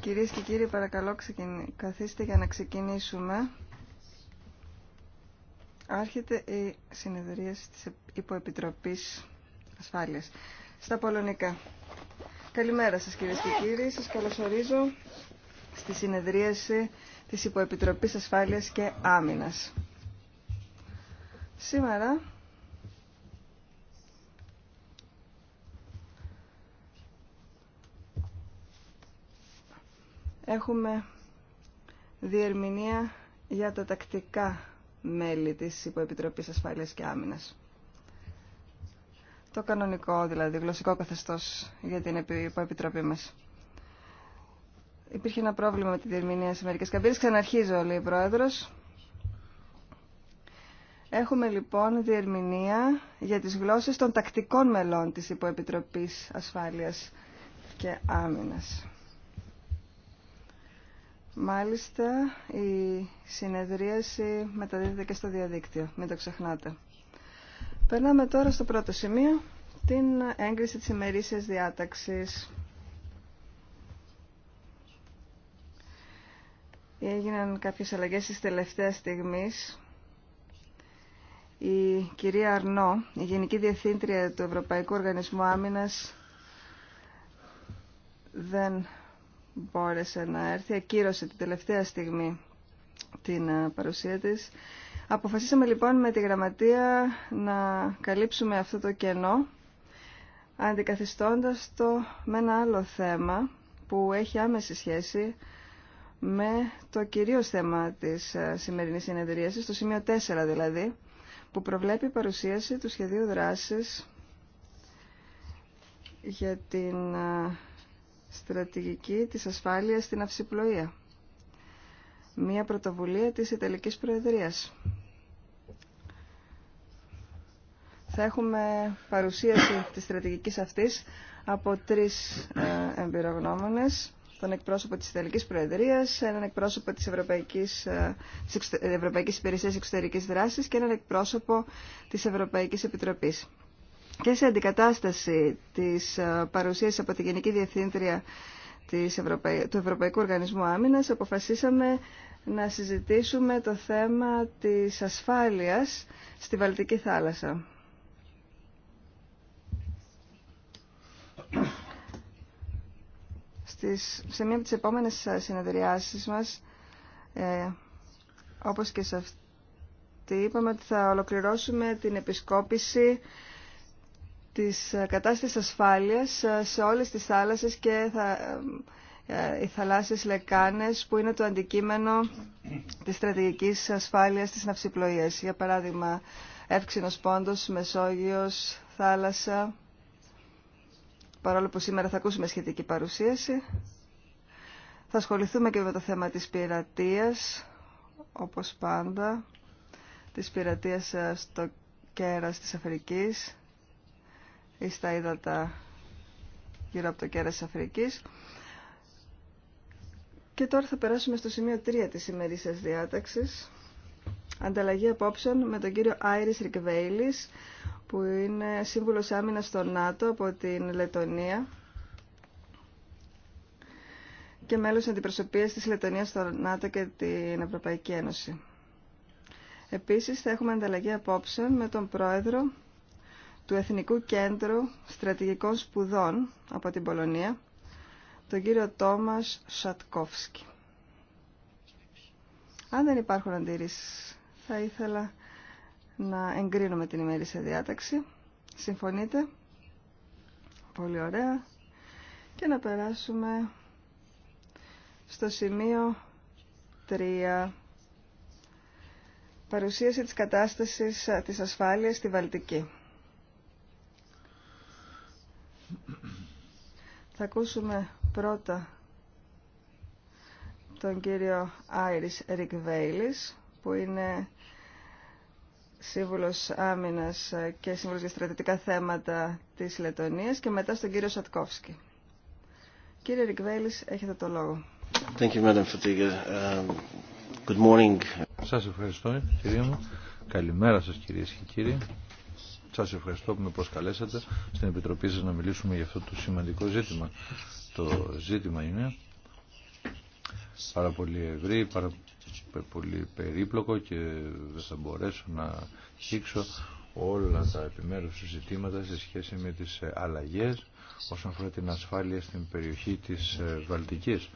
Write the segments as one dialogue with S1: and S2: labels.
S1: Κυρίες και κύριοι, παρακαλώ καθίστε για να ξεκινήσουμε. Άρχεται η συνεδρία της Υποεπιτροπής Ασφάλειας στα Πολωνικά. Καλημέρα σας κυρίες και κύριοι, σας καλωσορίζω στη συνεδρίαση της Υποεπιτροπής Ασφάλειας και Άμυνας. Σήμερα Έχουμε διερμηνία για τα τακτικά μέλη της Υποεπιτροπής Ασφάλειας και Άμυνας. Το κανονικό, δηλαδή, γλωσσικό καθεστώς για την Υποεπιτροπή μας. Υπήρχε ένα πρόβλημα με τη διερμηνία σε μερικές καμπύρες. Ξαναρχίζω, λέει η Πρόεδρος. Έχουμε λοιπόν διερμηνία για τις γλώσσες των τακτικών μελών της Υποεπιτροπής Ασφάλειας και Άμυνας. Μάλιστα, η συνεδρίαση μεταδίδεται και στο διαδίκτυο. Μην το ξεχνάτε. Περνάμε τώρα στο πρώτο σημείο, την έγκριση της ημερήσιας διάταξης. Έγιναν κάποιες αλλαγές στις τελευταίες στιγμής. Η κυρία Αρνό, η Γενική Διευθύντρια του Ευρωπαϊκού Οργανισμού Άμυνας, δεν μπόρεσε να έρθει, ακύρωσε την τελευταία στιγμή την ε, παρουσία της. Αποφασίσαμε λοιπόν με τη γραμματεία να καλύψουμε αυτό το κενό, αντικαθιστώντας το με ένα άλλο θέμα που έχει άμεση σχέση με το κυρίως θέμα της ε, σημερινής συνεδρίασης, το σημείο 4 δηλαδή, που προβλέπει η παρουσίαση του σχεδίου δράσης για την ε, στρατηγική της ασφάλειας στην αυσιπλοεία. Μία πρωτοβουλία της Ιταλικής Προεδρίας. Θα έχουμε παρουσίαση της στρατηγικής αυτής από τρεις ε, εμπειρογνώμονες τον εκπρόσωπο της Ιταλικής Προεδρίας, έναν εκπρόσωπο της Ευρωπαϊκής, ε, της Ευρωπαϊκής Υπηρεσίας Εξωτερικής Δράσης και έναν εκπρόσωπο της Ευρωπαϊκής Επιτροπής και σε αντικατάσταση της ε, παρουσίας από τη Γενική Διευθύντρια του Ευρωπαϊκού Οργανισμού Άμυνας αποφασίσαμε να συζητήσουμε το θέμα της ασφάλειας στη Βαλτική θάλασσα. Στις, σε μία από τις επόμενες ε, συνεδριάσεις μας, ε, όπως και σε αυτή, είπαμε ότι θα ολοκληρώσουμε την επισκόπηση της ε, κατάστασης ασφάλειας ε, σε όλες τις θάλασσες και ε, οι θαλάσσιες λεκάνες που είναι το αντικείμενο της στρατηγικής ασφάλειας της ναυσιπλοείας. Για παράδειγμα, Εύξηνος Πόντος, Μεσόγειος, Θάλασσα, παρόλο που σήμερα θα ακούσουμε σχετική παρουσίαση. Θα ασχοληθούμε και με το θέμα της πειρατείας, όπως πάντα, της πειρατείας στο κέρας της Αφρικής, ή στα ύδατα γύρω από το κέρας της Αφρικής. Και τώρα θα περάσουμε στο σημείο 3 της σημερινής διάταξης. Ανταλλαγή απόψεων με τον κύριο Άιρις Ρικβέιλης, που είναι σύμβουλος άμυνας στο ΝΑΤΟ από την Λετωνία και μέλος αντιπροσωπείας της Λετωνίας στο ΝΑΤΟ και την Ευρωπαϊκή Ένωση. Επίσης θα έχουμε ανταλλαγή απόψεων με τον πρόεδρο του Εθνικού Κέντρου Στρατηγικών Σπουδών από την Πολωνία, τον κύριο Τόμας Σατκόφσκι. Αν δεν υπάρχουν αντιρρήσεις, θα ήθελα να εγκρίνουμε την σε διάταξη. Συμφωνείτε. Πολύ ωραία. Και να περάσουμε στο σημείο 3. Παρουσίαση της κατάστασης ε, της ασφάλειας στη Βαλτική. Θα ακούσουμε πρώτα τον κύριο Άιρις Ρικ Βέιλις, που είναι σύμβουλος άμυνας και σύμβουλος για στρατητικά θέματα της Λετωνίας και μετά στον κύριο Σατκόφσκι. Κύριε Ρικ Βέιλις, έχετε το λόγο.
S2: Thank um, Good morning. Σας ευχαριστώ, κυρία μου.
S3: Καλημέρα σας, κυρίες και κύριοι. Σας ευχαριστώ που με προσκαλέσατε στην Επιτροπή σας να μιλήσουμε για αυτό το σημαντικό ζήτημα. Το ζήτημα είναι πάρα πολύ ευρύ, πάρα πολύ περίπλοκο και δεν θα μπορέσω να χύξω όλα τα επιμέρους ζητήματα σε σχέση με τις αλλαγές όσον αφορά την ασφάλεια στην περιοχή της Βαλτικής.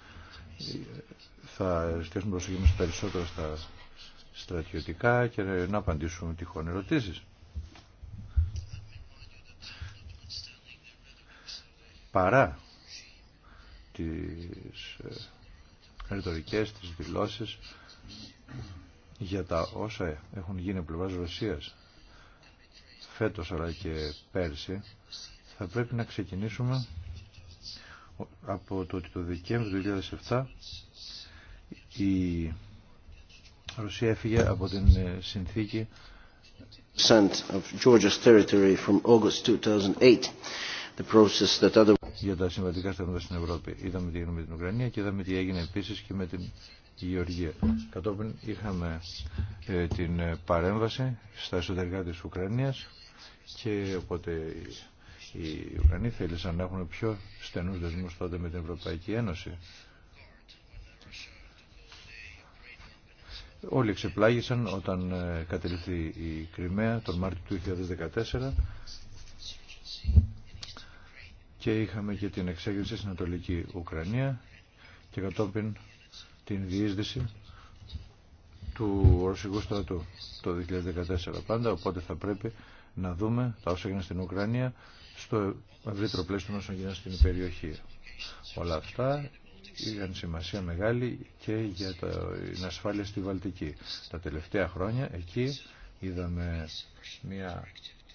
S3: Θα εστιάσουμε προσοχή μας περισσότερο στα στρατιωτικά και να απαντήσουμε τυχόν ερωτήσεις. παρά τις ε, ρητορικές, τις δηλώσεις για τα όσα έχουν γίνει από πλευράς Ρωσίας φέτος αλλά και πέρσι θα πρέπει να ξεκινήσουμε από το ότι το Δεκέμβριο του 2007 η Ρωσία έφυγε από την ε, συνθήκη
S2: of Georgia's 2008
S3: για τα σημαντικά στεγνώματα στην Ευρώπη. Είδαμε τι έγινε με την Ουκρανία και είδαμε τι έγινε επίσης και με την Γεωργία. Κατόπιν είχαμε ε, την ε, παρέμβαση στα εσωτερικά της Ουκρανίας και οπότε οι Ουκρανοί θέλησαν να έχουν πιο στενούς δεσμούς τότε με την Ευρωπαϊκή Ένωση. Όλοι ξεπλάγησαν όταν ε, κατεληφθεί η Κρυμαία τον Μάρτιο του 2014 και είχαμε και την εξέγερση στην Ανατολική Ουκρανία και κατόπιν την διείσδυση του Ρωσικού στρατού το 2014 πάντα, οπότε θα πρέπει να δούμε τα όσα έγιναν στην Ουκρανία στο ευρύτερο πλαίσιο όσων έγιναν στην περιοχή. Όλα αυτά είχαν σημασία μεγάλη και για την ασφάλεια στη Βαλτική. Τα τελευταία χρόνια εκεί είδαμε μια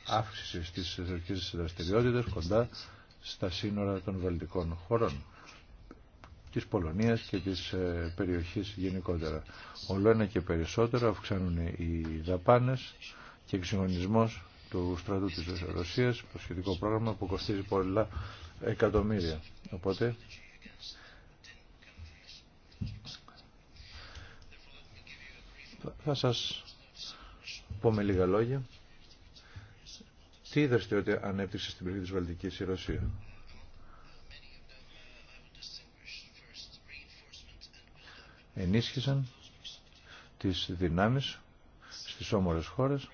S3: αύξηση στις εθνικές δραστηριότητες κοντά στα σύνορα των βαλτικών χωρών της Πολωνίας και της ε, περιοχής γενικότερα. Όλο ένα και περισσότερο αυξάνουν οι δαπάνες και εξυγωνισμός του στρατού της Ρωσίας, το σχετικό πρόγραμμα που κοστίζει πολλά εκατομμύρια. Οπότε θα σας πω με λίγα λόγια τι ότι ανέπτυξε στην περιοχή της Βαλτικής η Ρωσία. Ενίσχυσαν τις δυνάμεις στις όμορες χώρες,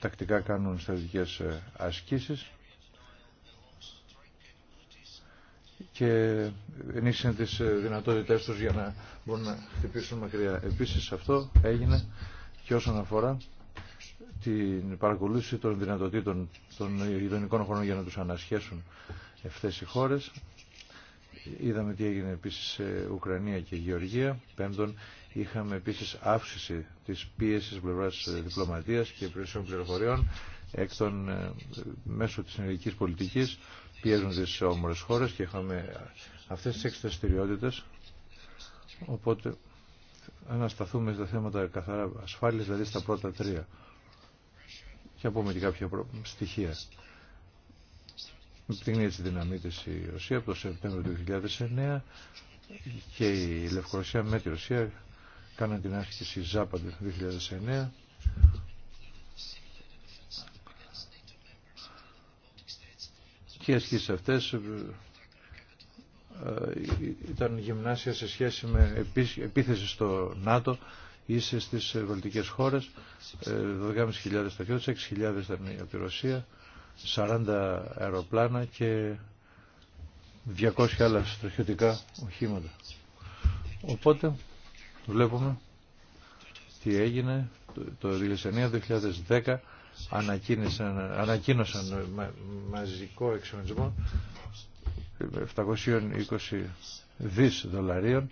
S3: τακτικά κάνουν στρατηγικές ε, ασκήσεις και ενίσχυσαν τις ε, δυνατότητές τους για να μπορούν να χτυπήσουν μακριά. Επίσης αυτό έγινε και όσον αφορά την παρακολούθηση των δυνατοτήτων των γειτονικών χωρών για να τους ανασχέσουν ευθές οι χώρες. Είδαμε τι έγινε επίσης σε Ουκρανία και Γεωργία. Πέμπτον, είχαμε επίσης αύξηση της πίεσης πλευράς διπλωματίας και υπηρεσιών πληροφοριών εκ των ε, μέσω της ενεργικής πολιτικής πιέζουν τις όμορες χώρες και είχαμε αυτές τις έξι Οπότε ανασταθούμε στα θέματα καθαρά ασφάλειας, δηλαδή στα πρώτα τρία από πούμε και κάποια στοιχεία. Επιδεικνύει τη δυναμή της η Ρωσία από το Σεπτέμβριο του 2009 και η Λευκορωσία με τη Ρωσία κάναν την άσκηση ΖΑΠΑ του 2009. Και οι ασκήσεις αυτές ε, ε, ήταν γυμνάσια σε σχέση με επίθεση στο ΝΑΤΟ είσαι στι ε, βαλτικέ χώρες, 12.500 στρατιώτε, 6.000 ήταν από τη Ρωσία, 40 αεροπλάνα και 200 άλλα στρατιωτικά οχήματα. Οπότε βλέπουμε τι έγινε το 2009-2010 ανακοίνωσαν, ανακοίνωσαν μαζικό εξοπλισμό 720 δις δολαρίων,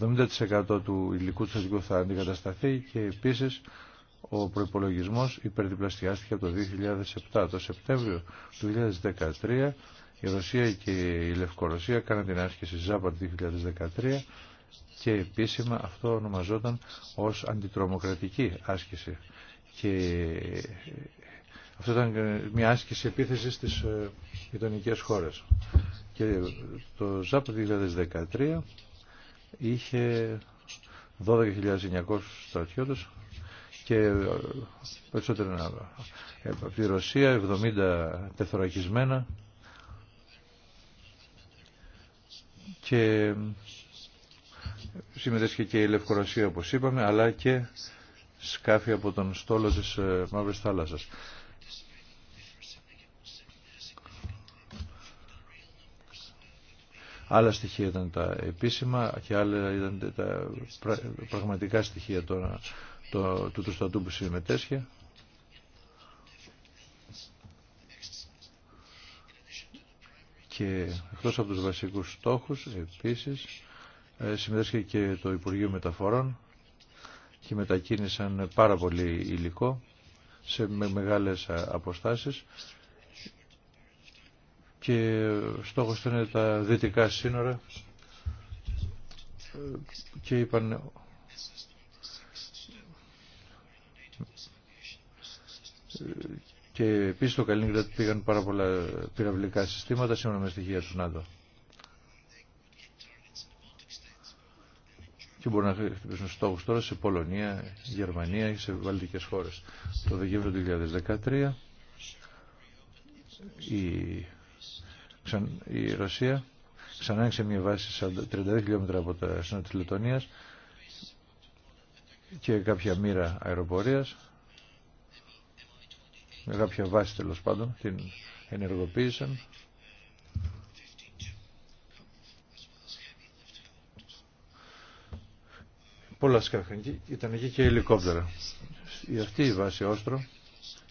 S3: 70% του υλικού του θετικού θα αντικατασταθεί και επίσης ο προϋπολογισμός υπερδιπλασιάστηκε από το 2007. Το Σεπτέμβριο του 2013 η Ρωσία και η Λευκορωσία κάναν την άσκηση Ζάπα το 2013 και επίσημα αυτό ονομαζόταν ως αντιτρομοκρατική άσκηση. Και αυτό ήταν μια άσκηση επίθεσης στις ε, γειτονικέ χώρες. Και το ΖΑΠ 2013 είχε 12.900 στρατιώτες και ε, περισσότερο ε, από τη Ρωσία 70 τεθωρακισμένα και ε, συμμετέσχε και η Λευκορωσία όπως είπαμε αλλά και σκάφη από τον στόλο της Μαύρης Θάλασσας. Άλλα στοιχεία ήταν τα επίσημα και άλλα ήταν τα πραγματικά στοιχεία του το, το, στρατού που συμμετέσχε. Και εκτός από τους βασικούς στόχους, επίσης, ε, συμμετέσχε και το Υπουργείο Μεταφορών και μετακίνησαν πάρα πολύ υλικό σε μεγάλες ε, αποστάσεις και στόχος ήταν είναι τα δυτικά σύνορα και είπαν και επίσης στο Καλίνγκρατ πήγαν πάρα πολλά πυραυλικά συστήματα σύμφωνα με στοιχεία του ΝΑΤΟ. και μπορούν να χτυπήσουν στόχους τώρα σε Πολωνία, Γερμανία και σε βαλτικές χώρες. Το Δεκέμβριο του 2013 η η Ρωσία ξανά άνοιξε μια βάση 32 χιλιόμετρα από τα σύνορα της Λετωνίας και κάποια μοίρα αεροπορίας με κάποια βάση τέλος πάντων την ενεργοποίησαν πολλά σκάφη ήταν εκεί και ελικόπτερα αυτή η βάση Όστρο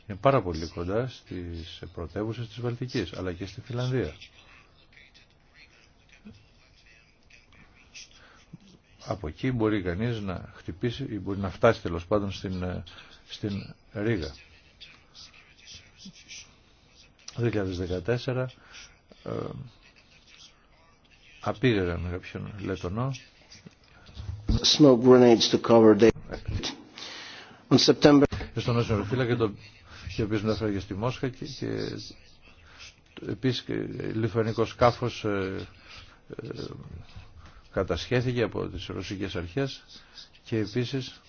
S3: είναι πάρα πολύ κοντά στις πρωτεύουσες της Βαλτικής, αλλά και στη Φιλανδία. Από εκεί μπορεί κανείς να χτυπήσει ή μπορεί να φτάσει τέλο πάντων στην, ε, στην Το 2014 ε, απήγαγαν κάποιον Λετωνό ο οποίο μετάφραγε στη Μόσχα και, και επίσης λιθουανικό σκάφος ε, ε, κατασχέθηκε από τις Ρωσικέ αρχές και επίσης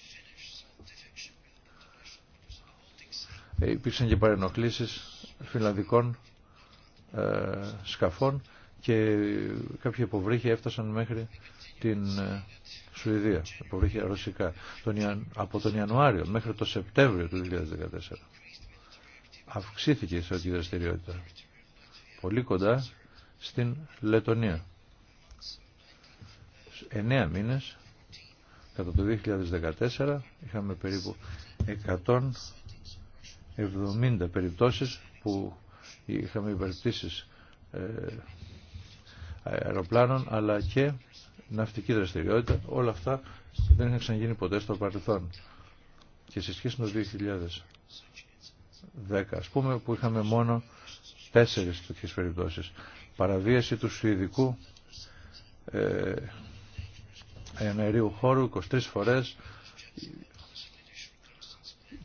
S3: υπήρξαν και παρενοχλήσεις φιλανδικών ε, σκαφών και κάποια υποβρύχια έφτασαν μέχρι την Σουηδία, υποβρύχια ρωσικά, τον, από τον Ιανουάριο μέχρι το Σεπτέμβριο του 2014 αυξήθηκε η στρατιωτική δραστηριότητα. Πολύ κοντά στην Λετωνία. Εννέα μήνες, κατά το 2014, είχαμε περίπου 170 περιπτώσεις που είχαμε υπερπτήσεις ε, αεροπλάνων αλλά και ναυτική δραστηριότητα. Όλα αυτά δεν είχαν ξαναγίνει ποτέ στο παρελθόν. Και σε σχέση με το ας πούμε, που είχαμε μόνο τέσσερις τέτοιες περιπτώσεις. Παραβίαση του Σουηδικού ε, χώρου 23 φορές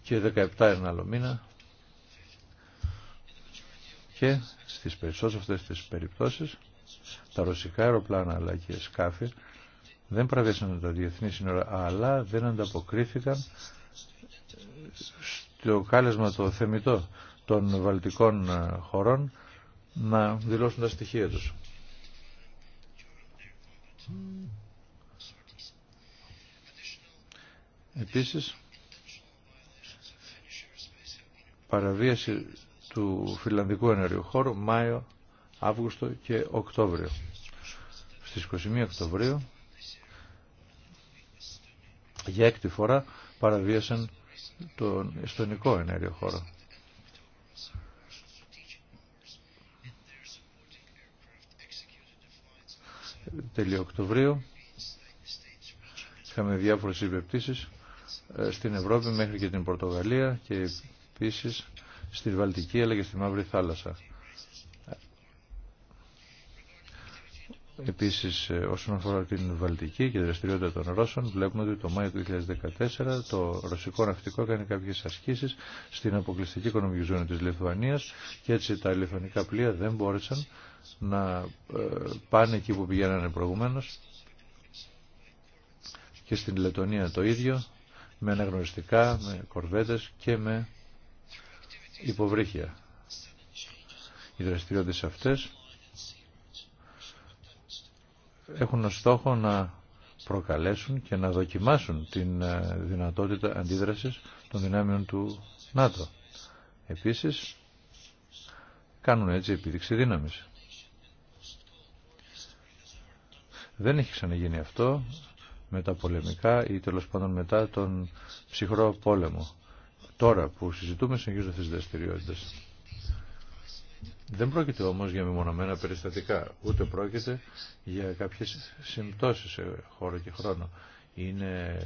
S3: και 17 ένα άλλο μήνα και στις περισσότερες αυτές τις περιπτώσεις τα ρωσικά αεροπλάνα αλλά και σκάφη δεν παραβίασαν τα διεθνή σύνορα αλλά δεν ανταποκρίθηκαν το κάλεσμα το θεμητό των βαλτικών ε, χωρών να δηλώσουν τα στοιχεία τους. Επίσης, παραβίαση του φιλανδικού ενεργείου χώρου Μάιο, Αύγουστο και Οκτώβριο. Στις 21 Οκτωβρίου για έκτη φορά παραβίασαν τον ιστονικό ενέργειο χώρο. Τέλειο Οκτωβρίου είχαμε διάφορες υπερπτήσει ε, στην Ευρώπη μέχρι και την Πορτογαλία και επίσης στη Βαλτική αλλά και στη Μαύρη Θάλασσα. Επίσης ε, όσον αφορά την Βαλτική και δραστηριότητα των Ρώσων βλέπουμε ότι το Μάιο του 2014 το ρωσικό ναυτικό έκανε κάποιες ασκήσεις στην αποκλειστική οικονομική ζώνη της Λιθουανίας και έτσι τα λιθουανικά πλοία δεν μπόρεσαν να ε, πάνε εκεί που πηγαίνανε προηγουμένως και στην Λετωνία το ίδιο με αναγνωριστικά, με κορβέτες και με υποβρύχια. Οι δραστηριότητες αυτές έχουν ως στόχο να προκαλέσουν και να δοκιμάσουν την ε, δυνατότητα αντίδρασης των δυνάμεων του ΝΑΤΟ. Επίσης, κάνουν έτσι επίδειξη δύναμης. Δεν έχει ξαναγίνει αυτό με τα πολεμικά ή τέλος πάντων μετά τον ψυχρό πόλεμο. Τώρα που συζητούμε συνεχίζουν αυτές τις δεν πρόκειται όμως για μεμονωμένα περιστατικά, ούτε πρόκειται για κάποιες συμπτώσεις σε χώρο και χρόνο. Είναι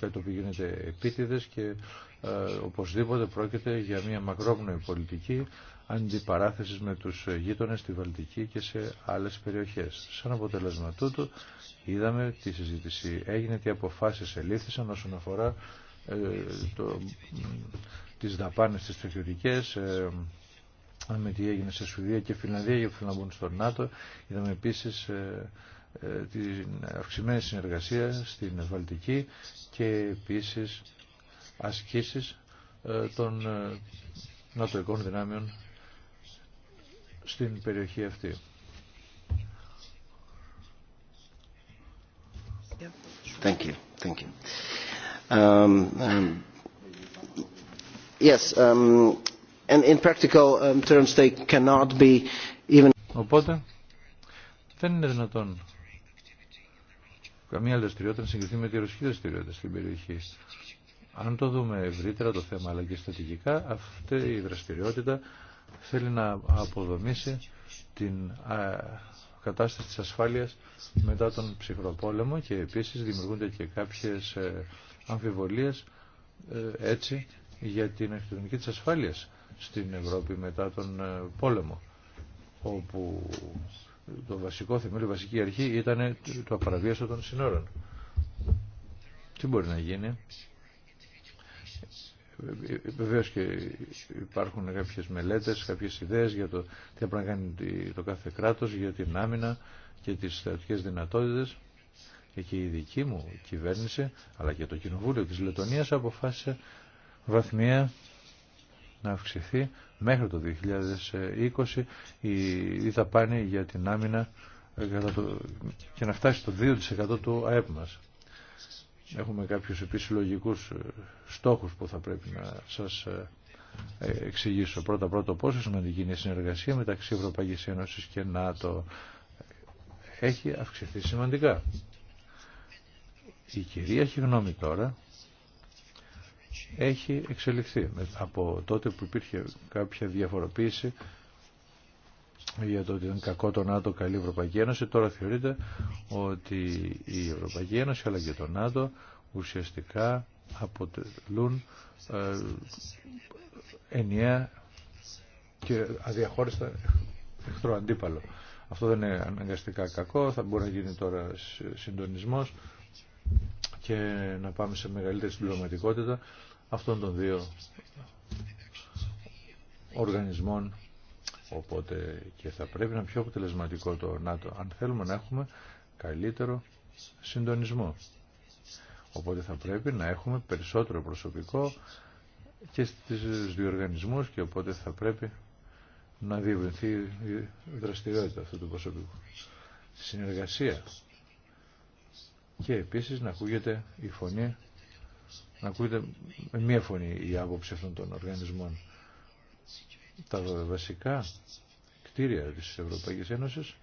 S3: κάτι το γίνεται επίτηδες και ε, οπωσδήποτε πρόκειται για μια μακρόπνοη πολιτική αντιπαράθεσης με τους γείτονες στη Βαλτική και σε άλλες περιοχές. Σαν αποτέλεσμα τούτου είδαμε τη συζήτηση έγινε, τι αποφάσεις ελήφθησαν όσον αφορά ε, το, τις δαπάνες τις Είδαμε τι έγινε σε Σουηδία και Φιλανδία για να μπουν στο ΝΑΤΟ. Είδαμε επίσης ε, ε, την αυξημένη συνεργασία στην Βαλτική και επίσης ασκήσεις ε, των νατοικών δυνάμεων στην περιοχή αυτή.
S2: Thank you. Thank you. Um, um, yes, um, and in practical um, terms they cannot be even... Οπότε
S3: δεν είναι δυνατόν καμία δραστηριότητα να συγκριθεί με τη ρωσική δραστηριότητα στην περιοχή. Αν το δούμε ευρύτερα το θέμα αλλά και στατικικά, αυτή η δραστηριότητα θέλει να αποδομήσει την κατάσταση της ασφάλειας μετά τον ψυχρό και επίσης δημιουργούνται και κάποιες ε, αμφιβολίες ε, έτσι για την αρχιτεκτονική της ασφάλειας στην Ευρώπη μετά τον ε, πόλεμο όπου το βασικό θεμέλιο, η βασική αρχή ήταν το απαραβίαστο των συνόρων. Τι μπορεί να γίνει. βεβαίως και υπάρχουν κάποιες μελέτες, κάποιες ιδέες για το τι πρέπει να κάνει το κάθε κράτος για την άμυνα και τις στρατιωτικές δυνατότητες και, και η δική μου κυβέρνηση αλλά και το Κοινοβούλιο της Λετωνίας αποφάσισε βαθμία να αυξηθεί μέχρι το 2020 η δαπάνη για την άμυνα ε, και να φτάσει το 2% του ΑΕΠ μας. Έχουμε κάποιους επίσης λογικούς ε, στόχους που θα πρέπει να σας ε, εξηγήσω. Πρώτα πρώτο πόσο σημαντική είναι η συνεργασία μεταξύ Ευρωπαϊκής Ένωσης και ΝΑΤΟ έχει αυξηθεί σημαντικά. Η κυρία έχει γνώμη τώρα έχει εξελιχθεί από τότε που υπήρχε κάποια διαφοροποίηση για το ότι ήταν κακό το ΝΑΤΟ καλή η Ευρωπαϊκή Ένωση. Τώρα θεωρείται ότι η Ευρωπαϊκή Ένωση αλλά και το ΝΑΤΟ ουσιαστικά αποτελούν ε, ενιαία και αδιαχώριστα εχθρό αντίπαλο. Αυτό δεν είναι αναγκαστικά κακό, θα μπορεί να γίνει τώρα συντονισμός και να πάμε σε μεγαλύτερη συμπληρωματικότητα αυτών των δύο οργανισμών. Οπότε και θα πρέπει να είναι πιο αποτελεσματικό το ΝΑΤΟ αν θέλουμε να έχουμε καλύτερο συντονισμό. Οπότε θα πρέπει να έχουμε περισσότερο προσωπικό και στις δύο οργανισμούς και οπότε θα πρέπει να διευρυνθεί η δραστηριότητα αυτού του προσωπικού. Συνεργασία και επίσης να ακούγεται η φωνή, να ακούγεται με μία φωνή η άποψη αυτών των οργανισμών. Τα βασικά κτίρια της Ευρωπαϊκής Ένωσης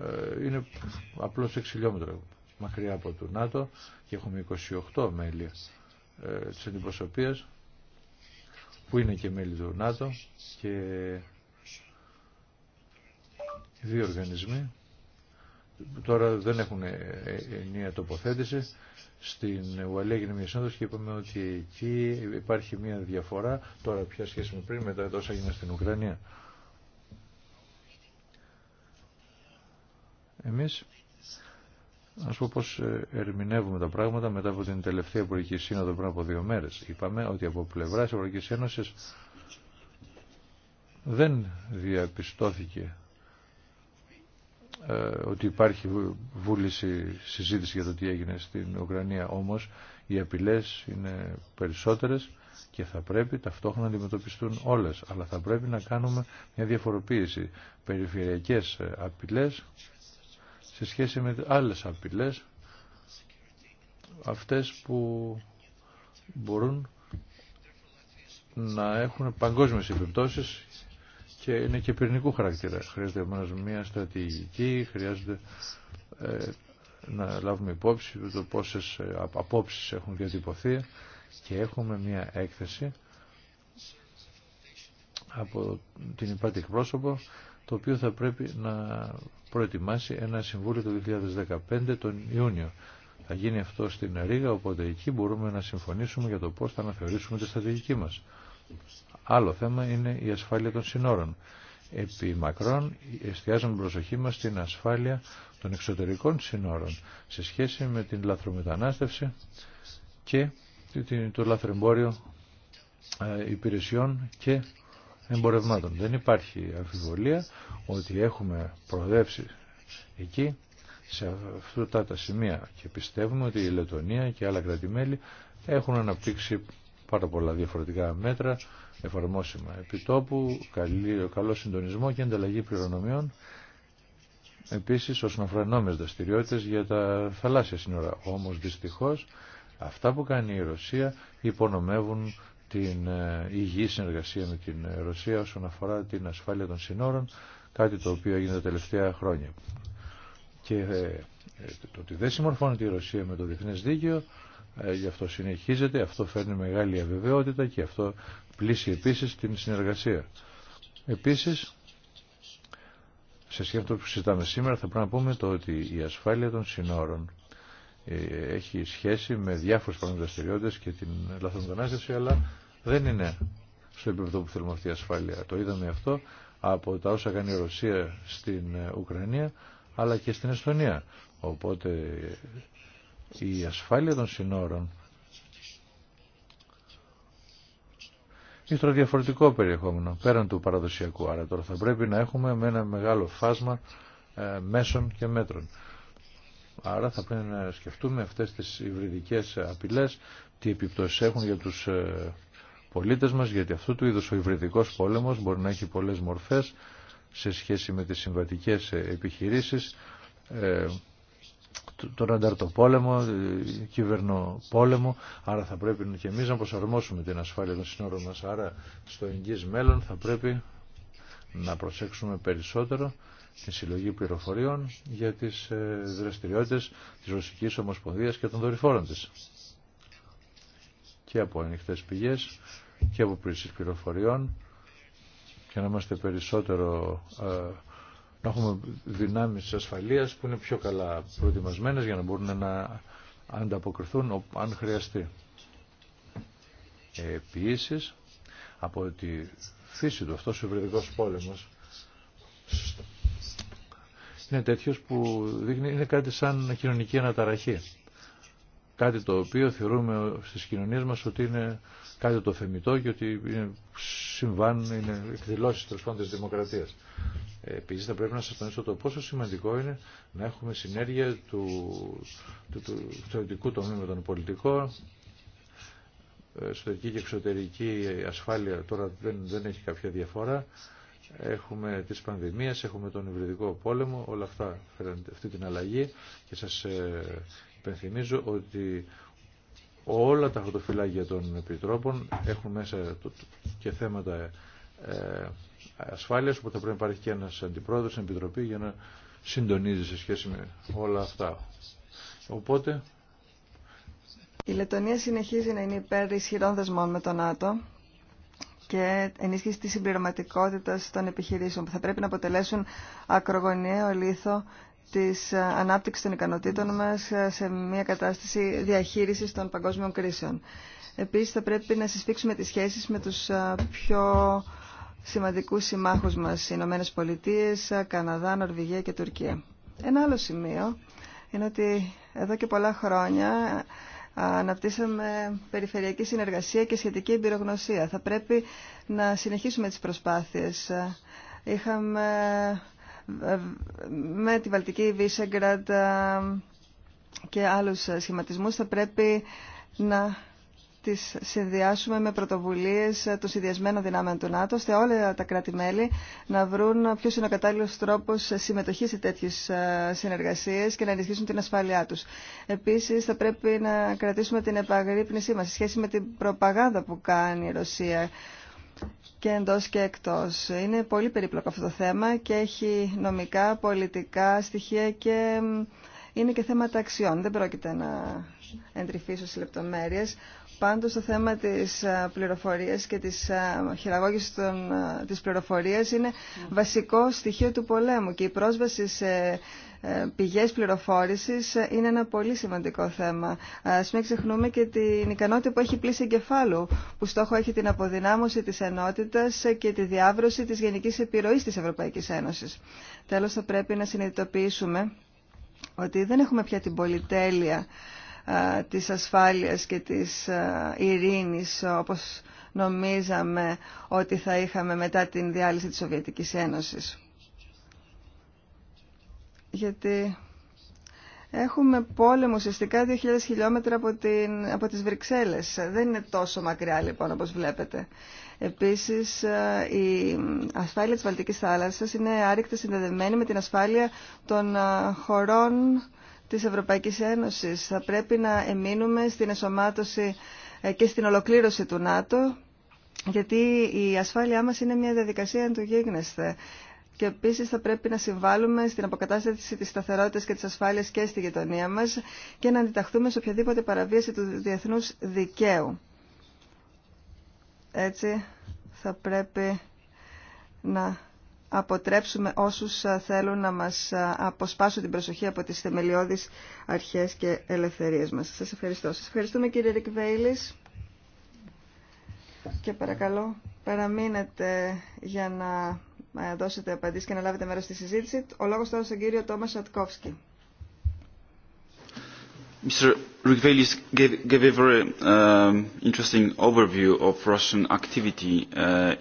S3: ε, είναι απλώς 6 χιλιόμετρα μακριά από το ΝΑΤΟ και έχουμε 28 μέλη ε, της αντιπροσωπείας που είναι και μέλη του ΝΑΤΟ και δύο οργανισμοί Τώρα δεν έχουν ε, ε, ενία τοποθέτηση. Στην Ουαλία έγινε μια σύνοδος και είπαμε ότι εκεί υπάρχει μια διαφορά. Τώρα πια σχέση με πριν μετά τόσα έγινε στην Ουκρανία. Εμείς σου πω πώς ε, ερμηνεύουμε τα πράγματα μετά από την τελευταία Ευρωπαϊκή Σύνοδο πριν από δύο μέρες. Είπαμε ότι από πλευρά τη Ευρωπαϊκή Ένωση δεν διαπιστώθηκε ε, ότι υπάρχει βούληση συζήτηση για το τι έγινε στην Ουκρανία όμως οι απειλές είναι περισσότερες και θα πρέπει ταυτόχρονα να αντιμετωπιστούν όλες αλλά θα πρέπει να κάνουμε μια διαφοροποίηση περιφερειακές ε, απειλές σε σχέση με άλλες απειλές αυτές που μπορούν να έχουν παγκόσμιες επιπτώσεις και είναι και πυρηνικού χαρακτήρα. Χρειάζεται μόνο μια στρατηγική, χρειάζεται ε, να λάβουμε υπόψη το πόσε ε, απόψεις έχουν διατυπωθεί και έχουμε μια έκθεση από την υπάτη εκπρόσωπο το οποίο θα πρέπει να προετοιμάσει ένα συμβούλιο το 2015 τον Ιούνιο. Θα γίνει αυτό στην Ρήγα, οπότε εκεί μπορούμε να συμφωνήσουμε για το πώς θα αναθεωρήσουμε τη στρατηγική μας. Άλλο θέμα είναι η ασφάλεια των συνόρων. Επί μακρόν εστιάζουμε προσοχή μας στην ασφάλεια των εξωτερικών συνόρων σε σχέση με την λαθρομετανάστευση και το λαθρεμπόριο ε, υπηρεσιών και εμπορευμάτων. Δεν υπάρχει αμφιβολία ότι έχουμε προοδεύσει εκεί σε αυτά τα σημεία και πιστεύουμε ότι η Λετωνία και άλλα κρατημέλη έχουν αναπτύξει πάρα πολλά διαφορετικά μέτρα, εφαρμόσιμα επιτόπου, καλό συντονισμό και ανταλλαγή πληρονομιών. Επίσης, όσον αφορά νόμες δραστηριότητες για τα θαλάσσια σύνορα. Όμως, δυστυχώς, αυτά που κάνει η Ρωσία υπονομεύουν την ε, υγιή συνεργασία με την Ρωσία όσον αφορά την ασφάλεια των σύνορων, κάτι το οποίο έγινε τα τελευταία χρόνια. Και ε, ε, το ότι δεν συμμορφώνεται η Ρωσία με το διεθνές δίκαιο ε, γι' αυτό συνεχίζεται, αυτό φέρνει μεγάλη αβεβαιότητα και αυτό πλήσει επίσης την συνεργασία. Επίσης, σε σχέση με αυτό που συζητάμε σήμερα, θα πρέπει να πούμε το ότι η ασφάλεια των συνόρων ε, έχει σχέση με διάφορες δραστηριότητε και την λαθρομετανάστευση, αλλά δεν είναι στο επίπεδο που θέλουμε αυτή η ασφάλεια. Το είδαμε αυτό από τα όσα κάνει η Ρωσία στην ε, Ουκρανία, αλλά και στην Εστονία. Οπότε η ασφάλεια των συνόρων είναι διαφορετικό περιεχόμενο πέραν του παραδοσιακού. Άρα τώρα θα πρέπει να έχουμε με ένα μεγάλο φάσμα ε, μέσων και μέτρων. Άρα θα πρέπει να σκεφτούμε αυτές τις υβριδικές απειλές, τι επιπτώσεις έχουν για τους ε, πολίτες μας, γιατί αυτού του είδους ο υβριδικός πόλεμος μπορεί να έχει πολλές μορφές σε σχέση με τις συμβατικές ε, επιχειρήσεις, ε, τον ανταρτοπόλεμο, ε, κυβερνοπόλεμο, άρα θα πρέπει και εμείς να προσαρμόσουμε την ασφάλεια των συνόρων μας, άρα στο εγγύς μέλλον θα πρέπει να προσέξουμε περισσότερο τη συλλογή πληροφοριών για τις ε, δραστηριότητες της Ρωσικής Ομοσπονδίας και των δορυφόρων της. Και από ανοιχτέ πηγές και από πλήσεις πληροφοριών και να είμαστε περισσότερο ε, να έχουμε δυνάμεις ασφαλείας που είναι πιο καλά προετοιμασμένες για να μπορούν να ανταποκριθούν αν χρειαστεί. Επίσης, από τη φύση του αυτός ο ευρωδικός πόλεμος είναι τέτοιος που δείχνει, είναι κάτι σαν κοινωνική αναταραχή κάτι το οποίο θεωρούμε στις κοινωνίες μας ότι είναι κάτι το θεμητό και ότι είναι συμβάν, είναι εκδηλώσεις τέλος πάντων της δημοκρατίας. Επίσης θα πρέπει να σας τονίσω το πόσο σημαντικό είναι να έχουμε συνέργεια του, του, του θεωρητικού τομέα με τον πολιτικό, ε, εσωτερική και εξωτερική ασφάλεια τώρα δεν, δεν έχει κάποια διαφορά. Έχουμε τις πανδημίες, έχουμε τον υβριδικό πόλεμο, όλα αυτά φέραν αυτή την αλλαγή και σας ε, υπενθυμίζω ότι όλα τα χρωτοφυλάκια των επιτρόπων έχουν μέσα και θέματα ε, ασφάλειας, που θα πρέπει να υπάρχει και ένας αντιπρόεδρος στην επιτροπή για να συντονίζει σε σχέση με όλα αυτά. Οπότε...
S1: Η Λετωνία συνεχίζει να είναι υπέρ ισχυρών δεσμών με τον ΝΑΤΟ και ενίσχυση της συμπληρωματικότητα των επιχειρήσεων που θα πρέπει να αποτελέσουν ακρογωνιαίο λίθο της ανάπτυξης των ικανοτήτων μας σε μια κατάσταση διαχείρισης των παγκόσμιων κρίσεων. Επίσης θα πρέπει να συσφίξουμε τις σχέσεις με τους πιο σημαντικούς συμμάχους μας, Ηνωμένε Πολιτείε, Καναδά, Νορβηγία και Τουρκία. Ένα άλλο σημείο είναι ότι εδώ και πολλά χρόνια αναπτύσσαμε περιφερειακή συνεργασία και σχετική εμπειρογνωσία. Θα πρέπει να συνεχίσουμε τις προσπάθειες. Είχαμε με τη Βαλτική Βίσεγκραντ ε, και άλλους σχηματισμούς θα πρέπει να τις συνδυάσουμε με πρωτοβουλίες ε, των συνδυασμένων δυνάμεων του ΝΑΤΟ, ώστε όλα τα κράτη-μέλη να βρουν ποιος είναι ο κατάλληλος τρόπος συμμετοχής σε τέτοιες ε, συνεργασίες και να ενισχύσουν την ασφάλειά τους. Επίσης, θα πρέπει να κρατήσουμε την επαγρύπνησή μας σε σχέση με την προπαγάνδα που κάνει η Ρωσία και εντός και εκτός. Είναι πολύ περίπλοκο αυτό το θέμα και έχει νομικά, πολιτικά στοιχεία και είναι και θέματα αξιών. Δεν πρόκειται να εντρυφήσω σε λεπτομέρειες. Πάντως το θέμα της πληροφορίας και της χειραγώγησης των, της πληροφορίας είναι βασικό στοιχείο του πολέμου και η πρόσβαση σε ε, πηγές πληροφόρησης ε, είναι ένα πολύ σημαντικό θέμα. Ε, ας μην ξεχνούμε και την ικανότητα που έχει πλήση εγκεφάλου, που στόχο έχει την αποδυνάμωση της ενότητας και τη διάβρωση της γενικής επιρροής της Ευρωπαϊκής Ένωσης. Τέλος, θα πρέπει να συνειδητοποιήσουμε ότι δεν έχουμε πια την πολυτέλεια της ασφάλειας και της ειρήνης όπως νομίζαμε ότι θα είχαμε μετά την διάλυση της Σοβιετικής Ένωσης γιατί έχουμε πόλεμο ουσιαστικά 2.000 χιλιόμετρα από, την, από τις Βρυξέλλες. Δεν είναι τόσο μακριά λοιπόν όπως βλέπετε. Επίσης ε, η ασφάλεια της Βαλτικής θάλασσας είναι άρρηκτα συνδεδεμένη με την ασφάλεια των ε, χωρών της Ευρωπαϊκής Ένωσης. Θα πρέπει να εμείνουμε στην εσωμάτωση ε, και στην ολοκλήρωση του ΝΑΤΟ γιατί η ασφάλειά μας είναι μια διαδικασία αν το γίγνεσθε και επίση θα πρέπει να συμβάλλουμε στην αποκατάσταση τη σταθερότητα και τη ασφάλεια και στη γειτονία μα και να αντιταχθούμε σε οποιαδήποτε παραβίαση του διεθνού δικαίου. Έτσι θα πρέπει να αποτρέψουμε όσους θέλουν να μας αποσπάσουν την προσοχή από τις θεμελιώδεις αρχές και ελευθερίες μας. Σας ευχαριστώ. Σας ευχαριστούμε κύριε Ρικ Και παρακαλώ παραμείνετε για να δώσετε απαντήσεις και να λάβετε μέρος στη συζήτηση. Ο λόγος τώρα στον κύριο Τόμας Σατκόφσκι.
S2: Mr. Rukvelis gave, a very interesting overview of Russian activity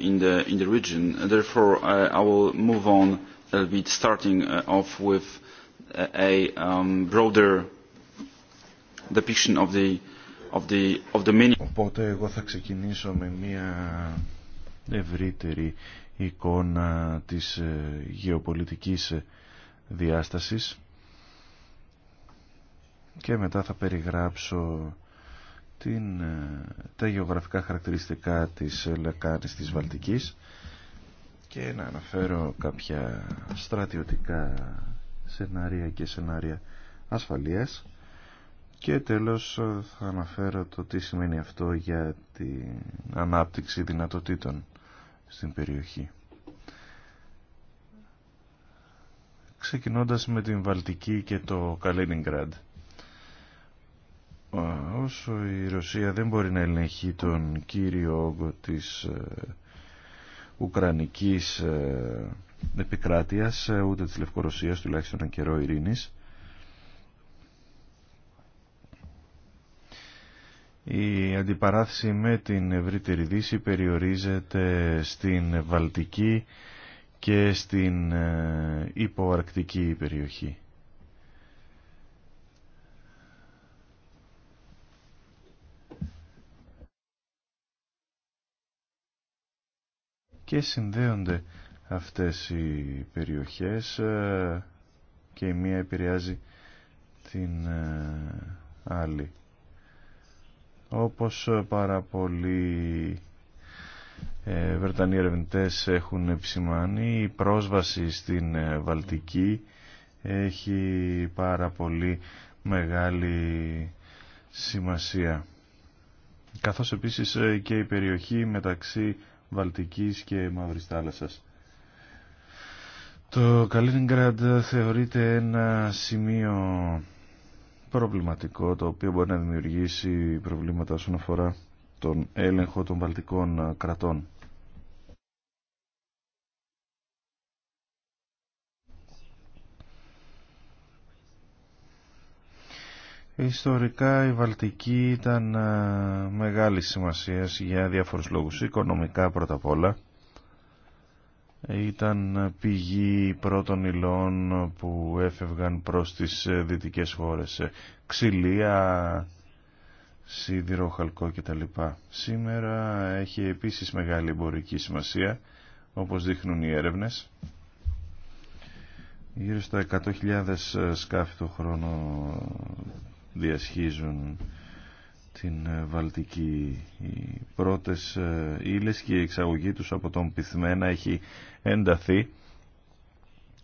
S2: in, the, in the region. Therefore, I will move on a little bit, starting off with a broader depiction of the, of the, of the meaning. Οπότε εγώ θα ξεκινήσω με μια ευρύτερη εικόνα της ε, γεωπολιτικής ε, διάστασης και μετά θα περιγράψω την, ε, τα γεωγραφικά χαρακτηριστικά της λεκάνης της Βαλτικής και να αναφέρω κάποια στρατιωτικά σενάρια και σενάρια ασφαλείας και τέλος θα αναφέρω το τι σημαίνει αυτό για την ανάπτυξη δυνατοτήτων στην περιοχή. Ξεκινώντας με την Βαλτική και το Καλίνιγκραντ. Όσο η Ρωσία δεν μπορεί να ελεγχεί τον κύριο όγκο της ε, Ουκρανικής ε, επικράτειας, ε, ούτε της Λευκορωσίας, τουλάχιστον καιρό ειρήνης, η αντιπαράθεση με την ευρύτερη δύση περιορίζεται στην Βαλτική και στην ε, υποαρκτική περιοχή. Και συνδέονται αυτές οι περιοχές ε, και η μία επηρεάζει την ε, άλλη. Όπως πάρα πολλοί ε, Βρετανοί έχουν επισημάνει, η πρόσβαση στην ε, Βαλτική έχει πάρα πολύ μεγάλη σημασία. Καθώς επίσης ε, και η περιοχή μεταξύ Βαλτικής και Μαύρης Θάλασσας. Το Καλίνιγκραντ θεωρείται ένα σημείο προβληματικό το οποίο μπορεί να δημιουργήσει προβλήματα όσον αφορά τον έλεγχο των βαλτικών ε, κρατών. Ιστορικά η Βαλτική ήταν ε, μεγάλη σημασία για διάφορους λόγους. Οικονομικά πρώτα απ' όλα ήταν πηγή πρώτων υλών που έφευγαν προς τις ε, δυτικές χώρες. Ε, ξυλία, σίδηρο, χαλκό κτλ. Σήμερα έχει επίσης μεγάλη εμπορική σημασία, όπως δείχνουν οι έρευνες. Γύρω στα 100.000 ε, σκάφη το χρόνο διασχίζουν την ε, Βαλτική. Οι πρώτες ε, ύλες και η εξαγωγή τους από τον Πυθμένα έχει ενταθεί.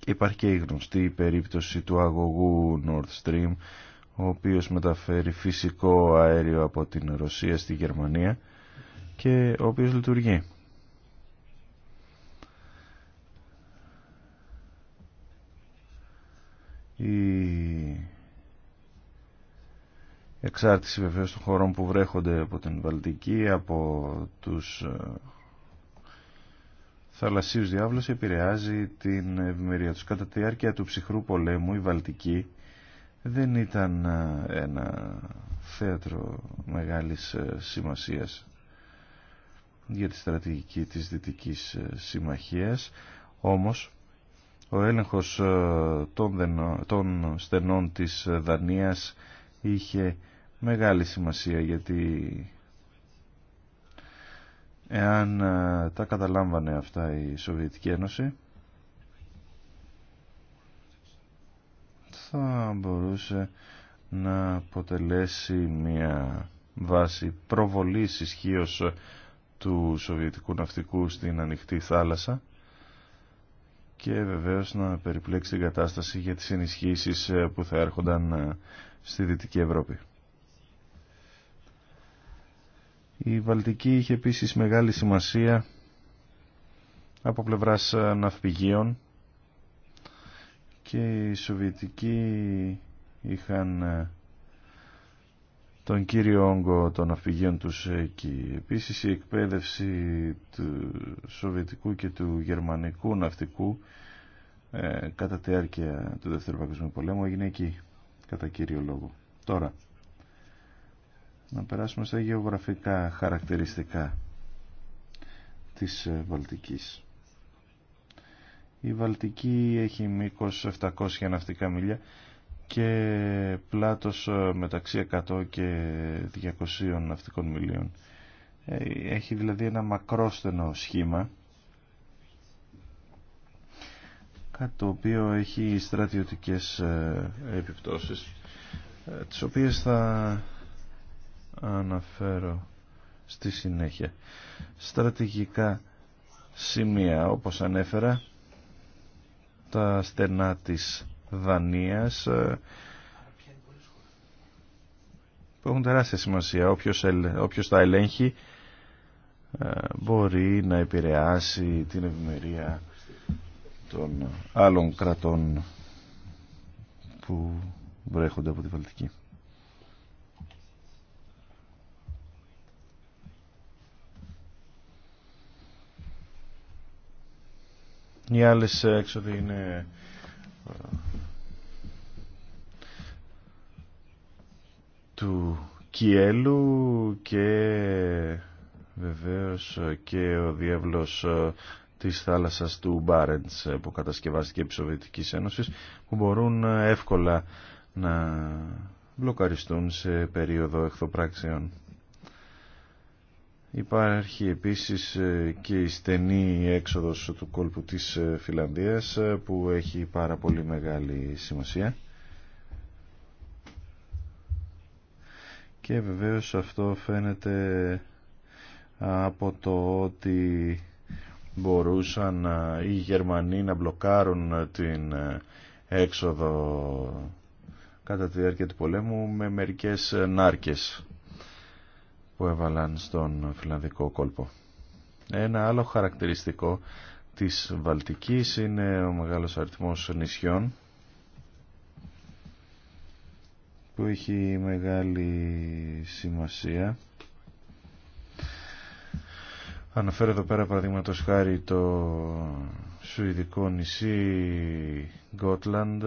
S2: Υπάρχει και η γνωστή περίπτωση του αγωγού Nord Stream, ο οποίος μεταφέρει φυσικό αέριο από την Ρωσία στη Γερμανία και ο οποίος λειτουργεί εξάρτηση βεβαίως των χωρών που βρέχονται από την Βαλτική, από τους ε, θαλασσίους διάβλους επηρεάζει την ευημερία τους. Κατά τη διάρκεια του ψυχρού πολέμου η Βαλτική δεν ήταν ε, ένα θέατρο μεγάλης ε, σημασίας για τη στρατηγική της Δυτικής Συμμαχίας, όμως ο έλεγχος των στενών της Δανίας είχε μεγάλη σημασία γιατί εάν ε, τα καταλάμβανε αυτά η Σοβιετική Ένωση θα μπορούσε να αποτελέσει μια βάση προβολής ισχύω του Σοβιετικού Ναυτικού στην ανοιχτή θάλασσα και βεβαίως να περιπλέξει την κατάσταση για τις ενισχύσεις ε, που θα έρχονταν ε, στη Δυτική Ευρώπη. Η Βαλτική είχε επίσης μεγάλη σημασία από πλευράς ε, ναυπηγείων και οι Σοβιετικοί είχαν ε, τον κύριο όγκο των ναυπηγείων τους εκεί. Επίσης η εκπαίδευση του Σοβιετικού και του Γερμανικού ναυτικού ε, κατά τη διάρκεια του Δεύτερου Παγκοσμίου Πολέμου έγινε εκεί κατά κύριο λόγο. Τώρα, να περάσουμε στα γεωγραφικά χαρακτηριστικά της ε, Βαλτικής. Η Βαλτική έχει μήκος 700 ναυτικά μίλια και πλάτος ε, μεταξύ 100 και 200 ναυτικών μιλίων. Ε, έχει δηλαδή ένα μακρόστενο σχήμα κάτι το οποίο έχει στρατιωτικές επιπτώσεις τις οποίες θα αναφέρω στη συνέχεια. Στρατηγικά σημεία, όπως ανέφερα, τα στενά της Δανίας ε, που έχουν τεράστια σημασία. Όποιος, τα ελέγχει ε, μπορεί να επηρεάσει την ευημερία των άλλων κρατών που βρέχονται από τη Βαλτική. Οι άλλε έξοδοι είναι... Ε, του Κιέλου και βεβαίως και ο διάβλος ε, της θάλασσας του Μπάρεντς ε, που κατασκευάστηκε επί Σοβιετικής Ένωσης που μπορούν εύκολα να μπλοκαριστούν σε περίοδο εχθοπράξεων. Υπάρχει επίσης ε, και η στενή έξοδος του κόλπου της ε, Φιλανδίας ε, που έχει πάρα πολύ μεγάλη σημασία. Και βεβαίως αυτό φαίνεται από το ότι μπορούσαν οι Γερμανοί να μπλοκάρουν την έξοδο κατά τη διάρκεια του πολέμου με μερικές νάρκες που έβαλαν στον φιλανδικό κόλπο. Ένα άλλο χαρακτηριστικό της Βαλτικής είναι ο μεγάλος αριθμός νησιών που έχει μεγάλη σημασία. Αναφέρω εδώ πέρα παραδείγματος χάρη το σουηδικό νησί Γκότλαντ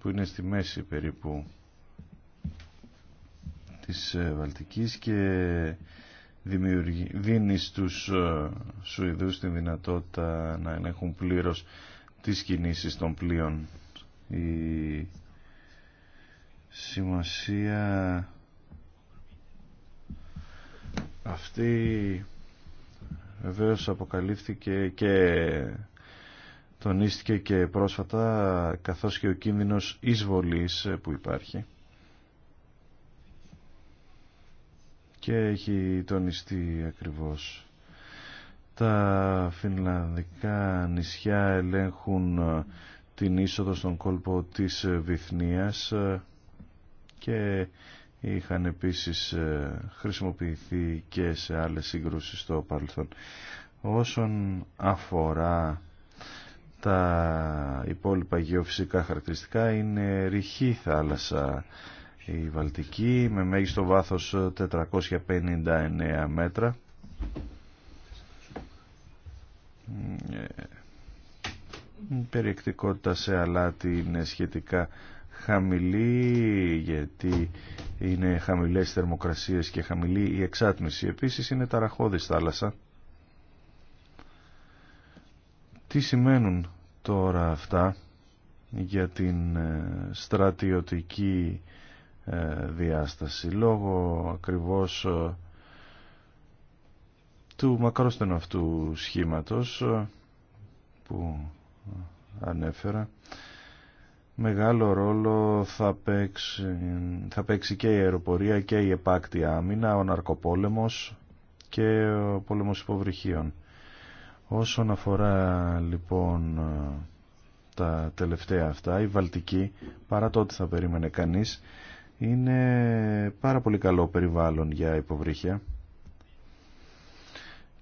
S2: που είναι στη μέση περίπου της ε, Βαλτικής και δίνει στους ε, Σουηδούς την δυνατότητα να ελέγχουν πλήρως τις κινήσεις των πλοίων. Η σημασία αυτή βεβαίω αποκαλύφθηκε και τονίστηκε και πρόσφατα καθώς και ο κίνδυνος εισβολής που υπάρχει και έχει τονιστεί ακριβώς. Τα φινλανδικά νησιά ελέγχουν ε, την είσοδο στον κόλπο της ε, Βυθνίας ε, και είχαν επίσης χρησιμοποιηθεί και σε άλλες σύγκρουσεις στο παρελθόν. Όσον αφορά τα υπόλοιπα γεωφυσικά χαρακτηριστικά είναι ρηχή θάλασσα η Βαλτική με μέγιστο βάθος 459 μέτρα η ε, περιεκτικότητα σε αλάτι είναι σχετικά χαμηλή γιατί είναι χαμηλές θερμοκρασίες και χαμηλή η εξάτμιση επίσης είναι ταραχώδης θάλασσα τι σημαίνουν τώρα αυτά για την ε, στρατιωτική ε, διάσταση λόγω ακριβώς ε, του μακρόστενου αυτού σχήματος ε, που ανέφερα μεγάλο ρόλο θα παίξει, θα παίξει και η αεροπορία και η επάκτη άμυνα, ο ναρκοπόλεμος και ο πόλεμος υποβρυχίων. Όσον αφορά λοιπόν τα τελευταία αυτά, η Βαλτική, παρά το ότι θα περίμενε κανείς, είναι πάρα πολύ καλό περιβάλλον για υποβρύχια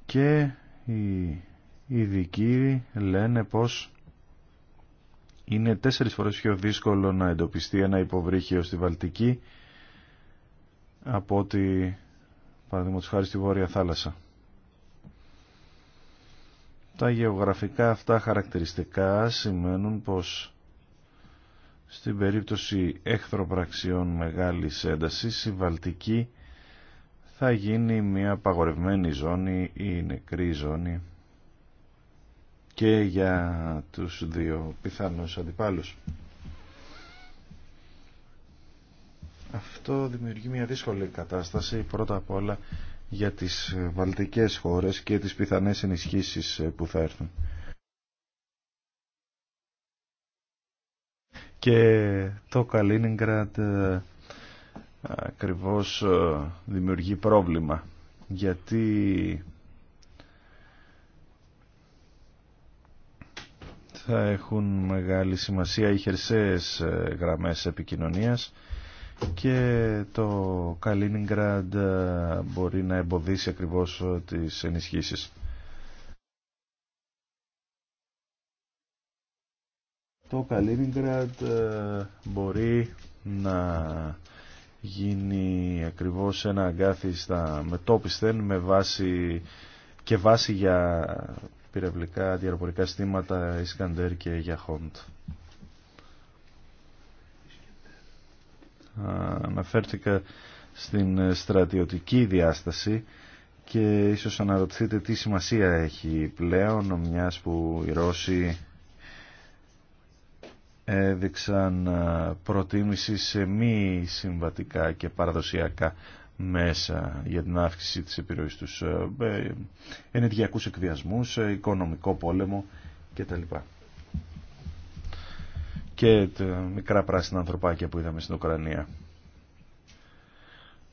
S2: και οι ειδικοί λένε πως είναι τέσσερις φορές πιο δύσκολο να εντοπιστεί ένα υποβρύχιο στη Βαλτική από ότι παραδείγματος χάρη στη Βόρεια Θάλασσα. Τα γεωγραφικά αυτά χαρακτηριστικά σημαίνουν πως στην περίπτωση εχθροπραξιών μεγάλης έντασης, η Βαλτική θα γίνει μια απαγορευμένη ζώνη ή νεκρή ζώνη και για τους δύο πιθανούς αντιπάλους. Αυτό δημιουργεί μια δύσκολη κατάσταση πρώτα απ' όλα για τις βαλτικές χώρες και τις πιθανές ενισχύσεις που θα έρθουν. και το Καλίνιγκραντ ε, ακριβώς ε, δημιουργεί πρόβλημα γιατί θα έχουν μεγάλη σημασία οι χερσαίες ε, γραμμές επικοινωνίας και το Καλίνιγκραντ μπορεί να εμποδίσει ακριβώς τις ενισχύσεις. το Καλίνιγκραντ ε, μπορεί να γίνει ακριβώς ένα αγκάθι στα μετόπισθεν με βάση και βάση για πυρευλικά διαρροπορικά στήματα Ισκαντέρ και για Χόντ. Αναφέρθηκα στην στρατιωτική διάσταση και ίσως αναρωτηθείτε τι σημασία έχει πλέον μιας που οι Ρώσοι έδειξαν προτίμηση σε μη συμβατικά και παραδοσιακά μέσα για την αύξηση της επιρροής τους, ενεργειακούς εκβιασμούς, ε, οικονομικό πόλεμο κτλ. Και τα μικρά πράσινα ανθρωπάκια που είδαμε στην Ουκρανία.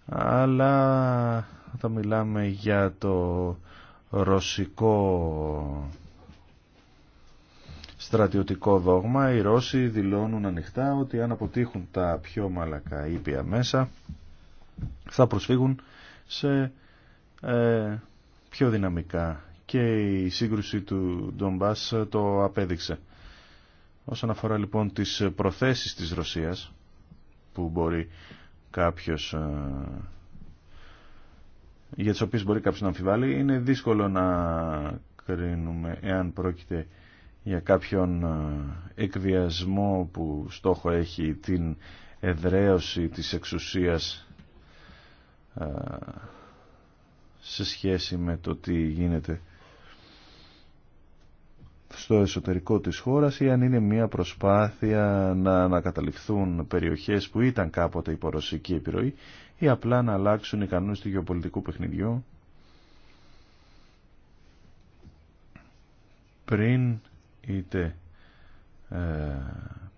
S2: Αλλά θα μιλάμε για το ρωσικό στρατιωτικό δόγμα. Οι Ρώσοι δηλώνουν ανοιχτά ότι αν αποτύχουν τα πιο μαλακά ήπια μέσα θα προσφύγουν σε ε, πιο δυναμικά και η σύγκρουση του Ντομπάς το απέδειξε. Όσον αφορά λοιπόν τις προθέσεις της Ρωσίας που μπορεί κάποιος ε, για τις οποίες μπορεί κάποιος να αμφιβάλλει είναι δύσκολο να κρίνουμε εάν πρόκειται για κάποιον ε, εκβιασμό που στόχο έχει την εδραίωση της εξουσίας ε, σε σχέση με το τι γίνεται στο εσωτερικό της χώρας ή αν είναι μια προσπάθεια να ανακαταληφθούν περιοχές που ήταν κάποτε υπορωσική επιρροή ή απλά να αλλάξουν οι κανόνες του γεωπολιτικού παιχνιδιού πριν είτε ε,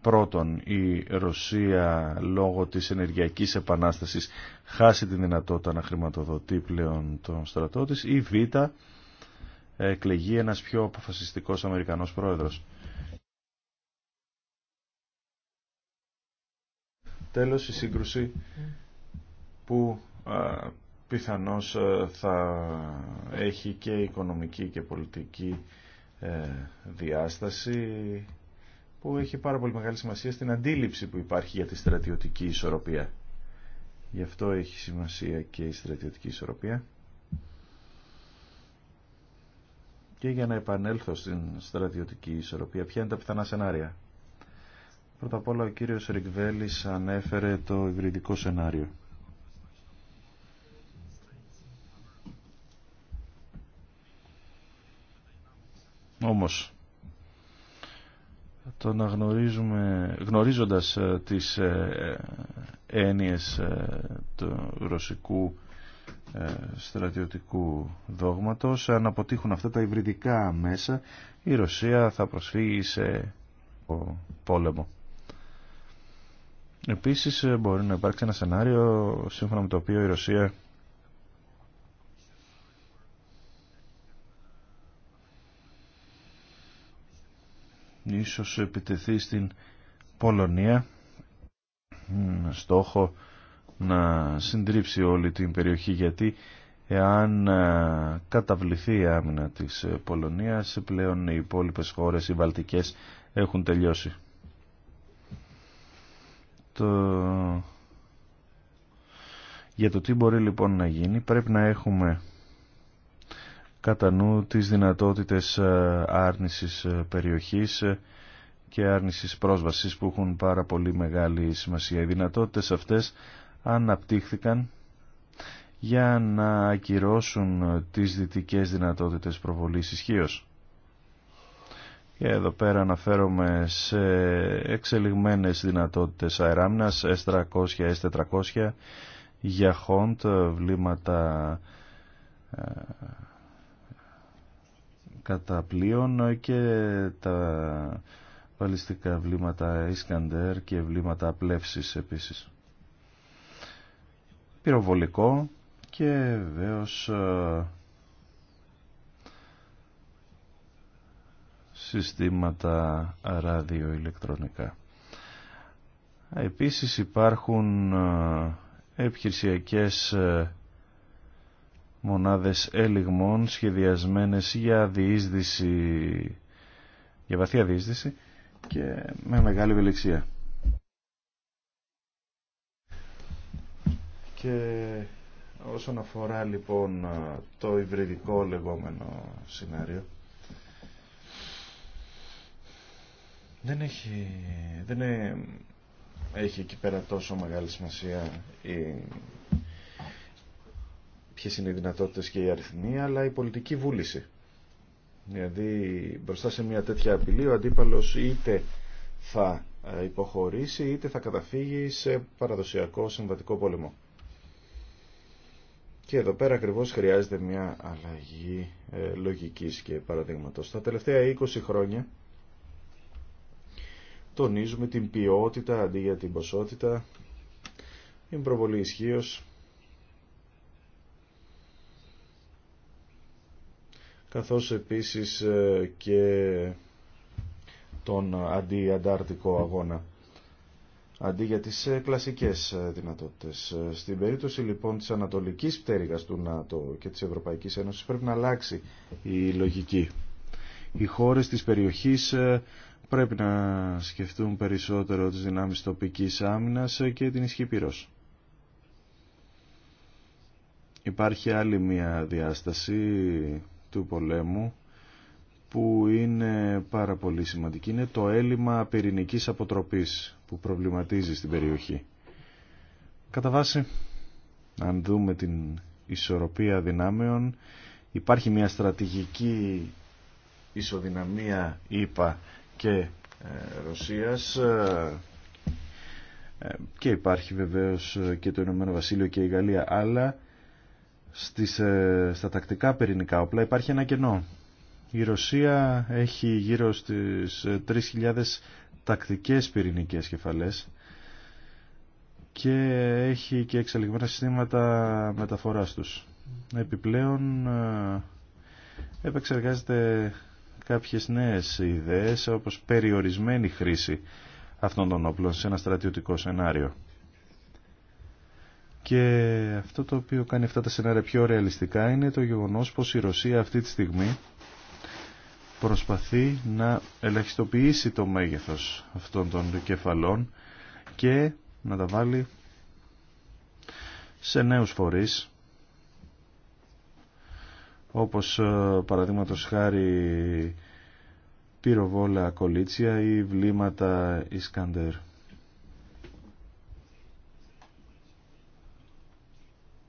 S2: πρώτον η Ρωσία λόγω της ενεργειακής επανάστασης χάσει τη δυνατότητα να χρηματοδοτεί πλέον τον στρατό της ή β εκλεγεί ένας πιο αποφασιστικός Αμερικανός πρόεδρος. Τέλος η σύγκρουση που α, ε, πιθανώς ε, θα έχει και οικονομική και πολιτική ε, διάσταση που έχει πάρα πολύ μεγάλη σημασία στην αντίληψη που υπάρχει για τη στρατιωτική ισορροπία. Γι' αυτό έχει σημασία και η στρατιωτική ισορροπία. Και για να επανέλθω στην στρατιωτική ισορροπία, ποια είναι τα πιθανά σενάρια. Πρώτα απ' όλα ο κύριος Ρικβέλης ανέφερε το υβριδικό σενάριο. Όμως, το να γνωρίζουμε, γνωρίζοντας ε, τις ε, ε, έννοιες του ρωσικού στρατιωτικού δόγματος, αν αποτύχουν αυτά τα υβριδικά μέσα, η Ρωσία θα προσφύγει σε πόλεμο. Επίσης μπορεί να υπάρξει ένα σενάριο σύμφωνα με το οποίο η Ρωσία ίσως επιτεθεί στην Πολωνία στόχο να συντρίψει όλη την περιοχή γιατί εάν ε, καταβληθεί η άμυνα της ε, Πολωνίας πλέον οι υπόλοιπες χώρες, οι βαλτικές έχουν τελειώσει το... για το τι μπορεί λοιπόν να γίνει πρέπει να έχουμε κατά νου τις δυνατότητες ε, άρνησης ε, περιοχής ε, και άρνησης πρόσβασης που έχουν πάρα πολύ μεγάλη σημασία. Οι δυνατότητες αυτές αναπτύχθηκαν για να ακυρώσουν τις δυτικές δυνατότητες προβολής ισχύω. Και εδώ πέρα αναφέρομαι σε εξελιγμένες δυνατότητες αεράμνας S300, S400 για χόντ, βλήματα κατά και τα βαλιστικά βλήματα Ισκαντέρ και βλήματα πλεύσης επίσης. Πυροβολικό και βέβαιως ε, συστήματα ραδιοηλεκτρονικά. Επίσης υπάρχουν ε, επιχειρησιακές ε, μονάδες ελιγμών σχεδιασμένες για διείσδυση, για βαθία διείσδυση και με μεγάλη ευελιξία. Και όσον αφορά λοιπόν το υβριδικό λεγόμενο σενάριο, δεν έχει, δεν έχει εκεί πέρα τόσο μεγάλη σημασία η ποιες είναι οι δυνατότητες και οι αριθμοί, αλλά η πολιτική βούληση. Δηλαδή μπροστά σε μια τέτοια απειλή ο αντίπαλος είτε θα ε, υποχωρήσει είτε θα καταφύγει σε παραδοσιακό συμβατικό πόλεμο. Και εδώ πέρα ακριβώ χρειάζεται μια αλλαγή ε, λογικής και παραδείγματος. Τα τελευταία 20 χρόνια τονίζουμε την ποιότητα αντί για την ποσότητα, την προβολή ισχύω καθώς επίσης ε, και τον αντιαντάρτικο αγώνα αντί για τις ε, κλασικές ε, δυνατότητες. Στην περίπτωση λοιπόν της ανατολικής πτέρυγας του ΝΑΤΟ και της Ευρωπαϊκής Ένωσης πρέπει να αλλάξει η λογική. Οι χώρες της περιοχής πρέπει να σκεφτούν περισσότερο τις δυνάμεις τοπικής άμυνας και την ισχύ πυρός. Υπάρχει άλλη μια διάσταση του πολέμου που είναι πάρα πολύ σημαντική είναι το έλλειμμα πυρηνικής αποτροπής που προβληματίζει στην περιοχή. Κατά βάση, αν δούμε την ισορροπία δυνάμεων, υπάρχει μια στρατηγική ισοδυναμία ΙΠΑ και ε, Ρωσίας ε, ε, και υπάρχει βεβαίως και το Ηνωμένο Βασίλειο και η Γαλλία, αλλά στις, ε, στα τακτικά πυρηνικά όπλα υπάρχει ένα κενό. Η Ρωσία έχει γύρω στις 3.000 ε, τακτικές πυρηνικές κεφαλές και έχει και εξελιγμένα συστήματα μεταφοράς τους. Επιπλέον ε, επεξεργάζεται κάποιες νέες ιδέες όπως περιορισμένη χρήση αυτών των όπλων σε ένα στρατιωτικό σενάριο. Και αυτό το οποίο κάνει αυτά τα σενάρια πιο ρεαλιστικά είναι το γεγονός πως η Ρωσία αυτή τη στιγμή προσπαθεί να ελαχιστοποιήσει το μέγεθος αυτών των κεφαλών και να τα βάλει σε νέους φορείς όπως ε, παραδείγματος χάρη πυροβόλα κολίτσια ή βλήματα Ισκαντέρ.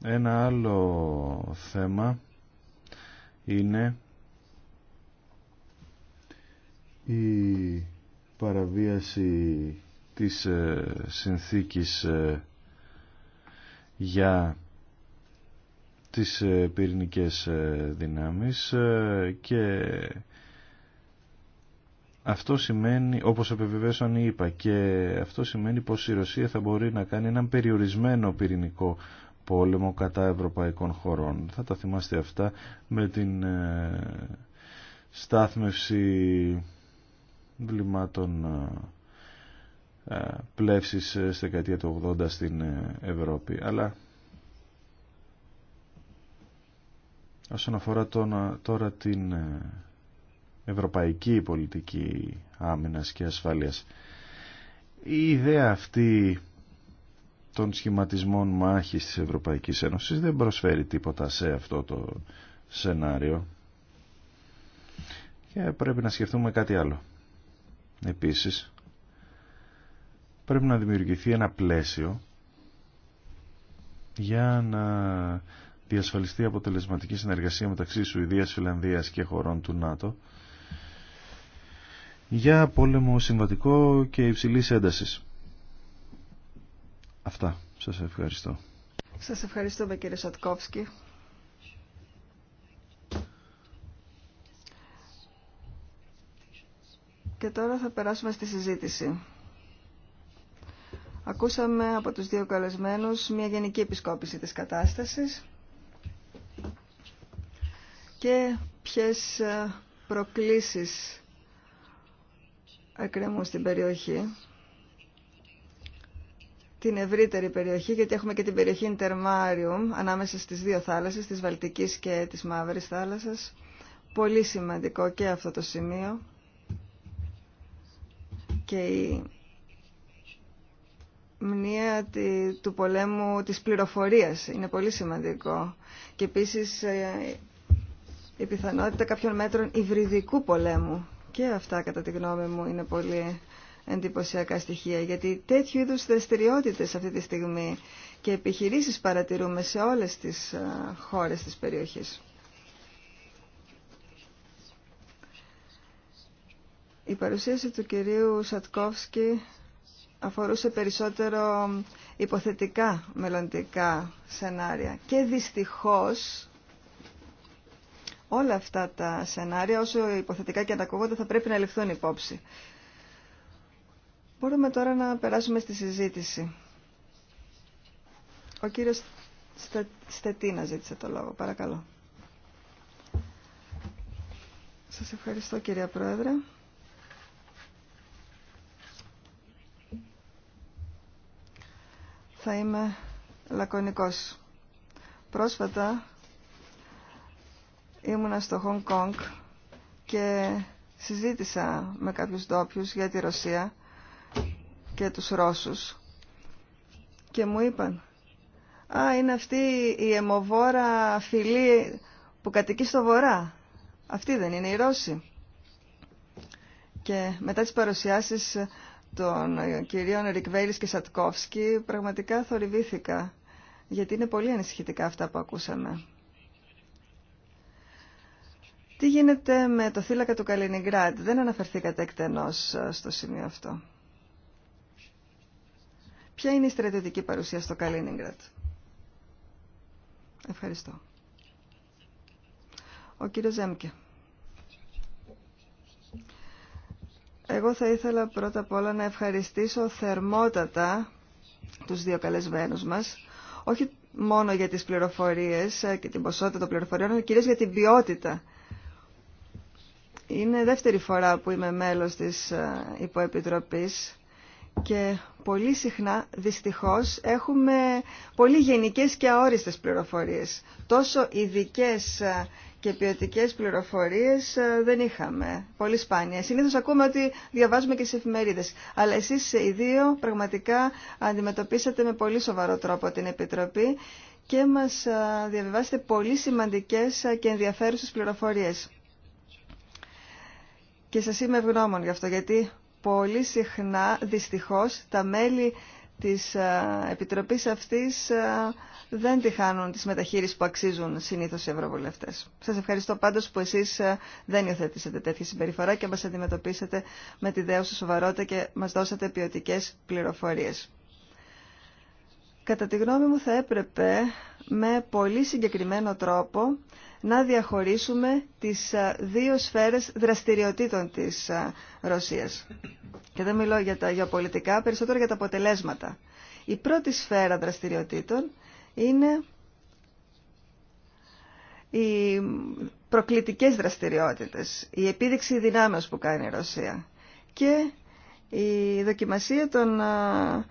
S2: Ένα άλλο θέμα είναι η παραβίαση της ε, συνθήκης ε, για τις ε, πυρηνικές δυνάμεις και αυτό σημαίνει, όπως επιβεβαίωσαν οι είπα, και αυτό σημαίνει πως η Ρωσία θα μπορεί να κάνει έναν περιορισμένο πυρηνικό πόλεμο κατά ευρωπαϊκών χωρών. Θα τα θυμάστε αυτά με την ε, στάθμευση βλημάτων ε, ε, πλεύσης στη δεκαετία του 80 στην Ευρώπη. Αλλά όσον αφορά τώρα την ευρωπαϊκή πολιτική άμυνας και ασφάλειας η ιδέα αυτή των σχηματισμών μάχης της Ευρωπαϊκής Ένωσης δεν προσφέρει τίποτα σε αυτό το σενάριο και πρέπει να σκεφτούμε κάτι άλλο. Επίσης, πρέπει να δημιουργηθεί ένα πλαίσιο για να διασφαλιστεί αποτελεσματική συνεργασία μεταξύ Σουηδίας, Φιλανδίας και χωρών του ΝΑΤΟ για πόλεμο συμβατικό και υψηλής έντασης. Αυτά. Σας ευχαριστώ.
S1: Σας ευχαριστούμε κύριε Σατκόφσκι. Και τώρα θα περάσουμε στη συζήτηση. Ακούσαμε από τους δύο καλεσμένους μια γενική επισκόπηση της κατάστασης και ποιες ε, προκλήσεις εκκρεμούν στην περιοχή την ευρύτερη περιοχή, γιατί έχουμε και την περιοχή Intermarium, ανάμεσα στις δύο θάλασσες, της Βαλτικής και της Μαύρης θάλασσας. Πολύ σημαντικό και αυτό το σημείο. Και η μνήα του πολέμου της πληροφορίας είναι πολύ σημαντικό. Και επίσης ε, η πιθανότητα κάποιων μέτρων υβριδικού πολέμου. Και αυτά, κατά τη γνώμη μου, είναι πολύ εντυπωσιακά στοιχεία, γιατί τέτοιου είδους δραστηριότητε αυτή τη στιγμή και επιχειρήσεις παρατηρούμε σε όλες τις ε, χώρες της περιοχής. Η παρουσίαση του κυρίου Σατκόφσκι αφορούσε περισσότερο υποθετικά μελλοντικά σενάρια και δυστυχώς όλα αυτά τα σενάρια όσο υποθετικά και αν θα πρέπει να ληφθούν υπόψη Μπορούμε τώρα να περάσουμε στη συζήτηση. Ο κύριος Στετίνα ζήτησε το λόγο. Παρακαλώ. Σας ευχαριστώ κυρία Πρόεδρε. Θα είμαι λακωνικός. Πρόσφατα ήμουνα στο Χονγκ και συζήτησα με κάποιους ντόπιου για τη Ρωσία και τους Ρώσους και μου είπαν «Α, είναι αυτή η αιμοβόρα φιλή που κατοικεί στο βορρά. Αυτή δεν είναι η Ρώση». Και μετά τις παρουσιάσεις των κυρίων Ρικβέλης και Σατκόφσκι πραγματικά θορυβήθηκα γιατί είναι πολύ ανησυχητικά αυτά που ακούσαμε. Τι γίνεται με το θύλακα του Καλινιγκράτ. Δεν αναφερθήκατε εκτενώς στο σημείο αυτό. Ποια είναι η στρατιωτική παρουσία στο Καλίνιγκρατ. Ευχαριστώ. Ο κύριος Ζέμκε. Εγώ θα ήθελα πρώτα απ' όλα να ευχαριστήσω θερμότατα τους δύο καλεσμένους μας, όχι μόνο για τις πληροφορίες και την ποσότητα των πληροφοριών, αλλά κυρίως για την ποιότητα. Είναι δεύτερη φορά που είμαι μέλος της ε, υποεπιτροπής και πολύ συχνά, δυστυχώς, έχουμε πολύ γενικές και αόριστες πληροφορίες. Τόσο ειδικέ ε, και ποιοτικέ πληροφορίες ε, δεν είχαμε. Πολύ σπάνια. Συνήθως ακούμε ότι διαβάζουμε και στις εφημερίδες. Αλλά εσείς οι δύο πραγματικά αντιμετωπίσατε με πολύ σοβαρό τρόπο την Επιτροπή και μας ε, διαβιβάσετε πολύ σημαντικές και ενδιαφέρουσες πληροφορίες. Και σας είμαι ευγνώμων γι' αυτό, γιατί πολύ συχνά, δυστυχώς, τα μέλη της ε, Επιτροπής αυτής ε, δεν τη χάνουν τις μεταχείρισεις που αξίζουν συνήθως οι ευρωβουλευτές. Σας ευχαριστώ πάντως που εσείς ε, δεν υιοθετήσατε τέτοια συμπεριφορά και μας αντιμετωπίσατε με τη δέωση σοβαρότητα και μας δώσατε ποιοτικέ πληροφορίες. Κατά τη γνώμη μου θα έπρεπε με πολύ συγκεκριμένο τρόπο να διαχωρίσουμε τις δύο σφαίρες δραστηριοτήτων της Ρωσίας. Και δεν μιλώ για τα γεωπολιτικά, περισσότερο για τα αποτελέσματα. Η πρώτη σφαίρα δραστηριοτήτων είναι οι προκλητικές δραστηριότητες, η επίδειξη δυνάμεως που κάνει η Ρωσία και η δοκιμασία των, α,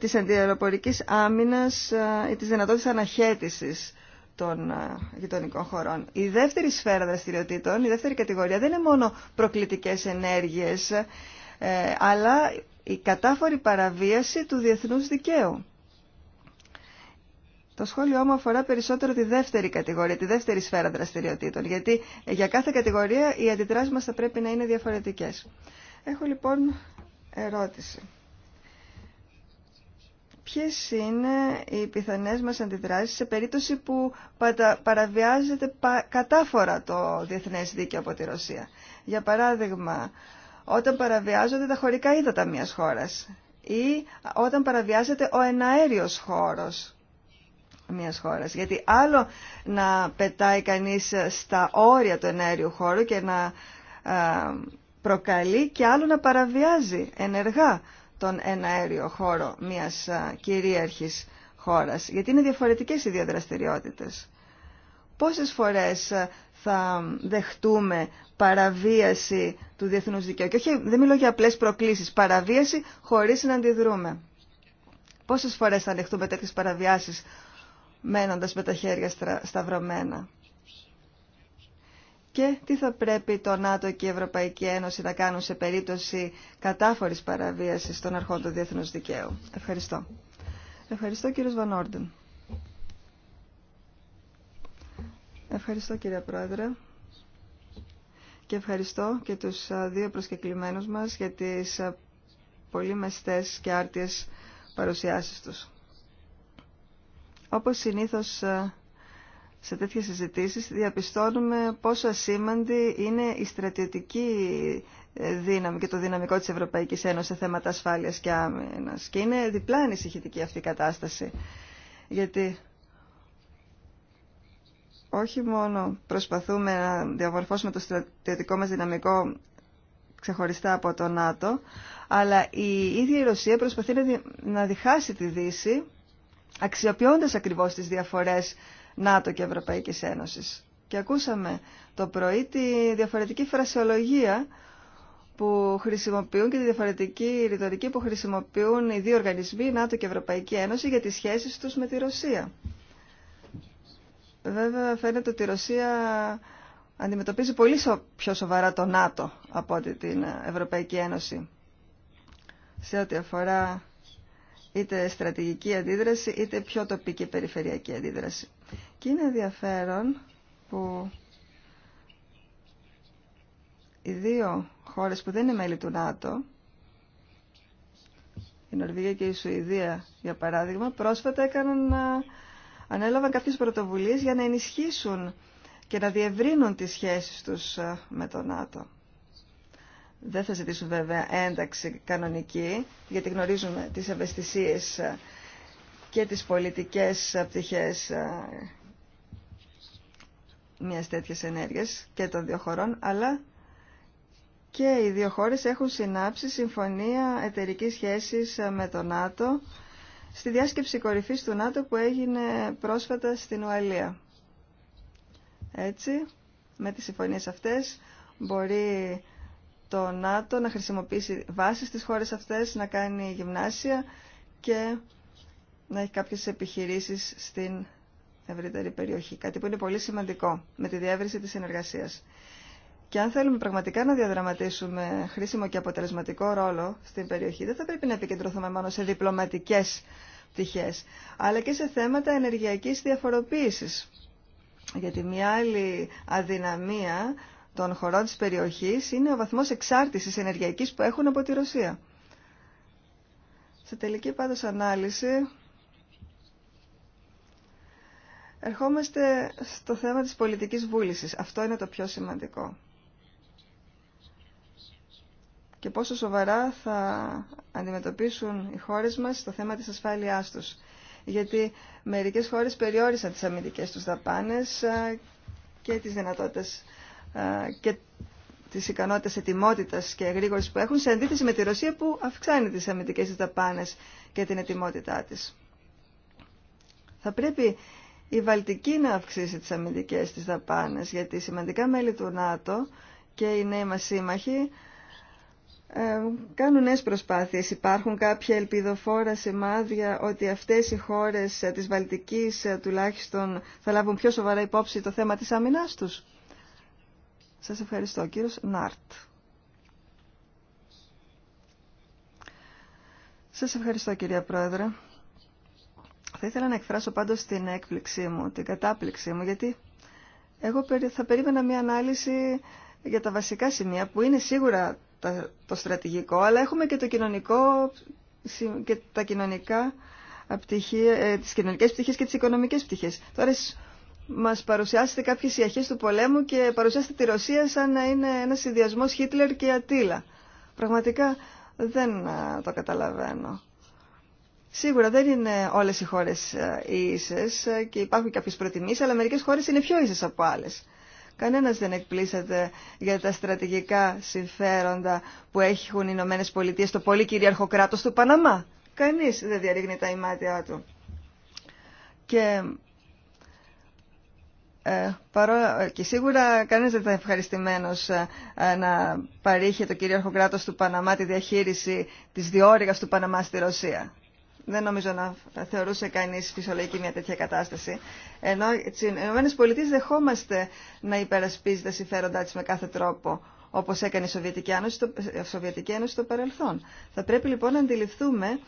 S1: της αντιεροπορικής άμυνας ή της δυνατότητας αναχέτησης των α, γειτονικών χωρών. Η δεύτερη σφαίρα δραστηριοτήτων, η δεύτερη κατηγορία δεν είναι μόνο προκλητικές ενέργειες, ε, αλλά η κατάφορη παραβίαση του διεθνούς δικαίου. Το σχόλιο μου αφορά περισσότερο τη δεύτερη κατηγορία, τη δεύτερη σφαίρα δραστηριοτήτων, γιατί για κάθε κατηγορία οι αντιδράσεις μας θα πρέπει να είναι διαφορετικές. Έχω λοιπόν ερώτηση. Ποιες είναι οι πιθανές μας αντιδράσεις σε περίπτωση που παραβιάζεται κατάφορα το διεθνές δίκαιο από τη Ρωσία. Για παράδειγμα, όταν παραβιάζονται τα χωρικά ύδατα μιας χώρας ή όταν παραβιάζεται ο εναέριος χώρος μιας χώρας. Γιατί άλλο να πετάει κανείς στα όρια του εναέριου χώρου και να ε, προκαλεί και άλλο να παραβιάζει ενεργά τον εναέριο χώρο μιας κυρίαρχης χώρας, γιατί είναι διαφορετικές οι διαδραστηριότητες. Πόσες φορές θα δεχτούμε παραβίαση του διεθνούς δικαίου. Και όχι, δεν μιλώ για απλές προκλήσεις, παραβίαση χωρίς να αντιδρούμε. Πόσες φορές θα δεχτούμε τέτοιες παραβιάσεις μένοντας με τα χέρια σταυρωμένα και τι θα πρέπει το ΝΑΤΟ και η Ευρωπαϊκή Ένωση να κάνουν σε περίπτωση κατάφορης παραβίασης των αρχών του διεθνούς δικαίου. Ευχαριστώ. Ευχαριστώ κύριος Βανόρντεν. Ευχαριστώ κύριε Πρόεδρε και ευχαριστώ και τους δύο προσκεκλημένους μας για τις πολύ μεστές και άρτιες παρουσιάσεις τους. Όπως συνήθως σε τέτοιες συζητήσεις διαπιστώνουμε πόσο ασήμαντη είναι η στρατιωτική ε, δύναμη και το δυναμικό της Ευρωπαϊκής Ένωσης σε θέματα ασφάλειας και άμυνας. Και είναι διπλά ανησυχητική αυτή η κατάσταση. Γιατί όχι μόνο προσπαθούμε να διαμορφώσουμε το στρατιωτικό μας δυναμικό ξεχωριστά από το ΝΑΤΟ, αλλά η ίδια η Ρωσία προσπαθεί να διχάσει τη Δύση, αξιοποιώντας ακριβώς τις διαφορές ΝΑΤΟ και ευρωπαϊκή Ένωση. Και ακούσαμε το πρωί τη διαφορετική φρασιολογία που χρησιμοποιούν και τη διαφορετική ρητορική που χρησιμοποιούν οι δύο οργανισμοί, ΝΑΤΟ και Ευρωπαϊκή Ένωση, για τις σχέσεις τους με τη Ρωσία. Βέβαια φαίνεται ότι η Ρωσία αντιμετωπίζει πολύ πιο σοβαρά το ΝΑΤΟ από την Ευρωπαϊκή Ένωση σε ό,τι αφορά είτε στρατηγική αντίδραση είτε πιο τοπική περιφερειακή αντίδραση. Και είναι ενδιαφέρον που οι δύο χώρες που δεν είναι μέλη του ΝΑΤΟ, η Νορβηγία και η Σουηδία για παράδειγμα, πρόσφατα έκαναν, ανέλαβαν κάποιες πρωτοβουλίες για να ενισχύσουν και να διευρύνουν τις σχέσεις τους με το ΝΑΤΟ. Δεν θα ζητήσουν βέβαια ένταξη κανονική, γιατί γνωρίζουμε τις ευαισθησίες και τις πολιτικές πτυχές ε, μιας τέτοιας ενέργειας και των δύο χωρών, αλλά και οι δύο χώρες έχουν συνάψει συμφωνία εταιρική σχέσης με το ΝΑΤΟ στη διάσκεψη κορυφής του ΝΑΤΟ που έγινε πρόσφατα στην Ουαλία. Έτσι, με τις συμφωνίες αυτές μπορεί το ΝΑΤΟ να χρησιμοποιήσει βάσεις στις χώρες αυτές, να κάνει γυμνάσια και να έχει κάποιες επιχειρήσεις στην ευρύτερη περιοχή. Κάτι που είναι πολύ σημαντικό με τη διεύρυνση της συνεργασίας. Και αν θέλουμε πραγματικά να διαδραματίσουμε χρήσιμο και αποτελεσματικό ρόλο στην περιοχή, δεν θα πρέπει να επικεντρωθούμε μόνο σε διπλωματικές πτυχές, αλλά και σε θέματα ενεργειακής διαφοροποίησης. Γιατί μια άλλη αδυναμία των χωρών της περιοχής είναι ο βαθμός εξάρτησης ενεργειακής που έχουν από τη Ρωσία. Σε τελική πάντως ανάλυση ερχόμαστε στο θέμα της πολιτικής βούλησης. Αυτό είναι το πιο σημαντικό. Και πόσο σοβαρά θα αντιμετωπίσουν οι χώρες μας το θέμα της ασφάλειάς τους. Γιατί μερικές χώρες περιόρισαν τις αμυντικές τους δαπάνες ε, και τις δυνατότητες ε, και τις ικανότητες ετοιμότητας και εγρήγορης που έχουν σε αντίθεση με τη Ρωσία που αυξάνει τις αμυντικές της δαπάνες και την ετοιμότητά της. Θα πρέπει η Βαλτική να αυξήσει τις αμυντικές της δαπάνες γιατί οι σημαντικά μέλη του ΝΑΤΟ και οι νέοι μας σύμμαχοι ε, κάνουν νέες προσπάθειες. Υπάρχουν κάποια ελπιδοφόρα σημάδια ότι αυτές οι χώρες της Βαλτικής ε, τουλάχιστον θα λάβουν πιο σοβαρά υπόψη το θέμα της άμυνάς τους. Σας ευχαριστώ. Κύριος Νάρτ. Σας ευχαριστώ κυρία Πρόεδρε. Θα ήθελα να εκφράσω πάντως την έκπληξή μου, την κατάπληξή μου, γιατί εγώ θα περίμενα μια ανάλυση για τα βασικά σημεία που είναι σίγουρα το στρατηγικό, αλλά έχουμε και το κοινωνικό και τα κοινωνικά πτυχία, ε, τις κοινωνικές πτυχές και τις οικονομικές πτυχές. Τώρα μας παρουσιάσετε κάποιες ιαχές του πολέμου και παρουσιάσετε τη Ρωσία σαν να είναι ένα συνδυασμό Χίτλερ και Ατήλα. Πραγματικά δεν το καταλαβαίνω. Σίγουρα δεν είναι όλες οι χώρες ίσες και υπάρχουν κάποιες προτιμήσεις, αλλά μερικές χώρες είναι πιο ίσες από άλλες. Κανένας δεν εκπλήσεται για τα στρατηγικά συμφέροντα που έχουν οι Ηνωμένε Πολιτείε στο πολύ κυρίαρχο κράτος του Παναμά. Κανείς δεν διαρρήγνει τα ημάτια του. Και ε, ε, και σίγουρα κανείς δεν ήταν ευχαριστημένος ε, ε, να παρήχε το κυρίαρχο κράτος του Παναμά τη διαχείριση της διόρυγας του Παναμά στη Ρωσία. Δεν νομίζω να θεωρούσε κανείς φυσιολογική μια τέτοια κατάσταση. Ενώ οι ΗΠΑ δεχόμαστε να υπερασπίζει τα συμφέροντά της με κάθε τρόπο, όπως έκανε η Σοβιετική Ένωση στο παρελθόν. Θα πρέπει λοιπόν να αντιληφθούμε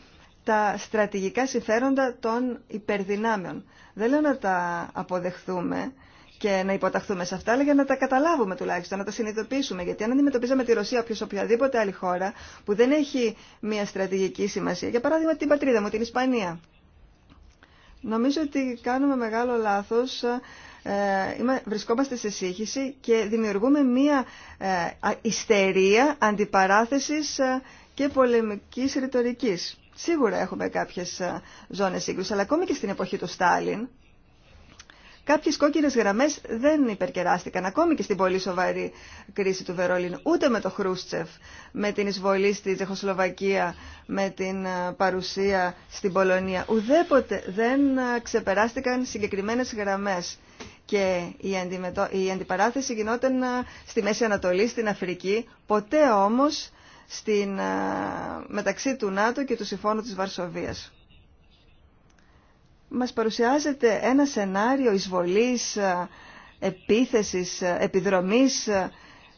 S1: τα στρατηγικά συμφέροντα των υπερδυνάμεων. Δεν λέω να τα αποδεχθούμε και να υποταχθούμε σε αυτά, αλλά για να τα καταλάβουμε τουλάχιστον, να τα συνειδητοποιήσουμε. Γιατί αν αντιμετωπίζαμε τη Ρωσία όποιος οποιαδήποτε άλλη χώρα που δεν έχει μια στρατηγική σημασία, για παράδειγμα την πατρίδα μου, την Ισπανία, νομίζω ότι κάνουμε μεγάλο λάθος ε, βρισκόμαστε σε σύγχυση και δημιουργούμε μία ε, ιστερία αντιπαράθεσης ε, και πολεμικής ρητορικής. Σίγουρα έχουμε κάποιες ε, ζώνες σύγκρουση, αλλά ακόμη και στην εποχή του Στάλιν, κάποιες κόκκινες γραμμές δεν υπερκεράστηκαν, ακόμη και στην πολύ σοβαρή κρίση του Βερολίνου, ούτε με το Χρούστσεφ, με την εισβολή στη Τσεχοσλοβακία, με την ε, παρουσία στην Πολωνία. Ουδέποτε δεν ε, ξεπεράστηκαν συγκεκριμένε γραμμές και η αντιπαράθεση γινόταν στη Μέση Ανατολή, στην Αφρική, ποτέ όμως στην, ε, μεταξύ του ΝΑΤΟ και του Συμφώνου της Βαρσοβίας. Μας παρουσιάζεται ένα σενάριο εισβολής, ε, επίθεσης, ε, επιδρομής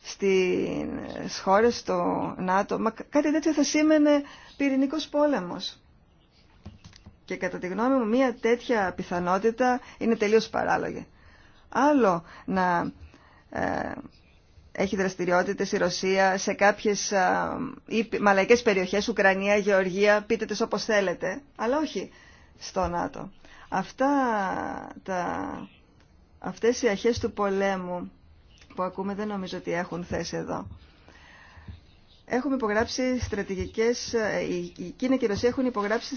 S1: στις χώρες του ΝΑΤΟ. Μα κάτι τέτοιο θα σήμαινε πυρηνικός πόλεμος. Και κατά τη γνώμη μου μια τέτοια πιθανότητα είναι τελείως παράλογη. Άλλο να έχει δραστηριότητες η Ρωσία σε κάποιες μαλαϊκές περιοχές, Ουκρανία, Γεωργία, πείτε τις όπως θέλετε, αλλά όχι στο ΝΑΤΟ. Αυτά τα, αυτές οι αρχές του πολέμου που ακούμε δεν νομίζω ότι έχουν θέση εδώ. Έχουμε υπογράψει στρατηγικές, ε, η Κίνα και η Ρωσία έχουν υπογράψει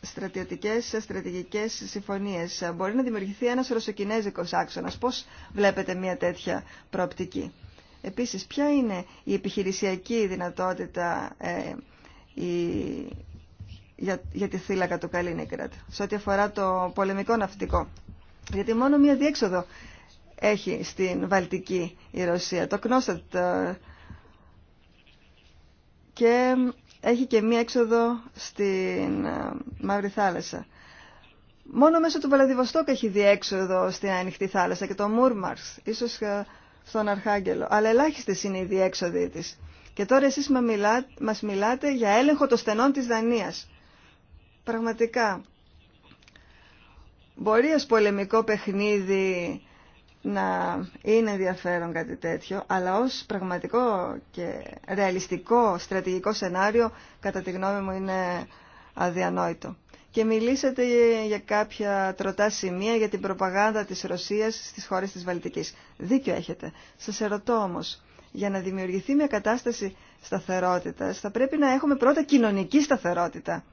S1: στρατιωτικές ε, στρατηγικές συμφωνίες. Μπορεί να δημιουργηθεί ένας ρωσοκινέζικος άξονας. Πώς βλέπετε μια τέτοια προοπτική. Επίσης, ποια είναι η επιχειρησιακή δυνατότητα ε, η, για, τη θύλακα του Καλίνικρατ, σε ό,τι αφορά το πολεμικό ναυτικό. Γιατί μόνο μία διέξοδο έχει στην Βαλτική η Ρωσία, το Κνόστατ. Ε, και έχει και μία έξοδο στην ε, Μαύρη Θάλασσα. Μόνο μέσω του Βαλαδιβοστόκ έχει διέξοδο στην Ανοιχτή Θάλασσα και το Μούρμαρς. Ίσως στον Αρχάγγελο. Αλλά ελάχιστε είναι οι διέξοδοι της. Και τώρα εσείς μας μιλάτε για έλεγχο των στενών της Δανίας. Πραγματικά, μπορεί ως πολεμικό παιχνίδι να είναι ενδιαφέρον κάτι τέτοιο, αλλά ως πραγματικό και ρεαλιστικό στρατηγικό σενάριο, κατά τη γνώμη μου, είναι αδιανόητο και μιλήσατε για κάποια τροτά σημεία για την προπαγάνδα της Ρωσίας στις χώρες της Βαλτικής. Δίκιο έχετε. Σας ερωτώ όμως, για να δημιουργηθεί μια κατάσταση σταθερότητας θα πρέπει να έχουμε πρώτα κοινωνική σταθερότητα.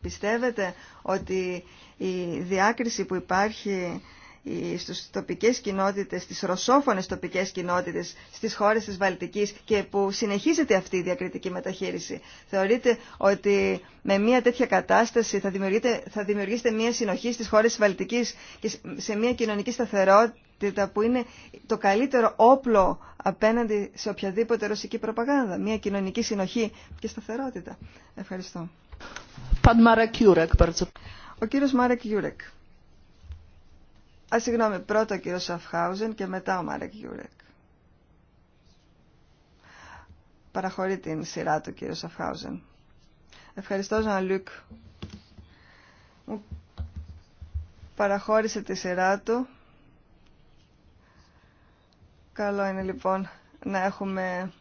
S1: Πιστεύετε ότι η διάκριση που υπάρχει ε, στις τοπικές κοινότητες, στις ρωσόφωνες τοπικές κοινότητες, στις χώρες της Βαλτικής και που συνεχίζεται αυτή η διακριτική μεταχείριση. Θεωρείτε ότι με μια τέτοια κατάσταση θα, θα δημιουργήσετε μια συνοχή στις χώρες της Βαλτικής και σε μια κοινωνική σταθερότητα που είναι το καλύτερο όπλο απέναντι σε οποιαδήποτε ρωσική προπαγάνδα. Μια κοινωνική συνοχή και σταθερότητα. Ευχαριστώ. Ο κύριος Μάρεκ Γιούρεκ. Α, συγγνώμη, πρώτα ο κύριος Σαφχάουζεν και μετά ο Μάρεκ Γιούρεκ. Παραχωρεί την σειρά του κύριο Σαφχάουζεν. Ευχαριστώ, Ζαν Λουκ. παραχώρησε τη σειρά του. Καλό είναι λοιπόν να έχουμε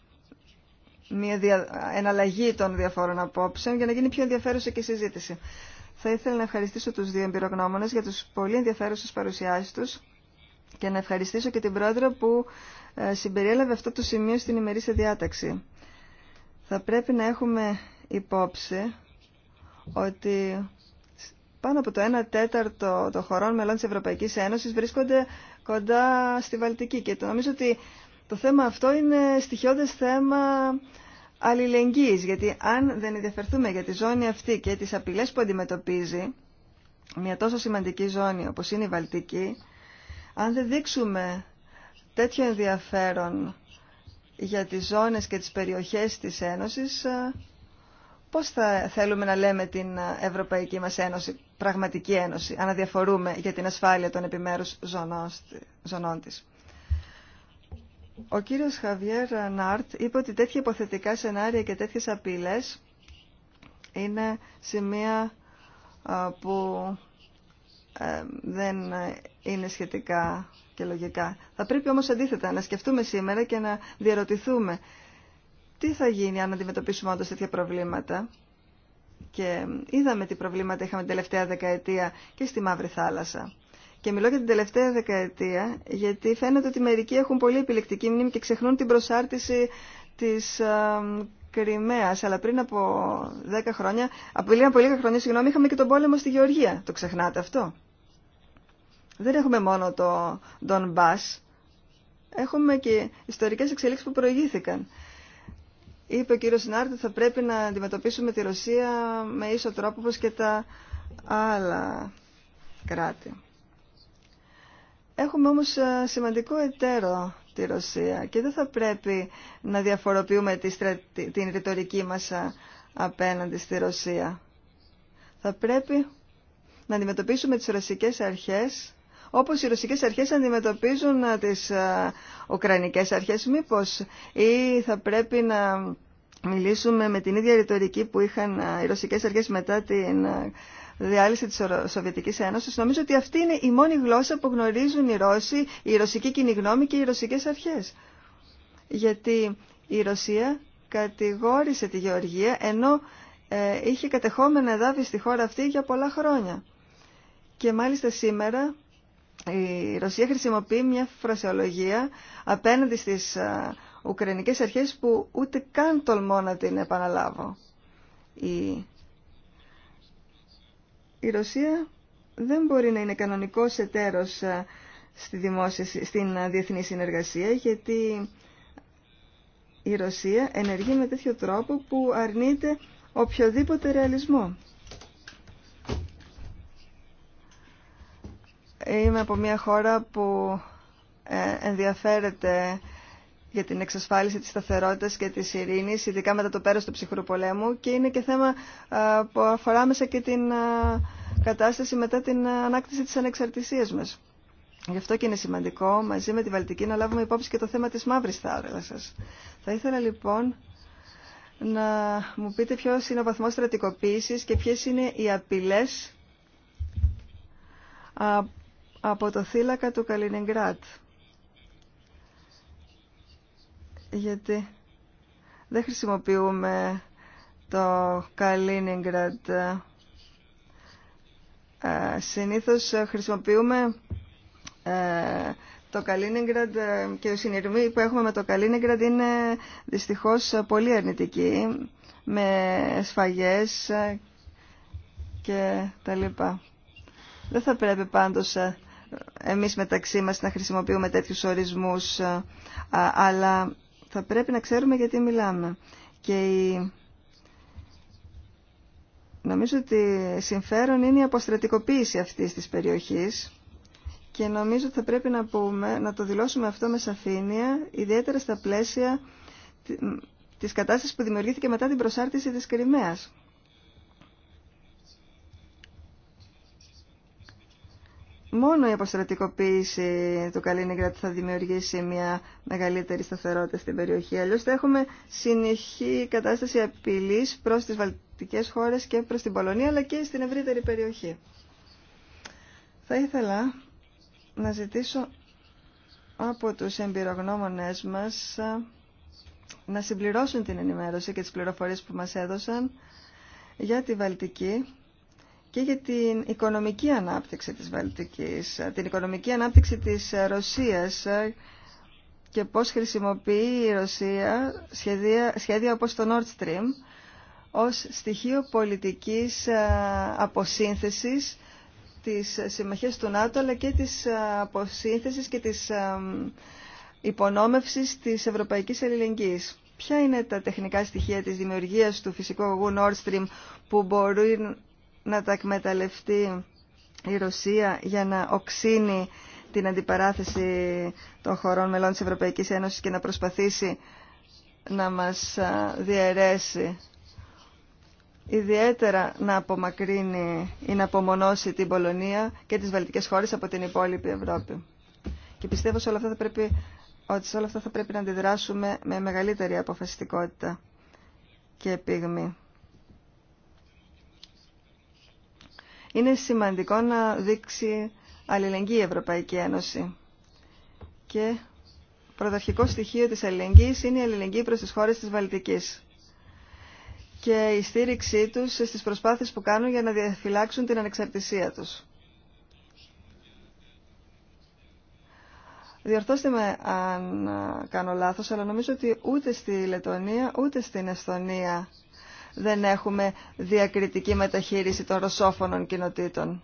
S1: μια δια... εναλλαγή των διαφόρων απόψεων για να γίνει πιο ενδιαφέρουσα και συζήτηση. Θα ήθελα να ευχαριστήσω τους δύο εμπειρογνώμονες για τους πολύ ενδιαφέρουσες παρουσιάσεις τους και να ευχαριστήσω και την πρόεδρο που ε, συμπεριέλαβε αυτό το σημείο στην ημερήσια διάταξη. Θα πρέπει να έχουμε υπόψη ότι πάνω από το 1 τέταρτο των χωρών μελών της Ευρωπαϊκής Ένωσης βρίσκονται κοντά στη Βαλτική και νομίζω ότι το θέμα αυτό είναι στοιχειώδες θέμα αλληλεγγύης, γιατί αν δεν ενδιαφερθούμε για τη ζώνη αυτή και τις απειλές που αντιμετωπίζει, μια τόσο σημαντική ζώνη όπως είναι η Βαλτική, αν δεν δείξουμε τέτοιο ενδιαφέρον για τις ζώνες και τις περιοχές της Ένωσης, ε, πώς θα θέλουμε να λέμε την Ευρωπαϊκή μας Ένωση, πραγματική Ένωση, αν αδιαφορούμε για την ασφάλεια των επιμέρους ζωνών της. Ο κύριος Χαβιέρ Νάρτ είπε ότι τέτοια υποθετικά σενάρια και τέτοιες απειλές είναι σημεία που ε, δεν είναι σχετικά και λογικά. Θα πρέπει όμως αντίθετα να σκεφτούμε σήμερα και να διαρωτηθούμε τι θα γίνει αν αντιμετωπίσουμε όντως τέτοια προβλήματα. Και ε, είδαμε τι προβλήματα είχαμε την τελευταία δεκαετία και στη Μαύρη Θάλασσα. Και μιλώ για την τελευταία δεκαετία, γιατί φαίνεται ότι μερικοί έχουν πολύ επιλεκτική μνήμη και ξεχνούν την προσάρτηση της Κρυμαία, αλλά πριν από 10 χρόνια, από λίγα από λίγα χρόνια, συγγνώμη, είχαμε και τον πόλεμο στη Γεωργία. Το ξεχνάτε αυτό. Δεν έχουμε μόνο το Don Έχουμε και ιστορικές εξελίξεις που προηγήθηκαν. Είπε ο κύριος Συνάρτη ότι θα πρέπει να αντιμετωπίσουμε τη Ρωσία με ίσο τρόπο όπως και τα άλλα κράτη. Έχουμε όμως ε, σημαντικό εταίρο τη Ρωσία και δεν θα πρέπει να διαφοροποιούμε τη την ρητορική μας ε, απέναντι στη Ρωσία. Θα πρέπει να αντιμετωπίσουμε τις ρωσικές αρχές όπως οι ρωσικές αρχές αντιμετωπίζουν ε, τις ουκρανικές αρχές μήπως ή θα πρέπει να μιλήσουμε με την ίδια ρητορική που είχαν οι ρωσικές αρχές μετά την διάλυση της Σοβιετικής Ένωσης, νομίζω ότι αυτή είναι η μόνη γλώσσα που γνωρίζουν οι Ρώσοι, η ρωσική κοινή γνώμη και οι ρωσικές αρχές. Γιατί η Ρωσία κατηγόρησε τη Γεωργία ενώ ε, είχε κατεχόμενα εδάφη στη χώρα αυτή για πολλά χρόνια. Και μάλιστα σήμερα η Ρωσία χρησιμοποιεί μια φρασεολογία απέναντι στις ε, Ουκρανικές αρχές που ούτε καν τολμώ να την επαναλάβω. Η η Ρωσία δεν μπορεί να είναι κανονικός εταίρος ε, στη δημόσια, στην ε, διεθνή συνεργασία γιατί η Ρωσία ενεργεί με τέτοιο τρόπο που αρνείται οποιοδήποτε ρεαλισμό. Είμαι από μια χώρα που ε, ενδιαφέρεται για την εξασφάλιση της σταθερότητας και της ειρήνης, ειδικά μετά το πέρας του ψυχρού πολέμου και είναι και θέμα που αφορά μέσα και την κατάσταση μετά την ανάκτηση της ανεξαρτησίας μας. Γι' αυτό και είναι σημαντικό μαζί με τη Βαλτική να λάβουμε υπόψη και το θέμα της μαύρης θάλασσας. Θα ήθελα λοιπόν να μου πείτε ποιο είναι ο βαθμός στρατικοποίησης και ποιες είναι οι απειλές από το θύλακα του Καλινιγκράτ. γιατί δεν χρησιμοποιούμε το Καλίνιγκραντ. Ε, συνήθως χρησιμοποιούμε ε, το Καλίνιγκραντ ε, και οι συνειρμοί που έχουμε με το Καλίνιγκραντ είναι δυστυχώς πολύ αρνητικοί με σφαγές και τα λοιπά. Δεν θα πρέπει πάντως εμείς μεταξύ μας να χρησιμοποιούμε τέτοιους ορισμούς, αλλά θα πρέπει να ξέρουμε γιατί μιλάμε. Και νομίζω ότι συμφέρον είναι η αποστρατικοποίηση αυτής της περιοχής και νομίζω ότι θα πρέπει να, πούμε, να το δηλώσουμε αυτό με σαφήνεια, ιδιαίτερα στα πλαίσια της κατάστασης που δημιουργήθηκε μετά την προσάρτηση της Κρυμαίας. Μόνο η αποστρατικοποίηση του Καλίνιγκρατ θα δημιουργήσει μια μεγαλύτερη σταθερότητα στην περιοχή. Αλλιώ θα έχουμε συνεχή κατάσταση απειλής προς τις βαλτικέ χώρες και προς την Πολωνία αλλά και στην ευρύτερη περιοχή. Θα ήθελα να ζητήσω από τους εμπειρογνώμονές μας να συμπληρώσουν την ενημέρωση και τις πληροφορίες που μας έδωσαν για τη Βαλτική και για την οικονομική ανάπτυξη της Βαλτικής, την οικονομική ανάπτυξη της Ρωσίας και πώς χρησιμοποιεί η Ρωσία σχέδια, σχέδια όπως το Nord Stream ως στοιχείο πολιτικής ε, αποσύνθεσης της συμμαχίας του ΝΑΤΟ αλλά και της ε, αποσύνθεσης και της ε, υπονόμευσης της Ευρωπαϊκής Ελληνικής. Ποια είναι τα τεχνικά στοιχεία της δημιουργίας του φυσικού αγωγού Nord Stream που μπορούν να τα εκμεταλλευτεί η Ρωσία για να οξύνει την αντιπαράθεση των χωρών μελών της Ευρωπαϊκής Ένωσης και να προσπαθήσει να μας διαιρέσει. Ιδιαίτερα να απομακρύνει ή να απομονώσει την Πολωνία και τις βαλτικές χώρες από την υπόλοιπη Ευρώπη. Και πιστεύω θα πρέπει, ότι σε όλα αυτά θα πρέπει να αντιδράσουμε με μεγαλύτερη αποφασιστικότητα και πήγμη. Είναι σημαντικό να δείξει αλληλεγγύη η Ευρωπαϊκή Ένωση. Και πρωταρχικό στοιχείο της αλληλεγγύης είναι η αλληλεγγύη προς τις χώρες της Βαλτικής και η στήριξή τους στις προσπάθειες που κάνουν για να διαφυλάξουν την ανεξαρτησία τους. Διορθώστε με αν κάνω λάθος, αλλά νομίζω ότι ούτε στη Λετωνία ούτε στην Εσθονία δεν έχουμε διακριτική μεταχείριση των ρωσόφωνων κοινοτήτων.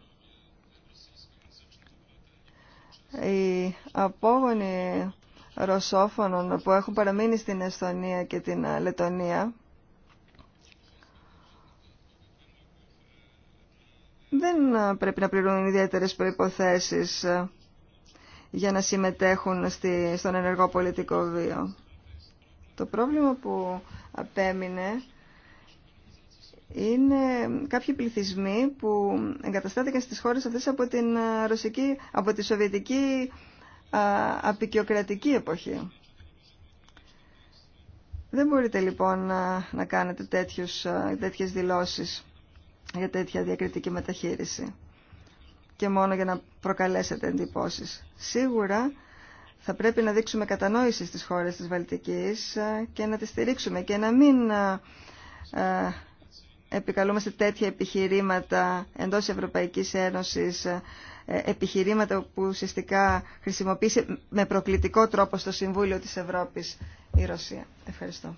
S1: Οι απόγονοι ρωσόφωνων που έχουν παραμείνει στην Εστονία και την Λετωνία δεν πρέπει να πληρούν ιδιαίτερες προϋποθέσεις για να συμμετέχουν στη, στον ενεργό πολιτικό βίο. Το πρόβλημα που απέμεινε είναι κάποιοι πληθυσμοί που εγκαταστάθηκαν στις χώρες αυτές από την ε, ρωσική, από τη σοβιετική ε, απεικιοκρατική εποχή. Δεν μπορείτε λοιπόν να, να κάνετε τέτοιους, ε, τέτοιες δηλώσεις για τέτοια διακριτική μεταχείριση και μόνο για να προκαλέσετε εντυπώσεις. Σίγουρα θα πρέπει να δείξουμε κατανόηση στις χώρες της Βαλτικής και να τις στηρίξουμε και να μην επικαλούμαστε τέτοια επιχειρήματα εντός Ευρωπαϊκής Ένωσης, ε, επιχειρήματα που ουσιαστικά χρησιμοποίησε με προκλητικό τρόπο στο Συμβούλιο της Ευρώπης η Ρωσία. Ευχαριστώ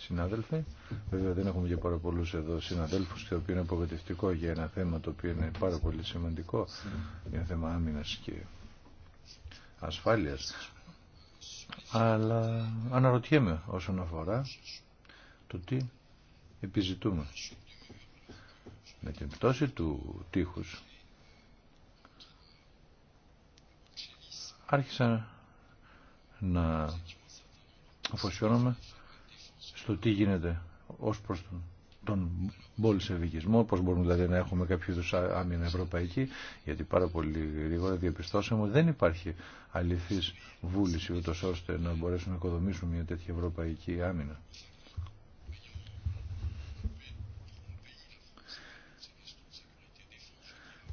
S3: συνάδελφοι. Βέβαια δεν έχουμε και πάρα πολλού εδώ συναδέλφου, το οποίο είναι απογοητευτικό για ένα θέμα το οποίο είναι πάρα πολύ σημαντικό. για θέμα άμυνας και ασφάλεια. Αλλά αναρωτιέμαι όσον αφορά το τι επιζητούμε. Με την πτώση του τείχους άρχισα να αφοσιώνομαι στο τι γίνεται ως προς τον, τον πολυσεβικισμό, πώς μπορούμε δηλαδή να έχουμε κάποιο είδους άμυνα ευρωπαϊκή, γιατί πάρα πολύ γρήγορα διαπιστώσαμε ότι δεν υπάρχει αληθής βούληση ούτω ώστε να μπορέσουμε να οικοδομήσουμε μια τέτοια ευρωπαϊκή άμυνα.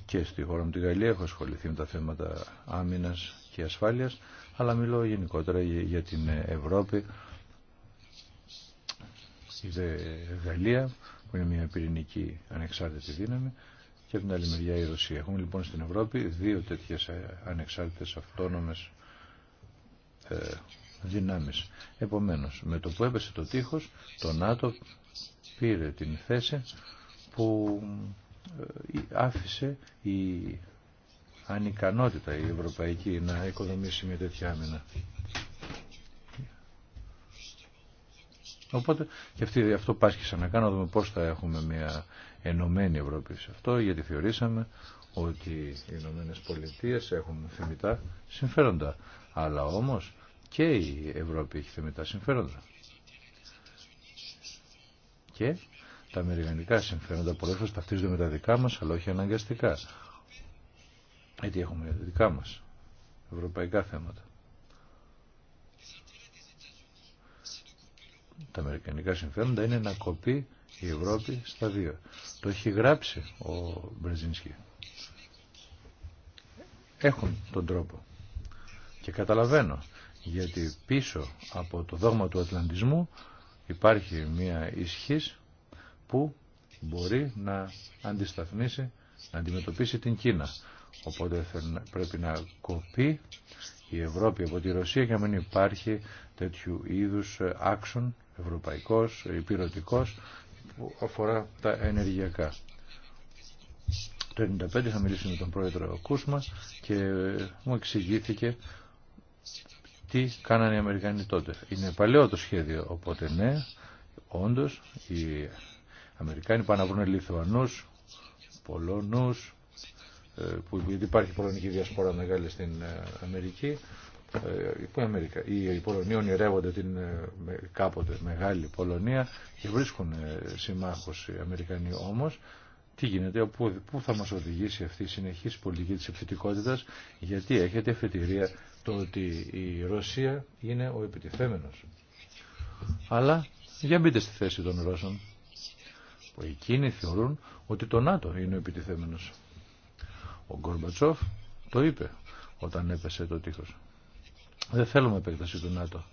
S3: και στη χώρα μου τη Γαλλία έχω ασχοληθεί με τα θέματα άμυνας και ασφάλειας αλλά μιλώ γενικότερα για την Ευρώπη η Γαλλία που είναι μια πυρηνική ανεξάρτητη δύναμη και από την άλλη μεριά η Ρωσία. Έχουμε λοιπόν στην Ευρώπη δύο τέτοιες ε, ανεξάρτητες αυτόνομες ε, δυνάμεις. Επομένως, με το που έπεσε το τείχος, το ΝΑΤΟ πήρε την θέση που ε, άφησε η ανικανότητα η Ευρωπαϊκή να οικοδομήσει μια τέτοια άμυνα. Οπότε και αυτό πάσχησα να κάνω, δούμε πώς θα έχουμε μια ενωμένη Ευρώπη σε αυτό, γιατί θεωρήσαμε ότι οι Ηνωμένε Πολιτείε έχουν θεμητά συμφέροντα. Αλλά όμως και η Ευρώπη έχει θεμητά συμφέροντα. Και τα αμερικανικά συμφέροντα πολλέ φορέ ταυτίζονται με τα δικά μας, αλλά όχι αναγκαστικά. Γιατί έχουμε δικά μα ευρωπαϊκά θέματα. τα αμερικανικά συμφέροντα είναι να κοπεί η Ευρώπη στα δύο. Το έχει γράψει ο Μπρεζίνσκι. Έχουν τον τρόπο. Και καταλαβαίνω, γιατί πίσω από το δόγμα του Ατλαντισμού υπάρχει μια ισχύς που μπορεί να αντισταθμίσει, να αντιμετωπίσει την Κίνα. Οπότε πρέπει να κοπεί η Ευρώπη από τη Ρωσία για να μην υπάρχει τέτοιου είδους άξον ευρωπαϊκός, υπηρετικός που αφορά τα ενεργειακά. Το 1995 είχα μιλήσει με τον πρόεδρο Κούσμα και μου εξηγήθηκε τι κάνανε οι Αμερικανοί τότε. Είναι παλαιό το σχέδιο, οπότε ναι, όντως οι Αμερικάνοι πάνε να βρουν Λιθουανούς, Πολωνούς, ε, που, γιατί υπάρχει πολωνική διασπορά μεγάλη στην ε, Αμερική ε, οι Αμερική, οι ονειρεύονται την ε, κάποτε μεγάλη Πολωνία και βρίσκουν ε, συμμάχους οι Αμερικανοί όμως τι γίνεται, πού, πού θα μας οδηγήσει αυτή η συνεχής πολιτική της επιθετικότητας γιατί έχετε εφετηρία το ότι η Ρωσία είναι ο επιτιθέμενος. Αλλά για μπείτε στη θέση των Ρώσων που εκείνοι θεωρούν ότι το ΝΑΤΟ είναι ο επιτιθέμενος. Ο Γκορμπατσόφ το είπε όταν έπεσε το τείχος. Δεν θέλουμε επέκταση του ΝΑΤΟ.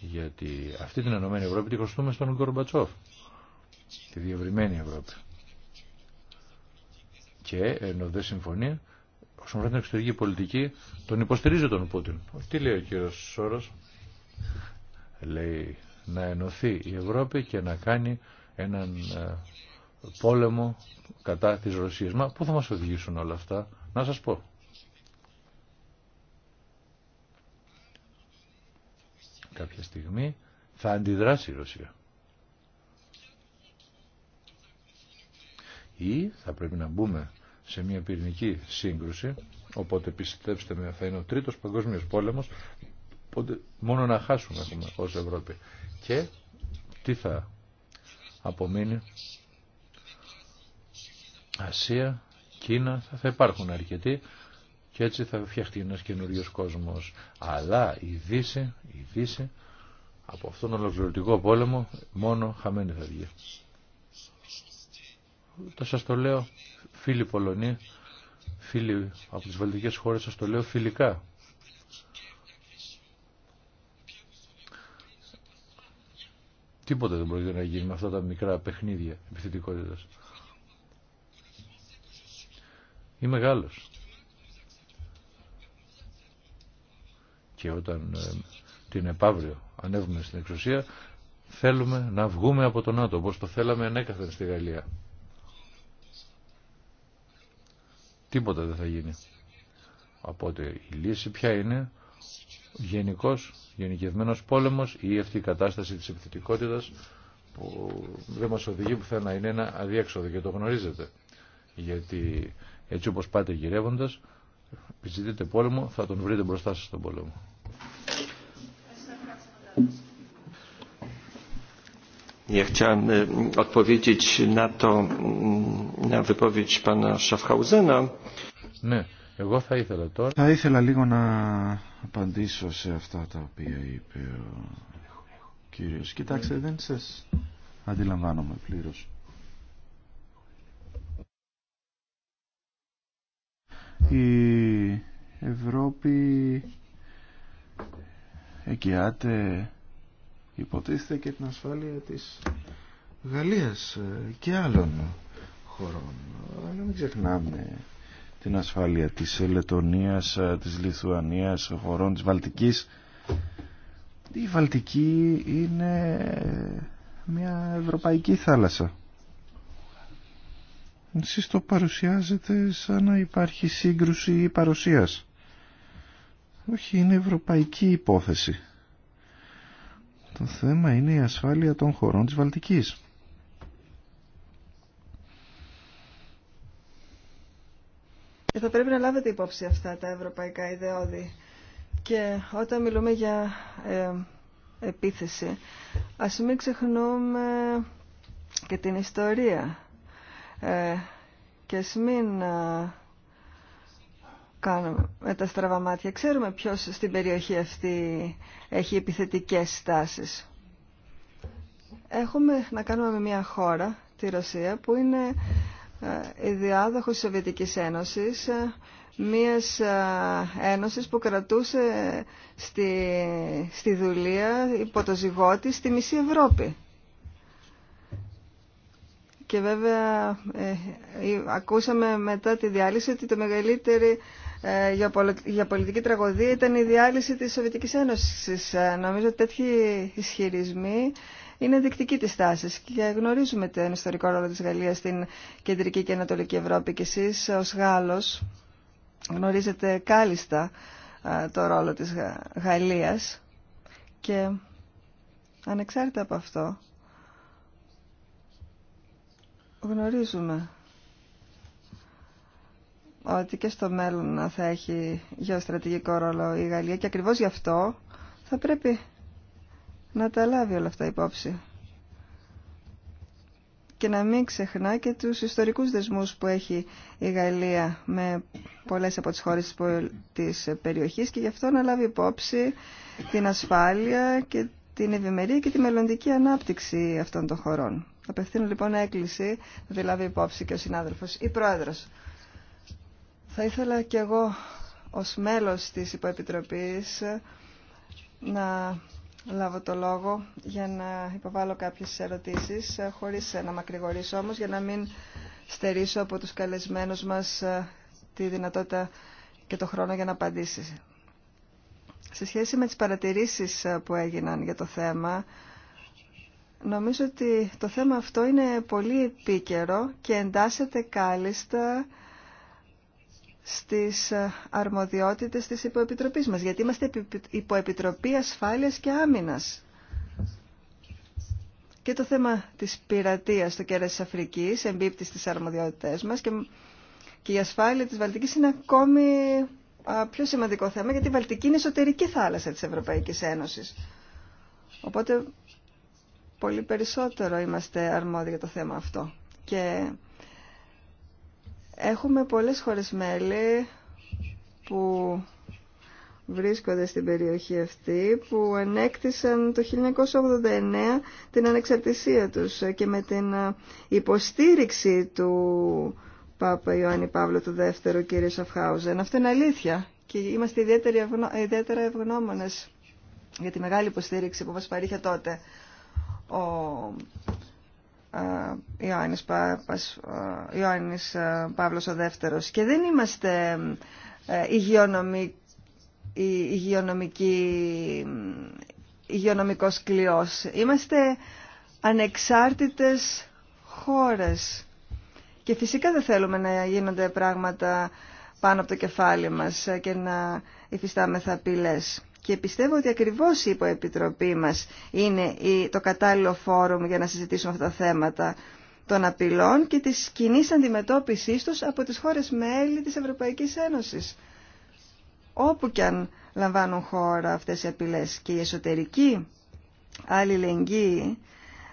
S3: Γιατί αυτή την Ενωμένη Ευρώπη τη χρωστούμε στον Γκορμπατσόφ. Τη διευρυμένη Ευρώπη. Και ενώ δεν συμφωνεί, όσον αφορά την εξωτερική πολιτική, τον υποστηρίζει τον Πούτιν. Τι λέει ο κύριο Σόρο, Λέει να ενωθεί η Ευρώπη και να κάνει έναν ε, πόλεμο κατά της Ρωσίας. Μα πού θα μας οδηγήσουν όλα αυτά. Να σας πω. κάποια στιγμή θα αντιδράσει η Ρωσία. Ή θα πρέπει να μπούμε σε μια πυρηνική σύγκρουση, οπότε πιστέψτε με θα είναι ο τρίτος παγκόσμιος πόλεμος, οπότε μόνο να χάσουμε έχουμε ως Ευρώπη. Και τι θα απομείνει Ασία, Κίνα, θα, θα υπάρχουν αρκετοί και έτσι θα φτιαχτεί ένας καινούριος κόσμος. Αλλά η Δύση, η Δύση από αυτόν τον ολοκληρωτικό πόλεμο μόνο χαμένη θα βγει. Θα σας το λέω φίλοι Πολωνοί, φίλοι από τις βαλτικές χώρες σας το λέω φιλικά. Τίποτα δεν μπορεί να γίνει με αυτά τα μικρά παιχνίδια επιθετικότητας. Είμαι Γάλλος. και όταν ε, την επαύριο ανέβουμε στην εξουσία θέλουμε να βγούμε από τον ΝΑΤΟ όπως το θέλαμε ανέκαθεν στη Γαλλία. Τίποτα δεν θα γίνει. Οπότε η λύση ποια είναι γενικός, γενικευμένος πόλεμος ή αυτή η κατάσταση της επιθετικότητας που δεν μας οδηγεί πουθενά είναι ένα αδίέξοδο και το γνωρίζετε. Γιατί έτσι όπως πάτε γυρεύοντας, επιζητείτε πόλεμο, θα τον βρείτε μπροστά σας τον πόλεμο.
S2: Ja chciałem odpowiedzieć na to, mm, na wypowiedź pana Schaffhausena.
S3: Ναι, εγώ θα ήθελα τώρα...
S2: Θα ήθελα λίγο να απαντήσω σε αυτά τα οποία είπε ο κύριος. Κοιτάξτε, δεν σας αντιλαμβάνομαι πλήρως. Η Ευρώπη εγγυάται υποτίθεται και την ασφάλεια της Γαλλίας και άλλων χωρών. Αλλά μην ξεχνάμε την ασφάλεια της Λετωνίας, της Λιθουανίας, χωρών της Βαλτικής. Η Βαλτική είναι μια ευρωπαϊκή θάλασσα. Εσείς το παρουσιάζετε σαν να υπάρχει σύγκρουση ή παρουσίας. Όχι, είναι ευρωπαϊκή υπόθεση. Το θέμα είναι η ασφάλεια των χωρών της Βαλτικής.
S1: Ε, θα πρέπει να λάβετε υπόψη αυτά τα ευρωπαϊκά ιδεώδη. Και όταν μιλούμε για ε, επίθεση, ας μην ξεχνούμε και την ιστορία. Ε, και ας μην κάνουμε με τα στραβά μάτια. Ξέρουμε ποιος στην περιοχή αυτή έχει επιθετικές στάσεις. Έχουμε να κάνουμε με μια χώρα, τη Ρωσία, που είναι ε, η διάδοχος της Σοβιετικής Ένωσης, ε, μιας ε, ένωσης που κρατούσε στη, στη δουλεία υπό το ζυγό της στη μισή Ευρώπη. Και βέβαια ακούσαμε μετά τη διάλυση ότι το μεγαλύτερη ε, για πολιτική τραγωδία ήταν η διάλυση της Σοβιετικής Ένωσης. Ε, νομίζω ότι τέτοιοι ισχυρισμοί είναι δεικτικοί της τάσης και γνωρίζουμε τον ιστορικό ρόλο της Γαλλίας στην κεντρική και ανατολική Ευρώπη και εσείς ως Γάλλος γνωρίζετε κάλλιστα ε, το ρόλο της Γαλλίας και ανεξάρτητα από αυτό γνωρίζουμε ότι και στο μέλλον θα έχει γεωστρατηγικό ρόλο η Γαλλία και ακριβώς γι' αυτό θα πρέπει να τα λάβει όλα αυτά υπόψη. Και να μην ξεχνά και τους ιστορικούς δεσμούς που έχει η Γαλλία με πολλές από τις χώρες της περιοχής και γι' αυτό να λάβει υπόψη την ασφάλεια και την ευημερία και τη μελλοντική ανάπτυξη αυτών των χωρών. Απευθύνω λοιπόν έκκληση, δηλαδή υπόψη και ο συνάδελφος ή πρόεδρος. Θα ήθελα κι εγώ ως μέλος της Υποεπιτροπής να λάβω το λόγο για να υποβάλω κάποιες ερωτήσεις, ε, χωρίς ε, να μακρηγορήσω όμως, για να μην στερήσω από τους καλεσμένους μας ε, τη δυνατότητα και το χρόνο για να απαντήσει. Σε σχέση με τις παρατηρήσεις που έγιναν για το θέμα, νομίζω ότι το θέμα αυτό είναι πολύ επίκαιρο και εντάσσεται κάλλιστα στις ε, αρμοδιότητες της υποεπιτροπής μας, γιατί είμαστε υποεπιτροπή ασφάλειας και άμυνας. Και το θέμα της πειρατείας στο κέρας της Αφρικής εμπίπτει στις αρμοδιότητες μας και, και η ασφάλεια της Βαλτικής είναι ακόμη πιο σημαντικό θέμα, γιατί η Βαλτική είναι εσωτερική θάλασσα της Ευρωπαϊκής Ένωσης. Οπότε πολύ περισσότερο είμαστε αρμόδιοι για το θέμα αυτό. Και Έχουμε πολλές χώρες μέλη που βρίσκονται στην περιοχή αυτή που ανέκτησαν το 1989 την ανεξαρτησία τους και με την υποστήριξη του Πάπα Ιωάννη Παύλου του δεύτερου κύριε Σαφχάουζεν. Αυτό είναι αλήθεια και είμαστε ιδιαίτερα ευγνώμονες για τη μεγάλη υποστήριξη που μας παρήχε τότε ο Ιωάννης, Πάπας, Ιωάννης Παύλος ο Δεύτερος και δεν είμαστε ε, υγειονομική, υγειονομικός κλειός. Είμαστε ανεξάρτητες χώρες και φυσικά δεν θέλουμε να γίνονται πράγματα πάνω από το κεφάλι μας και να υφιστάμεθα απειλές. Και πιστεύω ότι ακριβώς η υποεπιτροπή μας είναι το κατάλληλο φόρουμ για να συζητήσουμε αυτά τα θέματα των απειλών και της κοινή αντιμετώπισης τους από τις χώρες μέλη της Ευρωπαϊκής Ένωσης. Όπου και αν λαμβάνουν χώρα αυτές οι απειλές και η εσωτερική αλληλεγγύη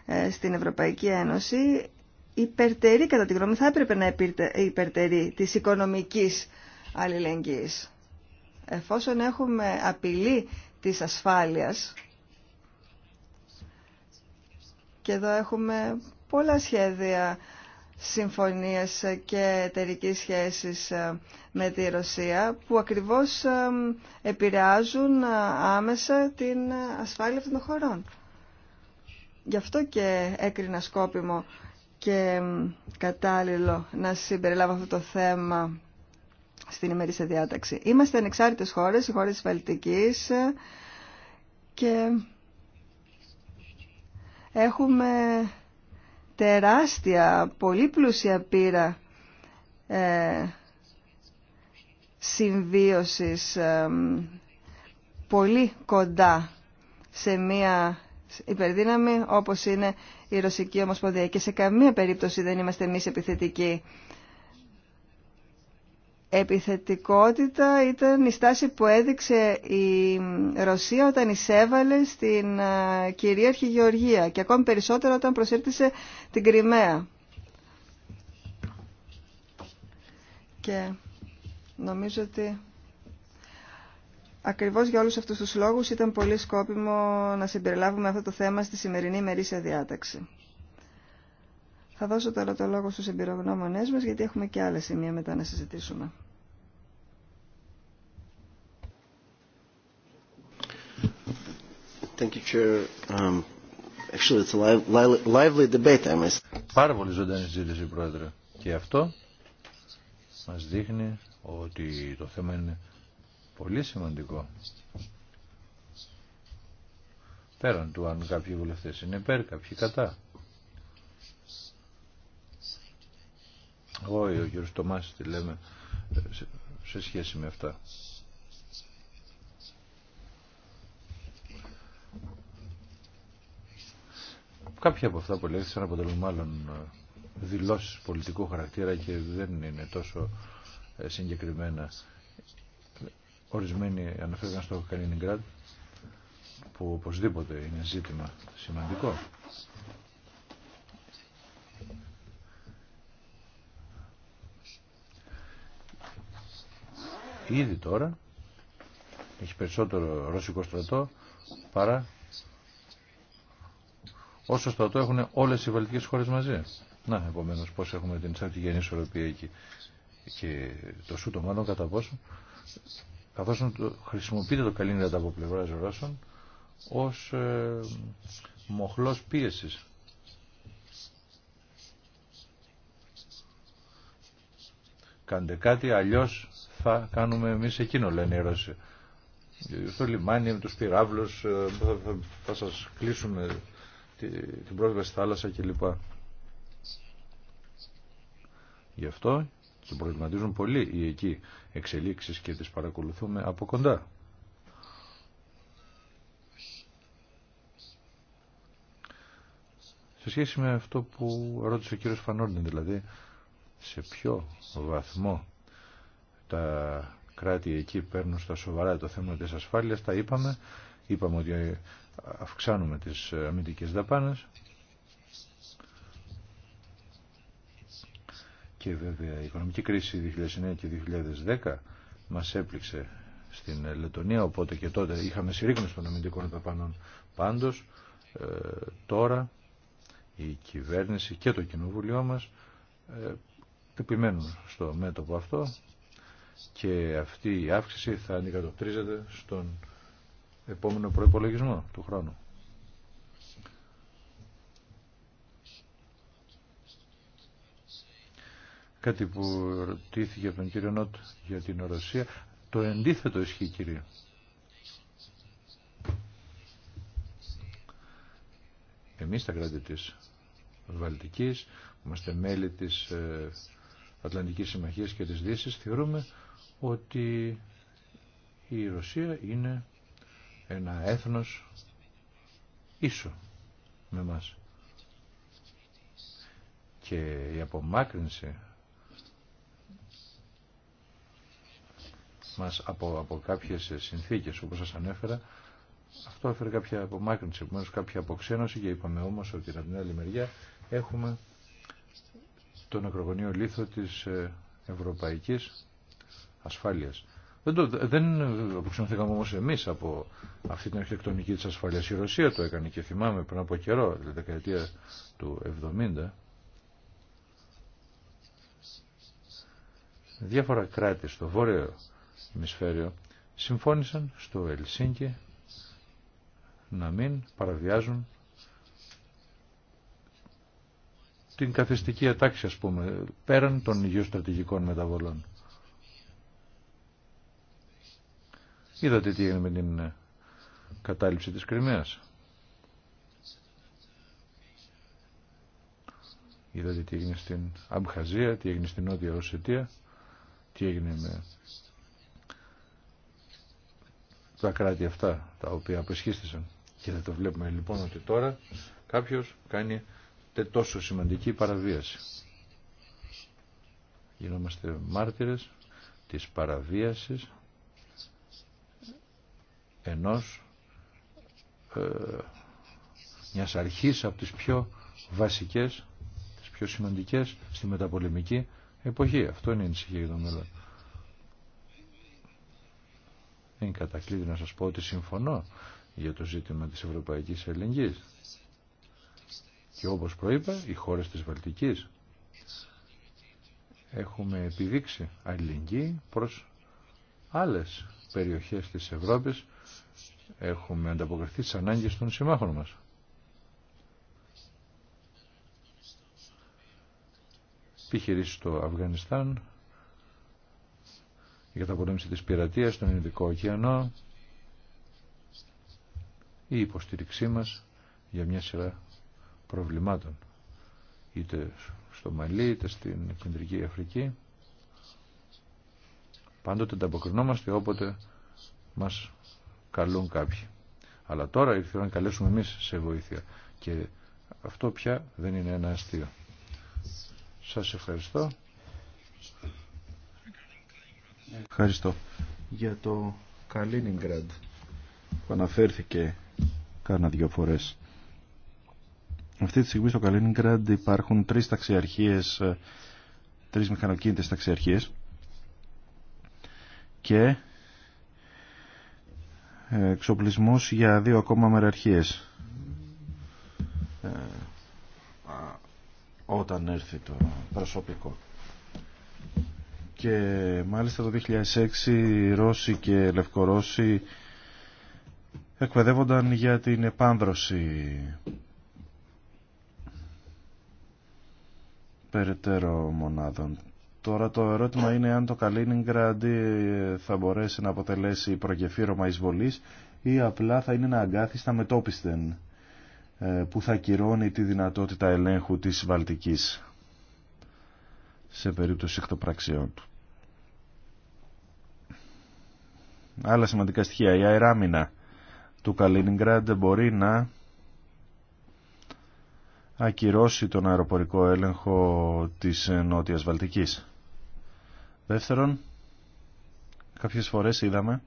S1: ε, στην Ευρωπαϊκή Ένωση υπερτερεί κατά τη γνώμη θα έπρεπε να υπερτερεί της οικονομικής αλληλεγγύης εφόσον έχουμε απειλή της ασφάλειας και εδώ έχουμε πολλά σχέδια συμφωνίες και εταιρική σχέσεις ε, με τη Ρωσία που ακριβώς ε, επηρεάζουν ε, άμεσα την ασφάλεια των χωρών. Γι' αυτό και έκρινα σκόπιμο και κατάλληλο να συμπεριλάβω αυτό το θέμα στην ημερήσια διάταξη. Είμαστε ανεξάρτητες χώρες, οι χώρες της Βαλτικής και έχουμε τεράστια, πολύ πλούσια πείρα ε, συμβίωσης ε, πολύ κοντά σε μία υπερδύναμη όπως είναι η Ρωσική Ομοσπονδία και σε καμία περίπτωση δεν είμαστε εμείς επιθετικοί επιθετικότητα ήταν η στάση που έδειξε η Ρωσία όταν εισέβαλε στην ε, κυρίαρχη Γεωργία και ακόμη περισσότερο όταν προσήρτησε την Κρυμαία. Και νομίζω ότι ακριβώς για όλους αυτούς τους λόγους ήταν πολύ σκόπιμο να συμπεριλάβουμε αυτό το θέμα στη σημερινή ημερήσια διάταξη. Θα δώσω τώρα το λόγο στους εμπειρογνώμονές μας γιατί έχουμε και άλλα σημεία μετά να συζητήσουμε.
S3: Πάρα πολύ ζωντανή συζήτηση, Πρόεδρε. Και αυτό μας δείχνει ότι το θέμα είναι πολύ σημαντικό. Πέραν του αν κάποιοι βουλευτές είναι υπέρ, κάποιοι κατά. εγώ ο κύριος Τομάς τη λέμε ε, σε σχέση με αυτά. Κάποια από αυτά που σαν αποτελούν μάλλον ε, δηλώσεις πολιτικού χαρακτήρα και δεν είναι τόσο ε, συγκεκριμένα. Ορισμένοι αναφέρθηκαν στο Καλινιγκράτ που οπωσδήποτε είναι ζήτημα σημαντικό. ήδη τώρα έχει περισσότερο ρωσικό στρατό παρά όσο στρατό έχουν όλες οι βαλτικές χώρες μαζί. Να, επομένως, πώς έχουμε την στρατηγική ισορροπία εκεί και το σούτο μάλλον κατά πόσο καθώς το, χρησιμοποιείται το καλύνδρατα από πλευρά Ρώσων ως ε, μοχλός πίεσης. Κάντε κάτι, αλλιώς θα κάνουμε εμείς εκείνο, λένε οι Ρώσοι. Στο λιμάνι, με τους πυράβλους, ε, θα, θα, σας κλείσουμε τη, την πρόσβαση στη θάλασσα κλπ. Γι' αυτό και προβληματίζουν πολύ οι εκεί εξελίξεις και τις παρακολουθούμε από κοντά. Σε σχέση με αυτό που ρώτησε ο κύριος Φανόρντιν, δηλαδή, σε ποιο βαθμό τα κράτη εκεί παίρνουν στα σοβαρά το θέμα της ασφάλειας, τα είπαμε. Είπαμε ότι αυξάνουμε τις αμυντικές δαπάνες. Και βέβαια η οικονομική κρίση 2009 και 2010 μας έπληξε στην Λετωνία, οπότε και τότε είχαμε συρρήγνωση των αμυντικών δαπάνων. Πάντως, ε, τώρα η κυβέρνηση και το κοινοβουλίο μας ε, επιμένουν στο μέτωπο αυτό και αυτή η αύξηση θα αντικατοπτρίζεται στον επόμενο προϋπολογισμό του χρόνου. Κάτι που ρωτήθηκε από τον κύριο Νότ για την Ρωσία. Το αντίθετο ισχύει κύριε. Εμείς τα κράτη της Βαλτικής, είμαστε μέλη της ε, Ατλαντικής Συμμαχίας και της Δύσης, θεωρούμε ότι η Ρωσία είναι ένα έθνος ίσο με μας. Και η απομάκρυνση μας από, από κάποιες συνθήκες όπως σας ανέφερα αυτό έφερε κάποια απομάκρυνση, επομένως κάποια αποξένωση και είπαμε όμως ότι από την άλλη μεριά έχουμε τον ακρογωνίο λίθο της ε, ευρωπαϊκής ασφάλειας. Δεν, το, δεν αποξενωθήκαμε όμως εμείς από αυτή την αρχιτεκτονική της ασφάλειας. Η Ρωσία το έκανε και θυμάμαι πριν από καιρό, τη δεκαετία του 70, διάφορα κράτη στο βόρειο ημισφαίριο συμφώνησαν στο Ελσίνκι να μην παραβιάζουν την καθιστική ατάξη, ας πούμε, πέραν των υγειοστρατηγικών μεταβολών. Είδατε τι έγινε με την κατάληψη της Κρυμαίας. Είδατε τι έγινε στην Αμπχαζία, τι έγινε στην Νότια Ρωσετία, τι έγινε με τα κράτη αυτά τα οποία απεσχίστησαν. Και θα το βλέπουμε λοιπόν ότι τώρα κάποιος κάνει τόσο σημαντική παραβίαση. Γινόμαστε μάρτυρες της παραβίασης ενός ε, μιας αρχής από τις πιο βασικές, τις πιο σημαντικές στη μεταπολεμική εποχή. Αυτό είναι η ενσυχία για το μέλλον. Είναι κατακλείδη να σας πω ότι συμφωνώ για το ζήτημα της Ευρωπαϊκής Ελληνικής. Και όπως προείπα, οι χώρες της Βαλτικής έχουμε επιδείξει αλληλεγγύη προς άλλες περιοχές της Ευρώπης έχουμε ανταποκριθεί στις ανάγκες των συμμάχων μας. Επιχειρήσει στο Αφγανιστάν, η καταπολέμηση της πειρατείας στον Ινδικό ωκεανό, η υποστήριξή μας για μια σειρά προβλημάτων είτε στο Μαλί είτε στην Κεντρική Αφρική Πάντοτε ανταποκρινόμαστε όποτε μας καλούν κάποιοι. Αλλά τώρα ήρθε να καλέσουμε εμείς σε βοήθεια. Και αυτό πια δεν είναι ένα αστείο. Σας ευχαριστώ.
S2: Ευχαριστώ. Για το Καλίνιγκραντ που αναφέρθηκε κάνα δύο φορές. Αυτή τη στιγμή στο Καλίνιγκραντ υπάρχουν τρεις ταξιαρχίες, ε, τρεις μηχανοκίνητες ταξιαρχίες και ε, εξοπλισμός για δύο ακόμα μεραρχίες ε, όταν έρθει το προσωπικό. Και μάλιστα το 2006 Ρώσοι και Λευκορώσοι εκπαιδεύονταν για την επάνδρωση περαιτέρω μονάδων. Τώρα το ερώτημα είναι αν το Καλίνιγκραντ θα μπορέσει να αποτελέσει προκεφύρωμα εισβολής ή απλά θα είναι ένα αγκάθιστα μετόπιστεν ε, που θα κυρώνει τη δυνατότητα ελέγχου της Βαλτικής σε περίπτωση εκτοπραξιών του. Άλλα σημαντικά στοιχεία. Η αεράμινα του Καλίνιγκραντ μπορεί να ακυρώσει τον αεροπορικό έλεγχο της Νότιας Βαλτικής. Δεύτερον, κάποιες φορές είδαμε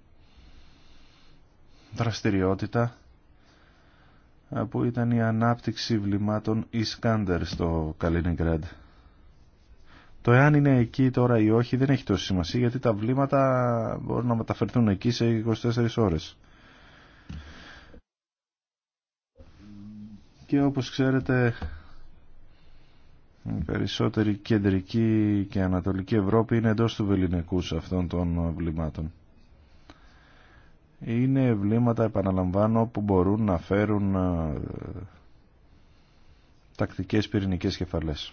S2: δραστηριότητα ε, που ήταν η ανάπτυξη βλημάτων Ισκάντερ στο Καλίνιγκραντ. Το εάν είναι εκεί τώρα ή όχι δεν έχει τόση σημασία γιατί τα βλήματα μπορούν να μεταφερθούν εκεί σε 24 ώρες. Και όπως ξέρετε οι περισσότεροι κεντρική και ανατολική Ευρώπη είναι εντός του σε αυτών των βλημάτων. Είναι ευλήματα, επαναλαμβάνω, που μπορούν να φέρουν ε, τακτικές πυρηνικές κεφαλές.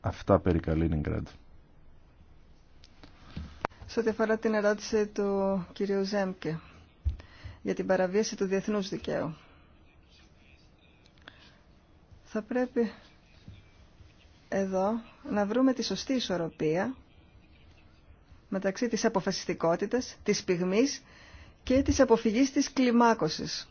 S2: Αυτά περί Καλίνιγκραντ.
S1: Σε ό,τι αφορά την ερώτηση του κ. Ζέμκε για την παραβίαση του διεθνούς δικαίου θα πρέπει εδώ να βρούμε τη σωστή ισορροπία μεταξύ της αποφασιστικότητας, της πυγμής και της αποφυγής της κλιμάκωσης.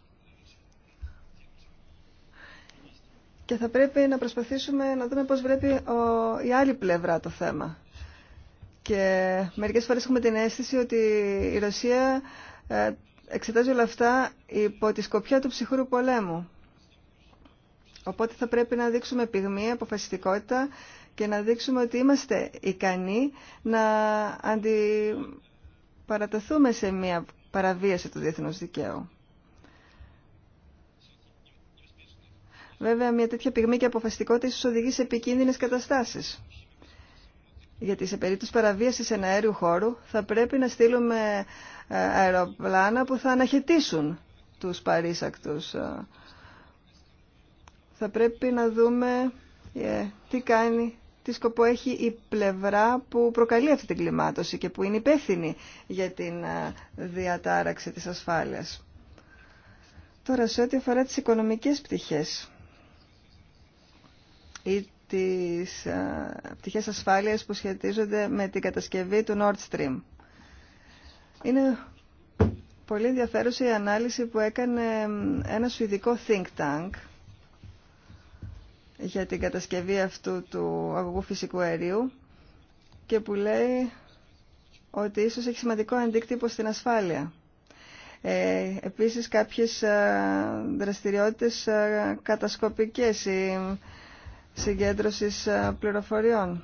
S1: Και θα πρέπει να προσπαθήσουμε να δούμε πώς βλέπει ο, η άλλη πλευρά το θέμα. Και μερικές φορές έχουμε την αίσθηση ότι η Ρωσία ε, εξετάζει όλα αυτά υπό τη σκοπιά του ψυχρού πολέμου. Οπότε θα πρέπει να δείξουμε πυγμή, αποφασιστικότητα και να δείξουμε ότι είμαστε ικανοί να αντιπαραταθούμε σε μια παραβίαση του διεθνούς δικαίου. Βέβαια, μια τέτοια πυγμή και αποφασιστικότητα ίσως οδηγεί σε επικίνδυνες καταστάσεις. Γιατί σε περίπτωση παραβίασης αέριο χώρου θα πρέπει να στείλουμε ε, αεροπλάνα που θα αναχαιτήσουν τους παρήσακτους ε, θα πρέπει να δούμε ε, τι κάνει, τι σκοπό έχει η πλευρά που προκαλεί αυτή την κλιμάτωση και που είναι υπεύθυνη για την ε, διατάραξη της ασφάλειας. Τώρα, σε ό,τι αφορά τις οικονομικές πτυχές ή τις ε, πτυχές ασφάλειας που σχετίζονται με την κατασκευή του Nord Stream. Είναι πολύ ενδιαφέρουσα η ανάλυση που έκανε ένα σουηδικό think tank για την κατασκευή αυτού του αγωγού φυσικού αερίου και που λέει ότι ίσως έχει σημαντικό αντίκτυπο στην ασφάλεια. Ε, επίσης κάποιες ε, δραστηριότητες ε, κατασκοπικές ή συγκέντρωσης ε, πληροφοριών.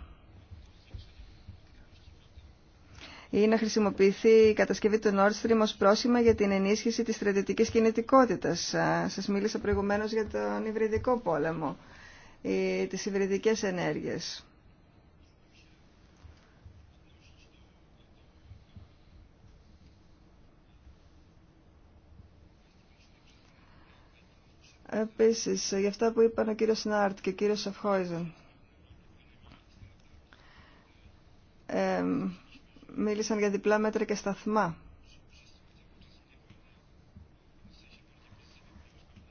S1: Ή να χρησιμοποιηθεί η κατασκευή του Nord Stream ως πρόσημα για την ενίσχυση της στρατιωτικής κινητικότητας. Σας μίλησα προηγουμένως για τον υβριδικό πόλεμο. Τι τις υβριδικές ενέργειες. Επίσης, για αυτά που είπαν ο κύριος Νάρτ και ο κύριος Σαφχόιζεν. μίλησαν για διπλά μέτρα και σταθμά.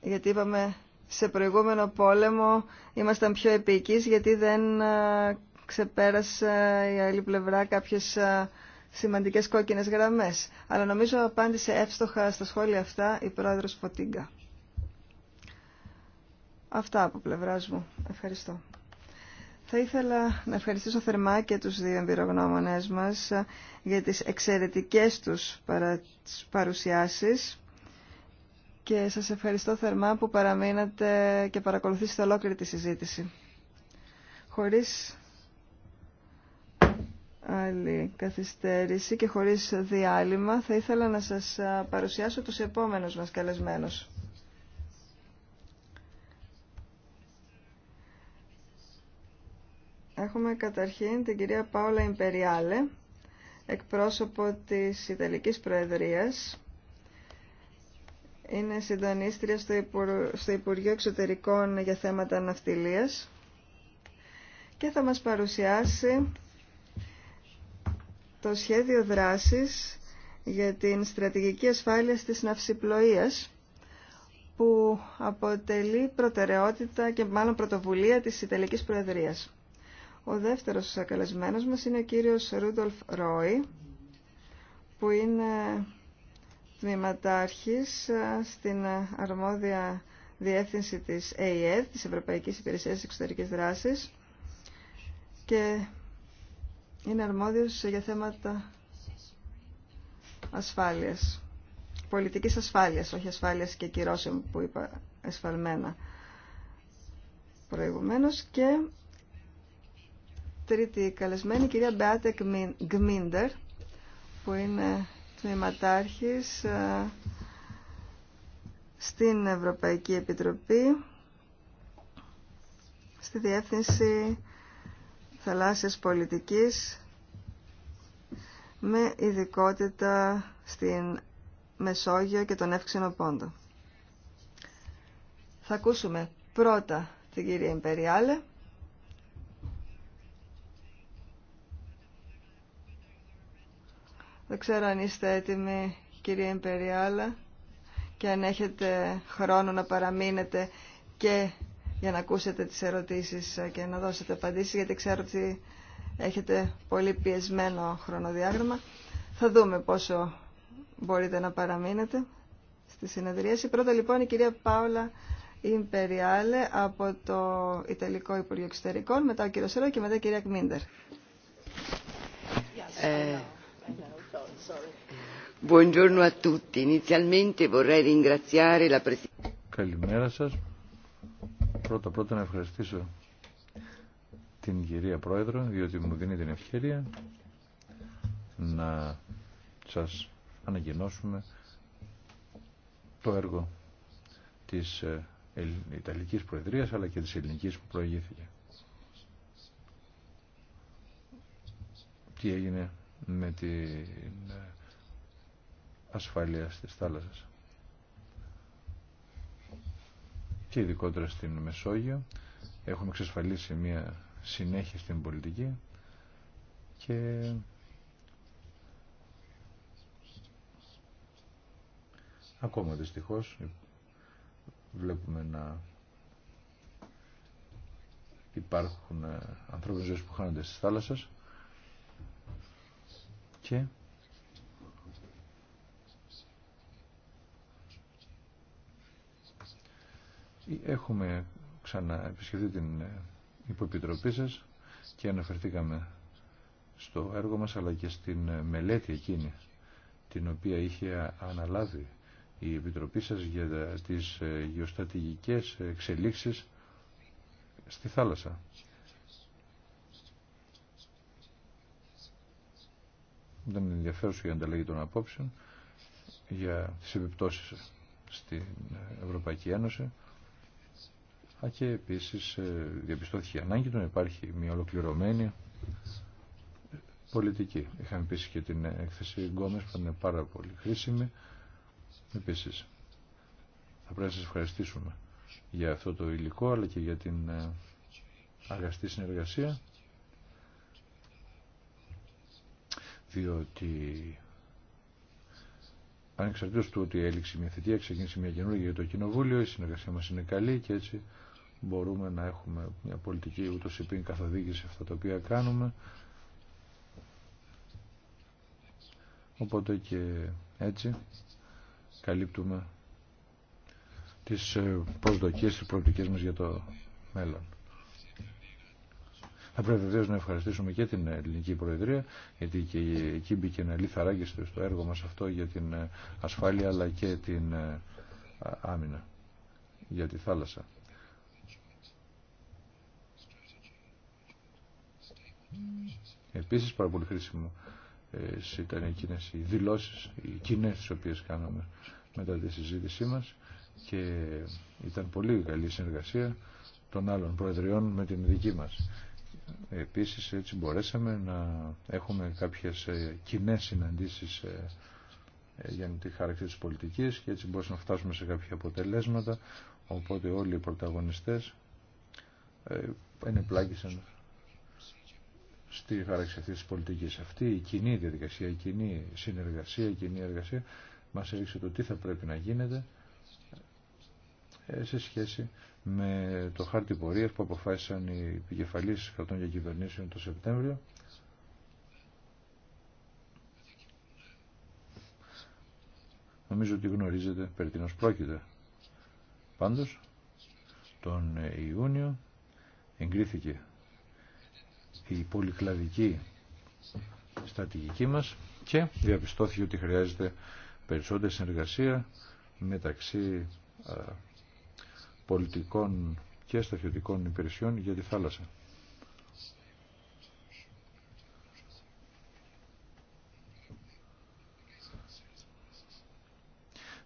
S1: Γιατί είπαμε σε προηγούμενο πόλεμο ήμασταν πιο επίκης γιατί δεν ε, ξεπέρασε η άλλη πλευρά κάποιες ε, σημαντικές κόκκινες γραμμές. Αλλά νομίζω απάντησε εύστοχα στα σχόλια αυτά η πρόεδρος Φωτίγκα. Αυτά από πλευρά μου. Ευχαριστώ. Θα ήθελα να ευχαριστήσω θερμά και τους δύο εμπειρογνώμονές μας ε, για τις εξαιρετικές τους παρουσιάσεις και σας ευχαριστώ θερμά που παραμείνατε και παρακολουθήσετε ολόκληρη τη συζήτηση. Χωρίς άλλη καθυστέρηση και χωρίς διάλειμμα θα ήθελα να σας παρουσιάσω τους επόμενους μας καλεσμένους. Έχουμε καταρχήν την κυρία Πάολα Ιμπεριάλε, εκπρόσωπο της Ιταλικής Προεδρίας είναι συντονίστρια στο, στο Υπουργείο Εξωτερικών για θέματα ναυτιλίας και θα μας παρουσιάσει το σχέδιο δράσης για την στρατηγική ασφάλεια της ναυσιπλοείας που αποτελεί προτεραιότητα και μάλλον πρωτοβουλία της Ιταλικής Προεδρίας. Ο δεύτερος καλεσμένος μας είναι ο κύριος Ρούντολφ Ρόι, που είναι τμήματάρχης ε, στην αρμόδια διεύθυνση της ΕΕ, της Ευρωπαϊκής Υπηρεσίας Εξωτερικής Δράσης και είναι αρμόδιος για θέματα ασφάλειας, πολιτικής ασφάλειας, όχι ασφάλειας και κυρώσεων που είπα εσφαλμένα προηγουμένως και τρίτη καλεσμένη, κυρία Μπεάτε Γκμίντερ, που είναι τμήματάρχης ε, στην Ευρωπαϊκή Επιτροπή στη Διεύθυνση Θαλάσσιας Πολιτικής με ειδικότητα στην Μεσόγειο και τον Εύξηνο Πόντο. Θα ακούσουμε πρώτα την κυρία Ιμπεριάλε Δεν ξέρω αν είστε έτοιμοι, κυρία Ιμπεριάλα, και αν έχετε χρόνο να παραμείνετε και για να ακούσετε τις ερωτήσεις και να δώσετε απαντήσεις, γιατί ξέρω ότι έχετε πολύ πιεσμένο χρονοδιάγραμμα. Θα δούμε πόσο μπορείτε να παραμείνετε στη συνεδρίαση. Πρώτα λοιπόν η κυρία Πάολα Ιμπεριάλε από το Ιταλικό Υπουργείο Εξωτερικών, μετά ο κύριος Σερό και μετά η κυρία Κμίντερ. Ε,
S3: Καλημέρα σας. Πρώτα πρώτα να ευχαριστήσω την κυρία Πρόεδρο, διότι μου δίνει την ευκαιρία να σας ανακοινώσουμε το έργο της ε, Ιταλικής Προεδρίας αλλά και της Ελληνικής που προηγήθηκε. Τι έγινε με την ασφαλεία της θάλασσες Και ειδικότερα στην Μεσόγειο έχουμε εξασφαλίσει μια συνέχεια στην πολιτική και ακόμα δυστυχώς βλέπουμε να υπάρχουν ανθρώπινες ζωές που χάνονται στις θάλασσες και έχουμε ξαναεπισκεφτεί την υποεπιτροπή σας και αναφερθήκαμε στο έργο μας αλλά και στην μελέτη εκείνη την οποία είχε αναλάβει η Επιτροπή σας για τις γεωστατηγικές εξελίξεις στη θάλασσα. Ήταν ενδιαφέρουσα η ανταλλαγή των απόψεων για τις επιπτώσεις στην Ευρωπαϊκή Ένωση και επίσης ε, διαπιστώθηκε η ανάγκη του να υπάρχει μια ολοκληρωμένη πολιτική. Είχαμε επίσης και την έκθεση Γκόμες που είναι πάρα πολύ χρήσιμη. Επίσης θα πρέπει να σας ευχαριστήσουμε για αυτό το υλικό αλλά και για την ε, αγαστή συνεργασία διότι ανεξαρτήτως του ότι έληξε μια θητεία, ξεκίνησε μια καινούργια για το κοινοβούλιο, η συνεργασία μας είναι καλή και έτσι μπορούμε να έχουμε μια πολιτική ούτως ή πριν καθοδήγηση αυτά τα οποία κάνουμε. Οπότε και έτσι καλύπτουμε τις ε, προσδοκίες, τις προοπτικές μας για το μέλλον. Θα πρέπει βεβαίω να ευχαριστήσουμε και την Ελληνική Προεδρία, γιατί και εκεί μπήκε ένα λιθαράκι στο έργο μας αυτό για την ε, ασφάλεια αλλά και την ε, άμυνα για τη θάλασσα. Επίση, πάρα πολύ χρήσιμο ε, ήταν εκείνε οι δηλώσεις, οι κοινέ τι οποίε κάναμε μετά τη συζήτησή μα και ήταν πολύ καλή συνεργασία των άλλων προεδριών με την δική μας. Επίσης έτσι μπορέσαμε να έχουμε κάποιες ε, κοινέ συναντήσεις ε, ε, για τη χάραξη της πολιτικής και έτσι μπορούσαμε να φτάσουμε σε κάποια αποτελέσματα οπότε όλοι οι πρωταγωνιστές είναι στη χάραξη αυτή της πολιτικής. Αυτή η κοινή διαδικασία, η κοινή συνεργασία, η κοινή εργασία μας έδειξε το τι θα πρέπει να γίνεται σε σχέση με το χάρτη πορεία που αποφάσισαν οι επικεφαλεί κρατών για κυβερνήσεων το Σεπτέμβριο Νομίζω ότι γνωρίζετε περί την πρόκειται. Πάντως, τον Ιούνιο εγκρίθηκε η πολυκλαδική στρατηγική μας και διαπιστώθηκε ότι χρειάζεται περισσότερη συνεργασία μεταξύ πολιτικών και σταθιωτικών υπηρεσιών για τη θάλασσα.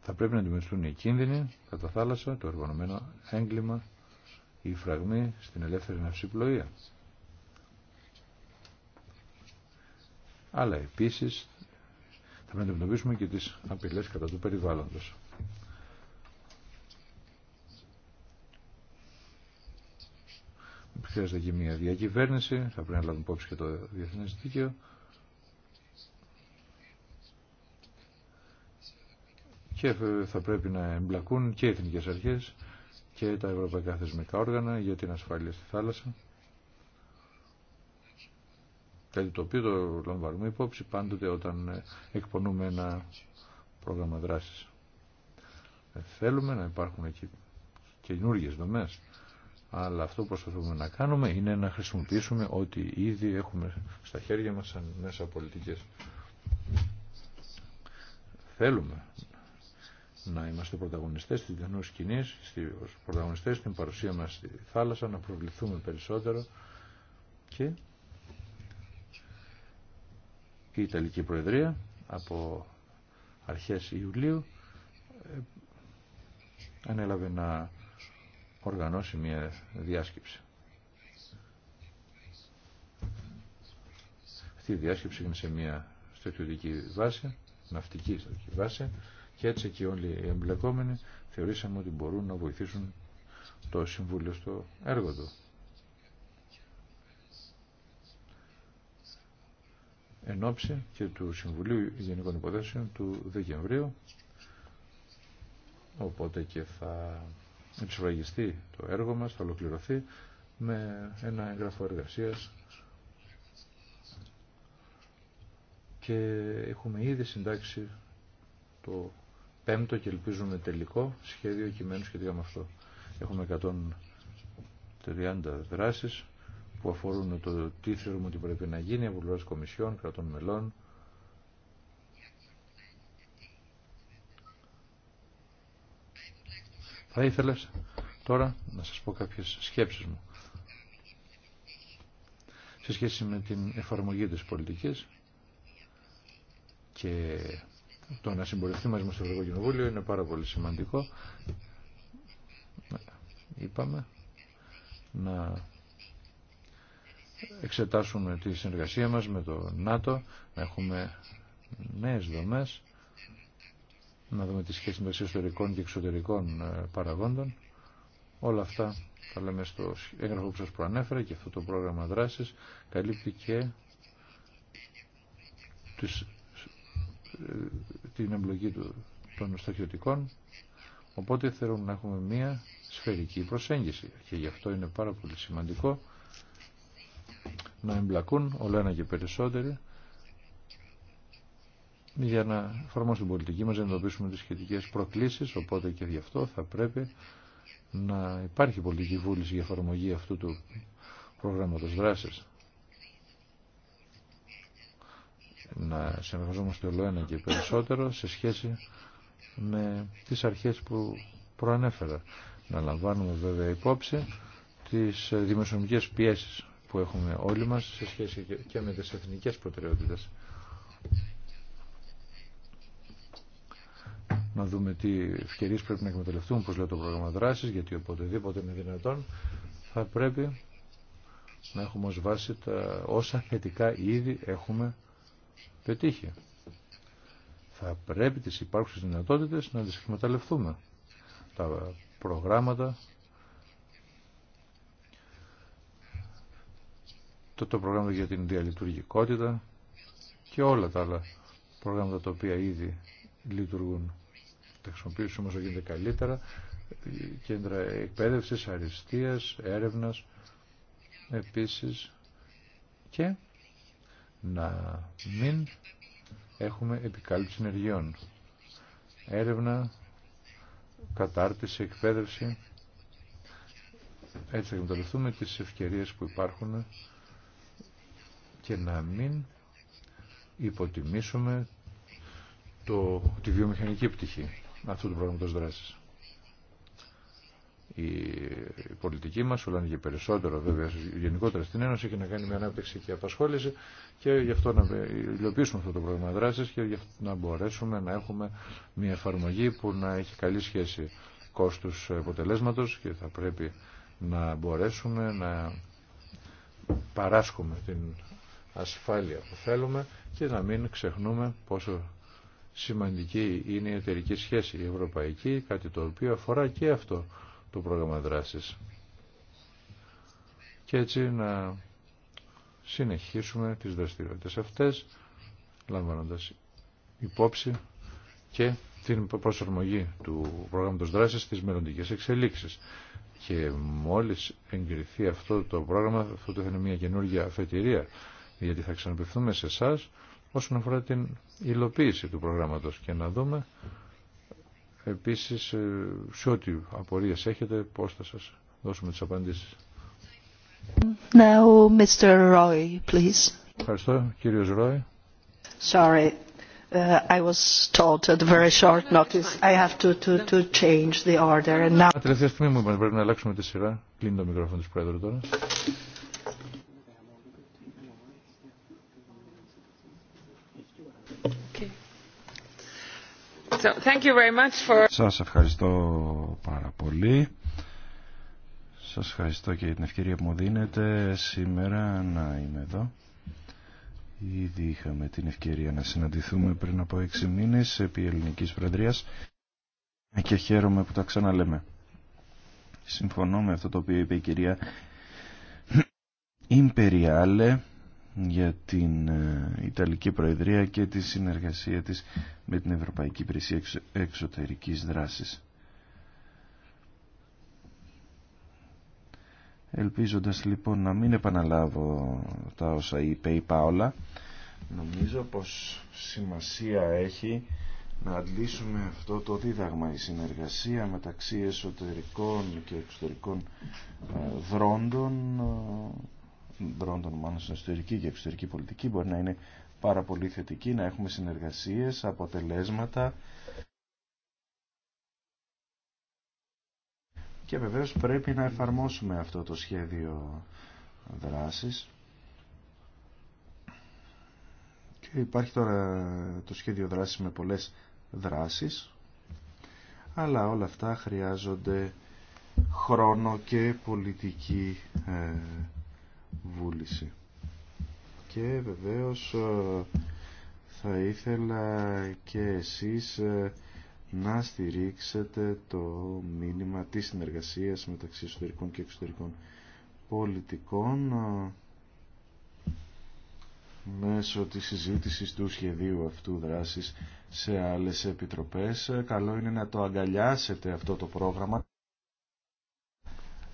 S3: Θα πρέπει να αντιμετωπιστούν οι κίνδυνοι κατά θάλασσα, το εργονομένο έγκλημα, οι φραγμοί στην ελεύθερη ναυσιπλοεία. Αλλά επίσης θα πρέπει να αντιμετωπίσουμε και τις απειλές κατά του περιβάλλοντος. Χρειάζεται και μια διακυβέρνηση, θα πρέπει να λάβουμε υπόψη και το διεθνές δίκαιο. Και θα πρέπει να εμπλακούν και οι εθνικές αρχές και τα ευρωπαϊκά θεσμικά όργανα για την ασφάλεια στη θάλασσα. Κάτι το οποίο το λαμβάνουμε υπόψη πάντοτε όταν ε, εκπονούμε ένα πρόγραμμα δράσης. Ε, θέλουμε να υπάρχουν και καινούργιες δομές αλλά αυτό που προσπαθούμε να κάνουμε είναι να χρησιμοποιήσουμε ό,τι ήδη έχουμε στα χέρια μας σαν μέσα πολιτικές. Θέλουμε να είμαστε πρωταγωνιστές στην κοινούς στις πρωταγωνιστές στην παρουσία μας στη θάλασσα, να προβληθούμε περισσότερο και η Ιταλική Προεδρία από αρχές Ιουλίου ε, ανέλαβε να οργανώσει μια διάσκεψη. Αυτή η διάσκεψη έγινε σε μια στρατιωτική βάση, ναυτική στρατιωτική βάση και έτσι και όλοι οι εμπλεκόμενοι θεωρήσαμε ότι μπορούν να βοηθήσουν το Συμβούλιο στο έργο του. εν όψη και του Συμβουλίου Γενικών Υποθέσεων του Δεκεμβρίου, οπότε και θα υψηλογιστεί το έργο μας, θα ολοκληρωθεί με ένα έγγραφο εργασία. και έχουμε ήδη συντάξει το πέμπτο και ελπίζουμε τελικό σχέδιο κειμένου σχετικά με αυτό. Έχουμε 130 δράσεις που αφορούν το τι θεωρούμε ότι πρέπει να γίνει από πλευρά κομισιών, κρατών μελών, Θα ήθελα τώρα να σας πω κάποιες σκέψεις μου σε σχέση με την εφαρμογή της πολιτικής και το να συμπορευτεί μαζί μας στο Ευρωπαϊκό Κοινοβούλιο είναι πάρα πολύ σημαντικό. Είπαμε να εξετάσουμε τη συνεργασία μας με το ΝΑΤΟ, να έχουμε νέες δομές να δούμε τη σχέση μεταξύ ιστορικών και εξωτερικών ε, παραγόντων. Όλα αυτά τα λέμε στο έγγραφο που σας προανέφερα και αυτό το πρόγραμμα δράσης καλύπτει και τις, ε, την εμπλοκή των στρατιωτικών οπότε θέλουμε να έχουμε μία σφαιρική προσέγγιση και γι' αυτό είναι πάρα πολύ σημαντικό να εμπλακούν όλα ένα και περισσότεροι για να εφαρμόσουμε την πολιτική μας, να εντοπίσουμε τις σχετικές προκλήσεις, οπότε και γι' αυτό θα πρέπει να υπάρχει πολιτική βούληση για εφαρμογή αυτού του προγράμματος δράσης. Να συνεργαζόμαστε όλο ένα και περισσότερο σε σχέση με τις αρχές που προανέφερα. Να λαμβάνουμε βέβαια υπόψη τις δημοσιονομικές πιέσεις που έχουμε όλοι μας σε σχέση και με τις εθνικές προτεραιότητες. να δούμε τι ευκαιρίε πρέπει να εκμεταλλευτούν, όπω λέει το πρόγραμμα δράση, γιατί οποτεδήποτε είναι δυνατόν θα πρέπει να έχουμε ως βάση τα όσα θετικά ήδη έχουμε πετύχει. Θα πρέπει τις υπάρχουσες δυνατότητες να τις εκμεταλλευτούμε. Τα προγράμματα, το, το πρόγραμμα για την διαλειτουργικότητα και όλα τα άλλα προγράμματα τα οποία ήδη λειτουργούν τα χρησιμοποιήσουμε όσο γίνεται καλύτερα, κέντρα εκπαίδευση, αριστείας, έρευνας, επίση και να μην έχουμε επικάλυψη ενεργειών. Έρευνα, κατάρτιση, εκπαίδευση. Έτσι θα εκμεταλλευτούμε τις ευκαιρίες που υπάρχουν και να μην υποτιμήσουμε το, τη βιομηχανική πτυχή αυτού του προγράμματος δράσης. Η, η πολιτική μας, όλα και περισσότερο βέβαια γενικότερα στην Ένωση, έχει να κάνει με ανάπτυξη και απασχόληση και γι' αυτό να υλοποιήσουμε αυτό το πρόγραμμα δράσης και γι' αυτό να μπορέσουμε να έχουμε μια εφαρμογή που να έχει καλή σχέση κόστους αποτελέσματος και θα πρέπει να μπορέσουμε να παράσχουμε την ασφάλεια που θέλουμε και να μην ξεχνούμε πόσο σημαντική είναι η εταιρική σχέση η ευρωπαϊκή, κάτι το οποίο αφορά και αυτό το πρόγραμμα δράσης. Και έτσι να συνεχίσουμε τις δραστηριότητες αυτές, λαμβάνοντας υπόψη και την προσαρμογή του πρόγραμματος δράσης στις μελλοντικές εξελίξεις. Και μόλις εγκριθεί αυτό το πρόγραμμα, αυτό θα είναι μια καινούργια αφετηρία, γιατί θα ξαναπευθούμε σε εσά όσον αφορά την υλοποίηση του προγράμματος και να δούμε επίσης ε, σε ό,τι απορίες έχετε πώς θα σας δώσουμε τις απαντήσεις.
S1: Now, Mr. Roy, please.
S3: Ευχαριστώ, κύριος Ρόι.
S1: Sorry, uh, I was told at very short notice I have to, to, to change the order and now...
S3: Τελευταία στιγμή μου είπαν πρέπει να αλλάξουμε τη σειρά. Κλείνει το μικρόφωνο της Πρόεδρου τώρα.
S2: Σας ευχαριστώ πάρα πολύ. Σας ευχαριστώ και για την ευκαιρία που μου δίνετε σήμερα να είμαι εδώ. Ήδη είχαμε την ευκαιρία να συναντηθούμε πριν από έξι μήνες επί ελληνικής προεδρίας και χαίρομαι που τα ξαναλέμε. Συμφωνώ με αυτό το οποίο είπε η κυρία για την ε, Ιταλική Προεδρία και τη συνεργασία της με την Ευρωπαϊκή Υπηρεσία Εξωτερικής Δράσης. Ελπίζοντας λοιπόν να μην επαναλάβω τα όσα είπε η Πάολα, νομίζω πως σημασία έχει να αντλήσουμε αυτό το δίδαγμα. Η συνεργασία μεταξύ εσωτερικών και εξωτερικών ε, δρόντων ε, των μάλλον στην εσωτερική και εξωτερική πολιτική μπορεί να είναι πάρα πολύ θετική, να έχουμε συνεργασίες, αποτελέσματα και βεβαίως πρέπει να εφαρμόσουμε αυτό το σχέδιο δράσης και υπάρχει τώρα το σχέδιο δράσης με πολλές δράσεις αλλά όλα αυτά χρειάζονται χρόνο και πολιτική ε, βούληση. Και βεβαίως ε, θα ήθελα και εσείς ε, να στηρίξετε το μήνυμα της συνεργασίας μεταξύ εσωτερικών και εξωτερικών πολιτικών ε, μέσω της συζήτησης του σχεδίου αυτού δράσης σε άλλες επιτροπές. Καλό είναι να το αγκαλιάσετε αυτό το πρόγραμμα.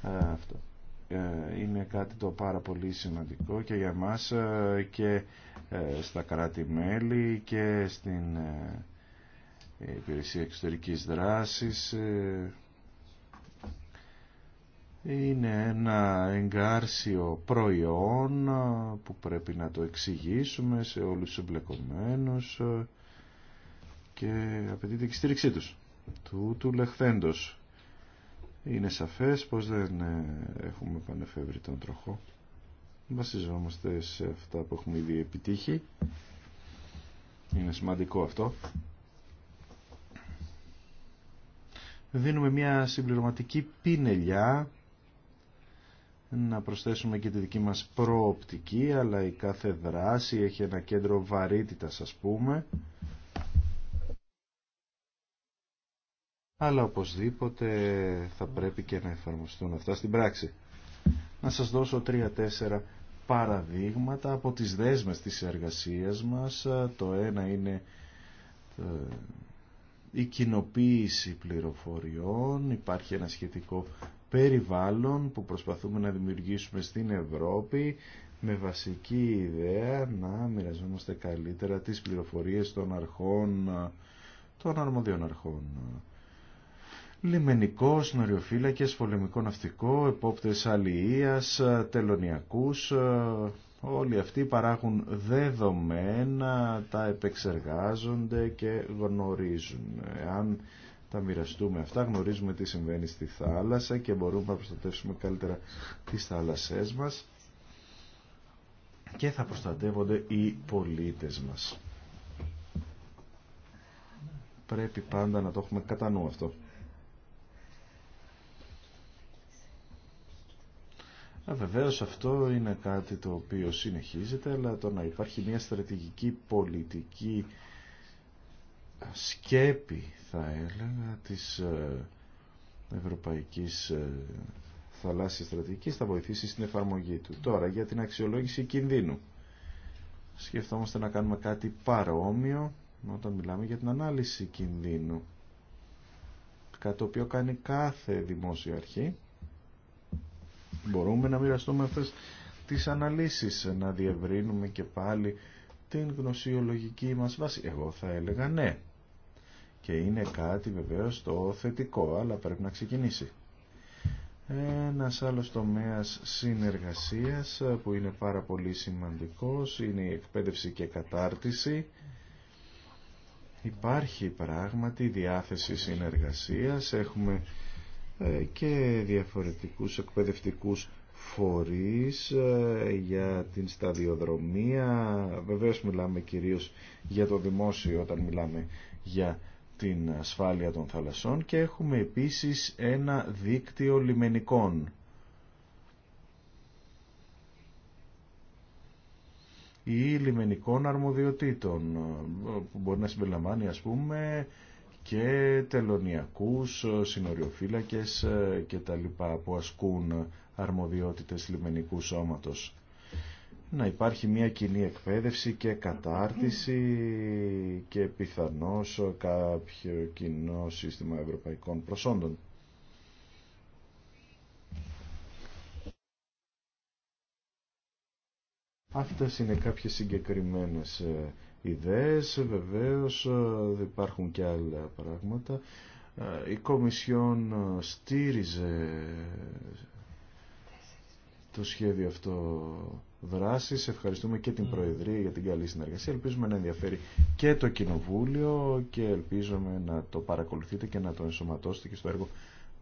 S2: Αυτό. Ε, είναι κάτι το πάρα πολύ σημαντικό και για μας ε, και ε, στα κράτη-μέλη και στην υπηρεσία εξωτερικής δράσης είναι ένα εγκάρσιο προϊόν που πρέπει να το εξηγήσουμε σε όλους τους εμπλεκομένους και απαιτείται και στήριξή τους. του λεχθέντος είναι σαφές πως δεν ε, έχουμε πανεφεύρει τον τροχό. Βασιζόμαστε σε αυτά που έχουμε ήδη επιτύχει. Είναι σημαντικό αυτό. Δίνουμε μια συμπληρωματική πίνελιά να προσθέσουμε και τη δική μας προοπτική αλλά η κάθε δράση έχει ένα κέντρο βαρύτητας ας πούμε αλλά οπωσδήποτε θα πρέπει και να εφαρμοστούν αυτά στην πράξη. Να σας δώσω τρία-τέσσερα παραδείγματα από τις δέσμες της εργασίας μας. Το ένα είναι ε, η κοινοποίηση πληροφοριών, υπάρχει ένα σχετικό περιβάλλον που προσπαθούμε να δημιουργήσουμε στην Ευρώπη με βασική ιδέα να μοιραζόμαστε καλύτερα τις πληροφορίες των αρχών, των αρμοδιών αρχών λιμενικό, νοριοφύλακε, πολεμικό ναυτικό, επόπτες αλληλείας, τελωνιακούς, ε, όλοι αυτοί παράγουν δεδομένα, τα επεξεργάζονται και γνωρίζουν. Αν τα μοιραστούμε αυτά, γνωρίζουμε τι συμβαίνει στη θάλασσα και μπορούμε να προστατεύσουμε καλύτερα τις θάλασσές μας και θα προστατεύονται οι πολίτες μας. Πρέπει πάντα να το έχουμε κατά νου αυτό. Βεβαίω αυτό είναι κάτι το οποίο συνεχίζεται, αλλά το να υπάρχει μια στρατηγική πολιτική σκέπη, θα έλεγα, της ε, ευρωπαϊκής ε, θαλάσσιας στρατηγικής θα βοηθήσει στην εφαρμογή του. Τώρα, για την αξιολόγηση κινδύνου. Σκεφτόμαστε να κάνουμε κάτι παρόμοιο όταν μιλάμε για την ανάλυση κινδύνου. Κάτι το οποίο κάνει κάθε δημόσια αρχή μπορούμε να μοιραστούμε αυτές τις αναλύσεις, να διευρύνουμε και πάλι την γνωσιολογική μας βάση. Εγώ θα έλεγα ναι. Και είναι κάτι βεβαίως το θετικό, αλλά πρέπει να ξεκινήσει. Ένας άλλος τομέας συνεργασίας που είναι πάρα πολύ σημαντικός είναι η εκπαίδευση και κατάρτιση. Υπάρχει πράγματι διάθεση συνεργασίας, έχουμε ε, και διαφορετικούς εκπαιδευτικούς φορείς ε, για την σταδιοδρομία. Βεβαίως μιλάμε κυρίως για το δημόσιο όταν μιλάμε για την ασφάλεια των θαλασσών και έχουμε επίσης ένα δίκτυο λιμενικών. ή λιμενικών αρμοδιοτήτων ε, που μπορεί να συμπεριλαμβάνει ας πούμε και τελωνιακούς, ε, συνοριοφύλακες ε, και τα λοιπά που ασκούν αρμοδιότητες λιμενικού σώματος. Να υπάρχει μια κοινή εκπαίδευση και κατάρτιση και πιθανώς κάποιο κοινό σύστημα ευρωπαϊκών προσόντων. Αυτές είναι κάποιες συγκεκριμένες ε, ιδέες. Βεβαίως ε, υπάρχουν και άλλα πράγματα. Ε, η Κομισιόν στήριζε το σχέδιο αυτό δράσης. Ευχαριστούμε και την mm. Προεδρία για την καλή συνεργασία. Ελπίζουμε να ενδιαφέρει και το Κοινοβούλιο και ελπίζουμε να το παρακολουθείτε και να το ενσωματώσετε και στο έργο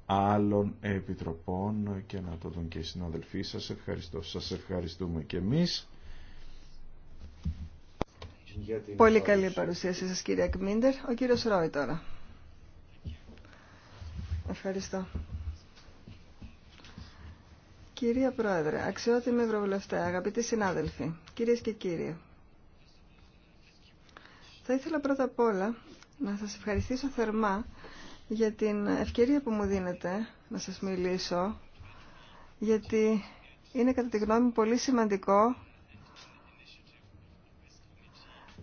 S2: άλλων επιτροπών και να το δουν και οι συναδελφοί σας. Ευχαριστώ. Σας ευχαριστούμε και εμείς.
S1: Πολύ καλή παρουσίασή σας κύριε Κμίντερ. Ο κύριος Ρόι τώρα. Ευχαριστώ. Κυρία Πρόεδρε, αξιότιμη Ευρωβουλευτέ, αγαπητοί συνάδελφοι, κυρίες και κύριοι. Θα ήθελα πρώτα απ' όλα να σας ευχαριστήσω θερμά για την ευκαιρία που μου δίνετε να σας μιλήσω, γιατί είναι κατά τη γνώμη μου πολύ σημαντικό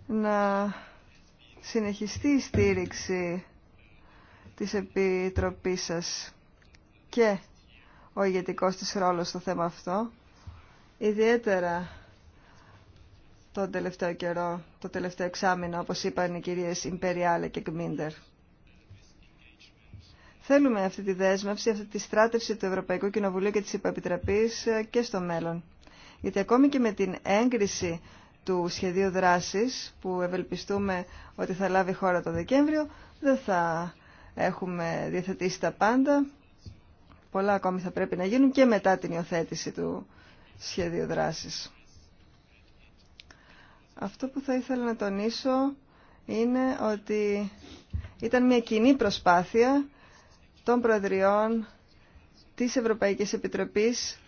S1: να συνεχιστεί η στήριξη της Επιτροπής σας και ο ηγετικός της ρόλος στο θέμα αυτό, ιδιαίτερα τον τελευταίο καιρό, το τελευταίο εξάμεινο, όπως είπαν οι κυρίες Ιμπεριάλε και Γκμίντερ. Θέλουμε αυτή τη δέσμευση, αυτή τη στράτευση του Ευρωπαϊκού Κοινοβουλίου και της Επιτροπής και στο μέλλον. Γιατί ακόμη και με την έγκριση του σχεδίου δράσης που ευελπιστούμε ότι θα λάβει χώρα το Δεκέμβριο δεν θα έχουμε διαθετήσει τα πάντα. Πολλά ακόμη θα πρέπει να γίνουν και μετά την υιοθέτηση του σχεδίου δράσης. Αυτό που θα ήθελα να τονίσω είναι ότι ήταν μια κοινή προσπάθεια των Προεδριών της Ευρωπαϊκής Επιτροπής,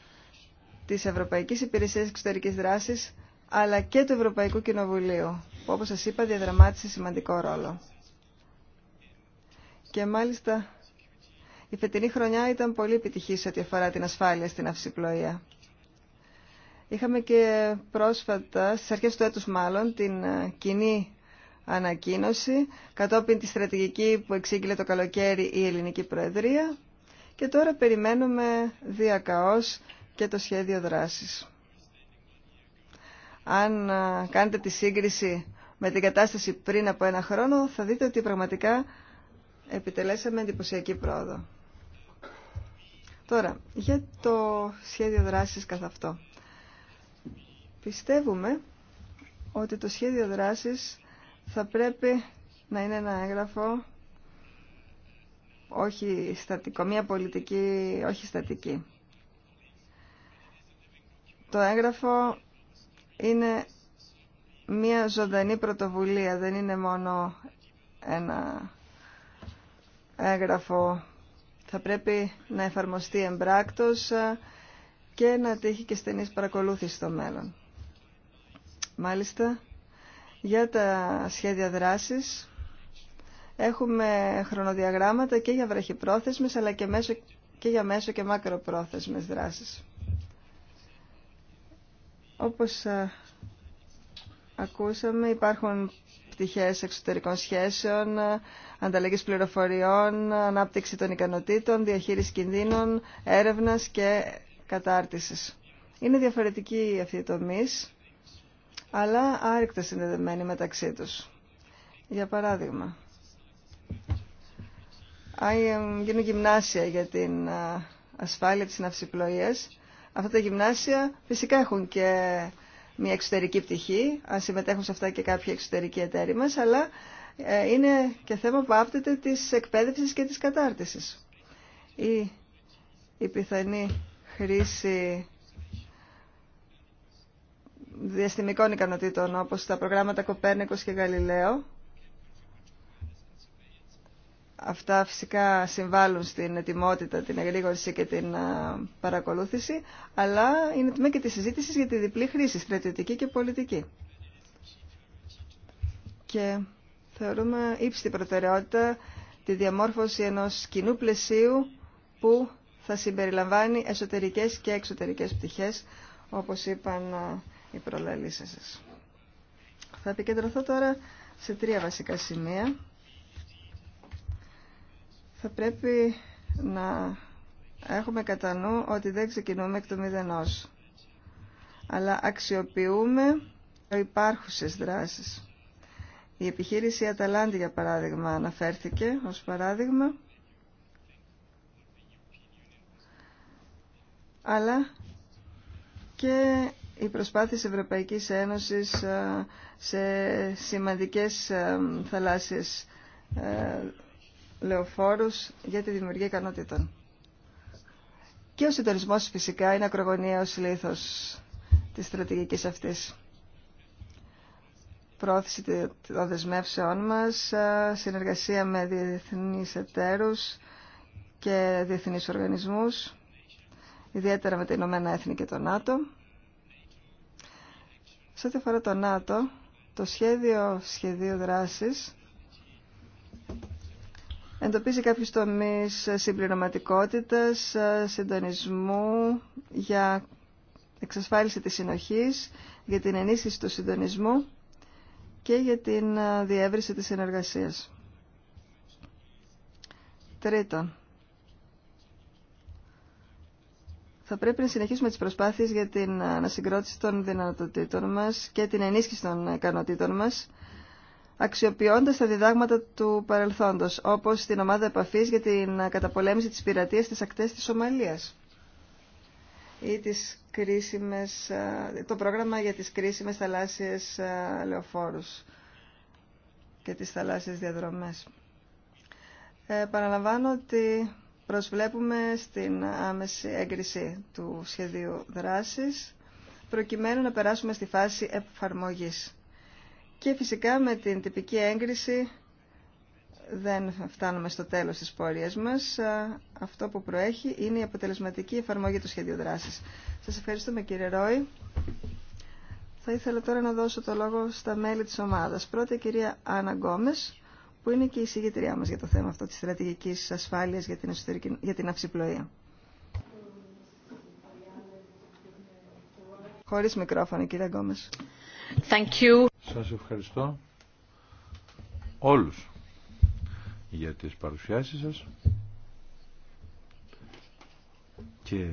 S1: της Ευρωπαϊκής Υπηρεσίας Εξωτερικής Δράσης αλλά και του Ευρωπαϊκού Κοινοβουλίου, που όπως σας είπα διαδραμάτισε σημαντικό ρόλο. Και μάλιστα η φετινή χρονιά ήταν πολύ επιτυχή σε ό,τι αφορά την ασφάλεια στην αυσιπλοεία. Είχαμε και πρόσφατα, στις αρχές του έτους μάλλον, την ε, κοινή ανακοίνωση κατόπιν τη στρατηγική που εξήγηλε το καλοκαίρι η Ελληνική Προεδρία και τώρα περιμένουμε διακαώς και το σχέδιο δράσης αν κάνετε τη σύγκριση με την κατάσταση πριν από ένα χρόνο, θα δείτε ότι πραγματικά επιτελέσαμε εντυπωσιακή πρόοδο. Τώρα, για το σχέδιο δράσης καθ' αυτό. Πιστεύουμε ότι το σχέδιο δράσης θα πρέπει να είναι ένα έγγραφο όχι στατικό, μια πολιτική όχι στατική. Το έγγραφο είναι μία ζωντανή πρωτοβουλία, δεν είναι μόνο ένα έγγραφο. Θα πρέπει να εφαρμοστεί εμπράκτος και να τύχει και στενής παρακολούθηση στο μέλλον. Μάλιστα, για τα σχέδια δράσης έχουμε χρονοδιαγράμματα και για βραχυπρόθεσμες αλλά και, και για μέσο και μακροπρόθεσμες δράσεις. Όπως ε, ακούσαμε υπάρχουν πτυχές εξωτερικών σχέσεων, ε, ανταλλαγής πληροφοριών, ανάπτυξη των ικανοτήτων, διαχείριση κινδύνων, έρευνας και κατάρτισης. Είναι διαφορετικοί αυτοί οι τομείς, αλλά άρρηκτα συνδεδεμένοι μεταξύ τους. Για παράδειγμα, γίνουν γυμνάσια για την ε, ασφάλεια της ναυσιπλοείας Αυτά τα γυμνάσια φυσικά έχουν και μια εξωτερική πτυχή, αν συμμετέχουν σε αυτά και κάποιοι εξωτερικοί εταίροι μας, αλλά ε, είναι και θέμα που άπτεται της εκπαίδευσης και της κατάρτισης. Η, η πιθανή χρήση διαστημικών ικανοτήτων, όπως τα προγράμματα Κοπέρνικος και Γαλιλαίο, Αυτά φυσικά συμβάλλουν στην ετοιμότητα, την εγρήγορση και την παρακολούθηση, αλλά είναι τμήμα και τη συζήτηση για τη διπλή χρήση, στρατιωτική και πολιτική. Και θεωρούμε ύψιστη προτεραιότητα τη διαμόρφωση ενός κοινού πλαισίου που θα συμπεριλαμβάνει εσωτερικές και εξωτερικές πτυχές, όπως είπαν οι προλαλήσεις σας. Θα επικεντρωθώ τώρα σε τρία βασικά σημεία θα πρέπει να έχουμε κατά νου ότι δεν ξεκινούμε εκ του μηδενός, αλλά αξιοποιούμε το υπάρχουσες δράσεις. Η επιχείρηση Αταλάντη, για παράδειγμα, αναφέρθηκε ως παράδειγμα, αλλά και προσπάθεια της Ευρωπαϊκής Ένωσης ε, σε σημαντικές ε, θαλάσσιες ε, λεωφόρους για τη δημιουργία ικανότητων. Και ο συντονισμό φυσικά είναι ακρογωνιαίος λήθος της στρατηγικής αυτής. Πρόθεση των δεσμεύσεών μας, συνεργασία με διεθνείς εταίρους και διεθνείς οργανισμούς, ιδιαίτερα με τα Ηνωμένα Έθνη και το ΝΑΤΟ. Σε ό,τι αφορά το ΝΑΤΟ, το σχέδιο σχεδίου δράσης εντοπίζει κάποιους τομείς συμπληρωματικότητας, συντονισμού για εξασφάλιση της συνοχής, για την ενίσχυση του συντονισμού και για την διεύρυνση της συνεργασίας. Τρίτον, θα πρέπει να συνεχίσουμε τις προσπάθειες για την ανασυγκρότηση των δυνατοτήτων μας και την ενίσχυση των ικανοτήτων μας αξιοποιώντας τα διδάγματα του παρελθόντος, όπως την ομάδα επαφής για την καταπολέμηση της πειρατείας στις ακτές της Σομαλίας ή τις κρίσιμες, ε, το πρόγραμμα για τις κρίσιμες θαλάσσιες ε, λεωφόρους και τις θαλάσσιες διαδρομές. Ε, παραλαμβάνω ότι προσβλέπουμε στην άμεση έγκριση του σχεδίου δράσης προκειμένου να περάσουμε στη φάση εφαρμογής. Και φυσικά με την τυπική έγκριση δεν φτάνουμε στο τέλος της πορείας μας. Αυτό που προέχει είναι η αποτελεσματική εφαρμογή του σχέδιου δράσης. Σας ευχαριστούμε κύριε Ρόη. Θα ήθελα τώρα να δώσω το λόγο στα μέλη της ομάδας. Πρώτα η κυρία Άννα Γκόμες, που είναι και η συγγετριά μας για το θέμα αυτό της στρατηγικής ασφάλειας για την, εσωτερική, για την αυσιπλοεία. Χωρίς μικρόφωνο, κυρία Γκόμες. Thank you.
S3: Σας ευχαριστώ όλους για τις παρουσιάσεις σας και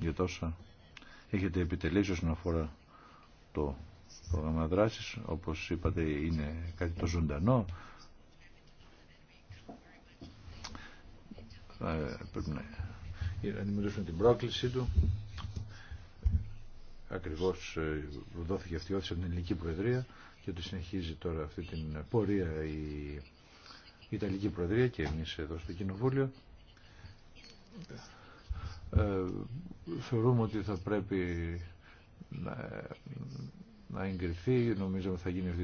S3: για τόσα έχετε επιτελέσει όσον αφορά το πρόγραμμα δράσης. Όπως είπατε είναι κάτι το ζωντανό. Ε, πρέπει να την πρόκληση του ακριβώς ε, δόθηκε αυτή η όθηση από την ελληνική προεδρία και ότι συνεχίζει τώρα αυτή την πορεία η Ιταλική Προεδρία και εμείς εδώ στο Κοινοβούλιο. Ε, θεωρούμε ότι θα πρέπει να, να εγκριθεί. ότι θα γίνει αυτή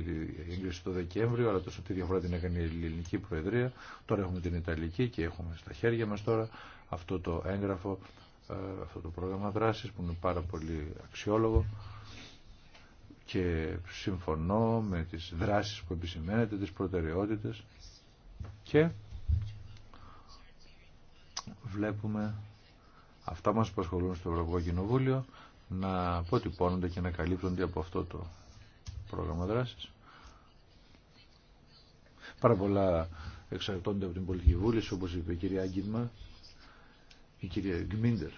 S3: η έγκριση το Δεκέμβριο, αλλά τόσο τη διαφορά την έκανε η Ελληνική Προεδρία. Τώρα έχουμε την Ιταλική και έχουμε στα χέρια μας τώρα αυτό το έγγραφο ε, αυτό το πρόγραμμα δράσης που είναι πάρα πολύ αξιόλογο και συμφωνώ με τις δράσεις που επισημαίνεται τις προτεραιότητες και βλέπουμε αυτά μας που ασχολούν στο Ευρωπαϊκό Κοινοβούλιο να αποτυπώνονται και να καλύπτονται από αυτό το πρόγραμμα δράσης. Πάρα πολλά εξαρτώνται από την πολιτική βούληση, όπως είπε η κυρία η κυρία Γκμίντερ.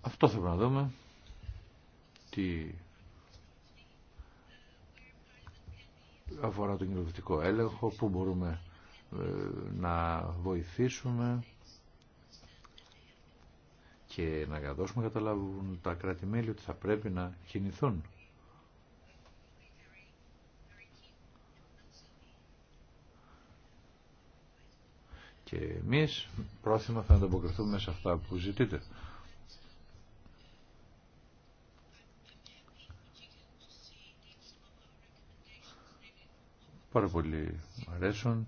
S3: Αυτό θα να δούμε. Τι αφορά τον κοινοβουλευτικό έλεγχο, πού μπορούμε ε, να βοηθήσουμε και να δώσουμε καταλάβουν τα κράτη-μέλη ότι θα πρέπει να κινηθούν. Και εμείς πρόθυμα θα ανταποκριθούμε σε αυτά που ζητείτε. Πάρα πολύ αρέσουν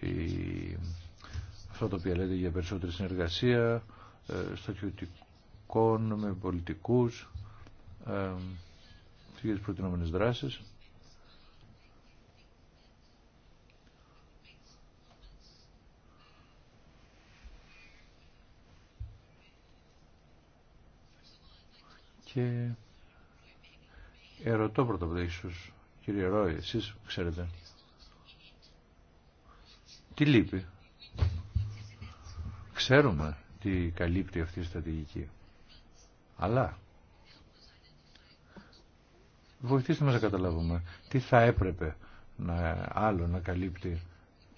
S3: η... αυτό το οποίο λέτε για περισσότερη συνεργασία ε, στρατιωτικών με πολιτικούς ε, για τις δράσεις. Και ερωτώ πρώτα απ' κύριε Ρόη, εσείς ξέρετε. Τι λείπει. Ξέρουμε τι καλύπτει αυτή η στρατηγική. Αλλά βοηθήστε μας να καταλάβουμε τι θα έπρεπε να, άλλο να καλύπτει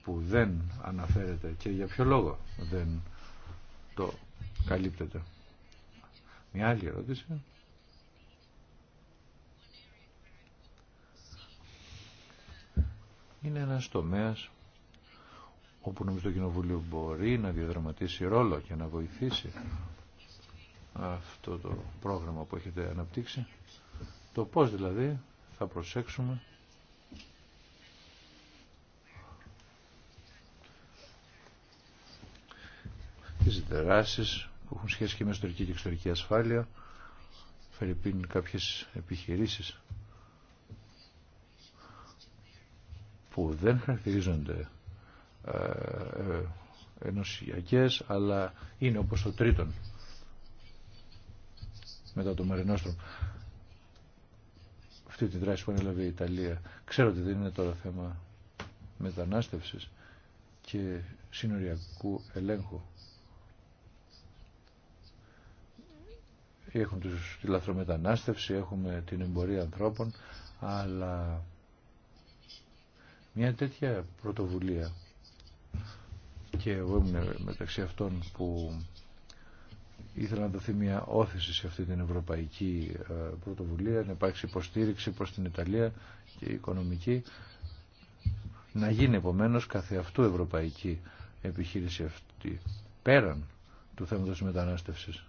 S3: που δεν αναφέρεται και για ποιο λόγο δεν το καλύπτεται. Μια άλλη ερώτηση. είναι ένας τομέας όπου νομίζω το Κοινοβούλιο μπορεί να διαδραματίσει ρόλο και να βοηθήσει αυτό το πρόγραμμα που έχετε αναπτύξει. Το πώς δηλαδή θα προσέξουμε τις δράσεις που έχουν σχέση και με ιστορική και εξωτερική ασφάλεια, φερειπίν κάποιες επιχειρήσεις που δεν χαρακτηρίζονται ε, ε, ενωσιακές αλλά είναι όπως το τρίτον μετά το Μαρινόστρομ αυτή τη δράση που ανέλαβε η Ιταλία ξέρω ότι δεν είναι τώρα θέμα μετανάστευσης και συνοριακού ελέγχου έχουν τους, τη λαθρομετανάστευση έχουμε την εμπορία ανθρώπων αλλά μια τέτοια πρωτοβουλία και εγώ ήμουν μεταξύ αυτών που ήθελα να δοθεί μια όθηση σε αυτή την ευρωπαϊκή ε, πρωτοβουλία, να υπάρξει υποστήριξη προς την Ιταλία και η οικονομική, να γίνει επομένως καθεαυτού ευρωπαϊκή επιχείρηση αυτή, πέραν του θέματος μετανάστευσης.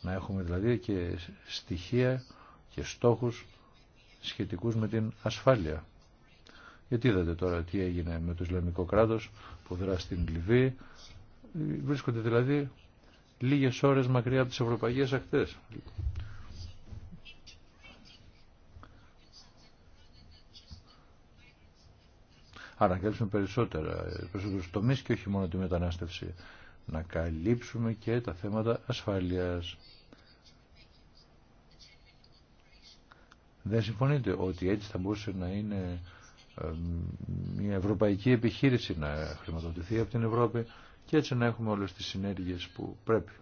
S3: Να έχουμε δηλαδή και στοιχεία και στόχους σχετικούς με την ασφάλεια. Γιατί είδατε τώρα τι έγινε με το Ισλαμικό κράτος που δράσει στην Λιβύη. Βρίσκονται δηλαδή λίγες ώρες μακριά από τις ευρωπαϊκές ακτές. Άρα να καλύψουμε περισσότερα, περισσότερους τομείς και όχι μόνο τη μετανάστευση. Να καλύψουμε και τα θέματα ασφάλειας. Δεν συμφωνείτε ότι έτσι θα μπορούσε να είναι ε, μια ευρωπαϊκή επιχείρηση να χρηματοδοτηθεί από την Ευρώπη και έτσι να έχουμε όλες τις συνέργειες που πρέπει.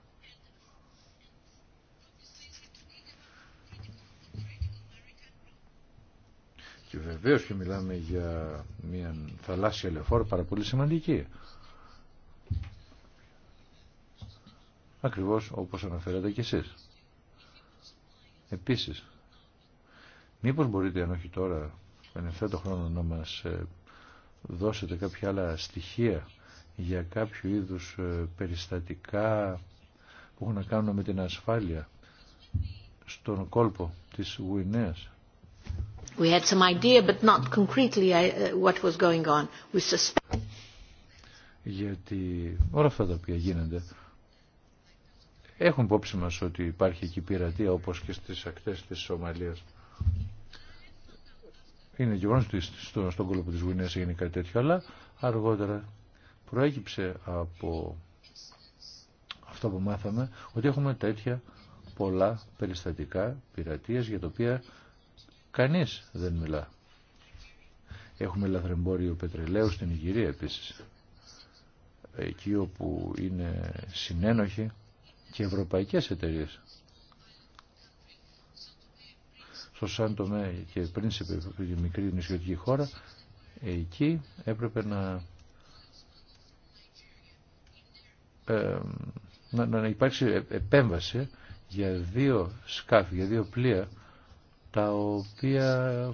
S3: Και βεβαίως και μιλάμε για μια θαλάσσια λεφόρ πάρα πολύ σημαντική. Ακριβώς όπως αναφέρατε κι εσείς. Επίσης, μήπως μπορείτε αν όχι τώρα εν ευθέτω χρόνο να μας ε, δώσετε κάποια άλλα στοιχεία για κάποιο είδους ε, περιστατικά που έχουν να κάνουν με την ασφάλεια στον κόλπο της Γουινέας. Γιατί όλα αυτά τα οποία γίνονται έχουν υπόψη μας ότι υπάρχει εκεί πειρατεία όπως και στις ακτές της Σομαλίας. Είναι γεγονό ότι στο, στον κόλπο τη Γουινέα έγινε κάτι τέτοιο, αλλά αργότερα προέκυψε από αυτό που μάθαμε ότι έχουμε τέτοια πολλά περιστατικά πειρατεία για τα οποία κανεί δεν μιλά. Έχουμε λαθρεμπόριο πετρελαίου στην Ιγυρία επίσης. Εκεί όπου είναι συνένοχοι και ευρωπαϊκές εταιρείες στο σαν τομέα και πριν σε μικρή νησιωτική χώρα, εκεί έπρεπε να, ε, να, υπάρξει ε, επέμβαση για δύο σκάφη, για δύο πλοία, τα οποία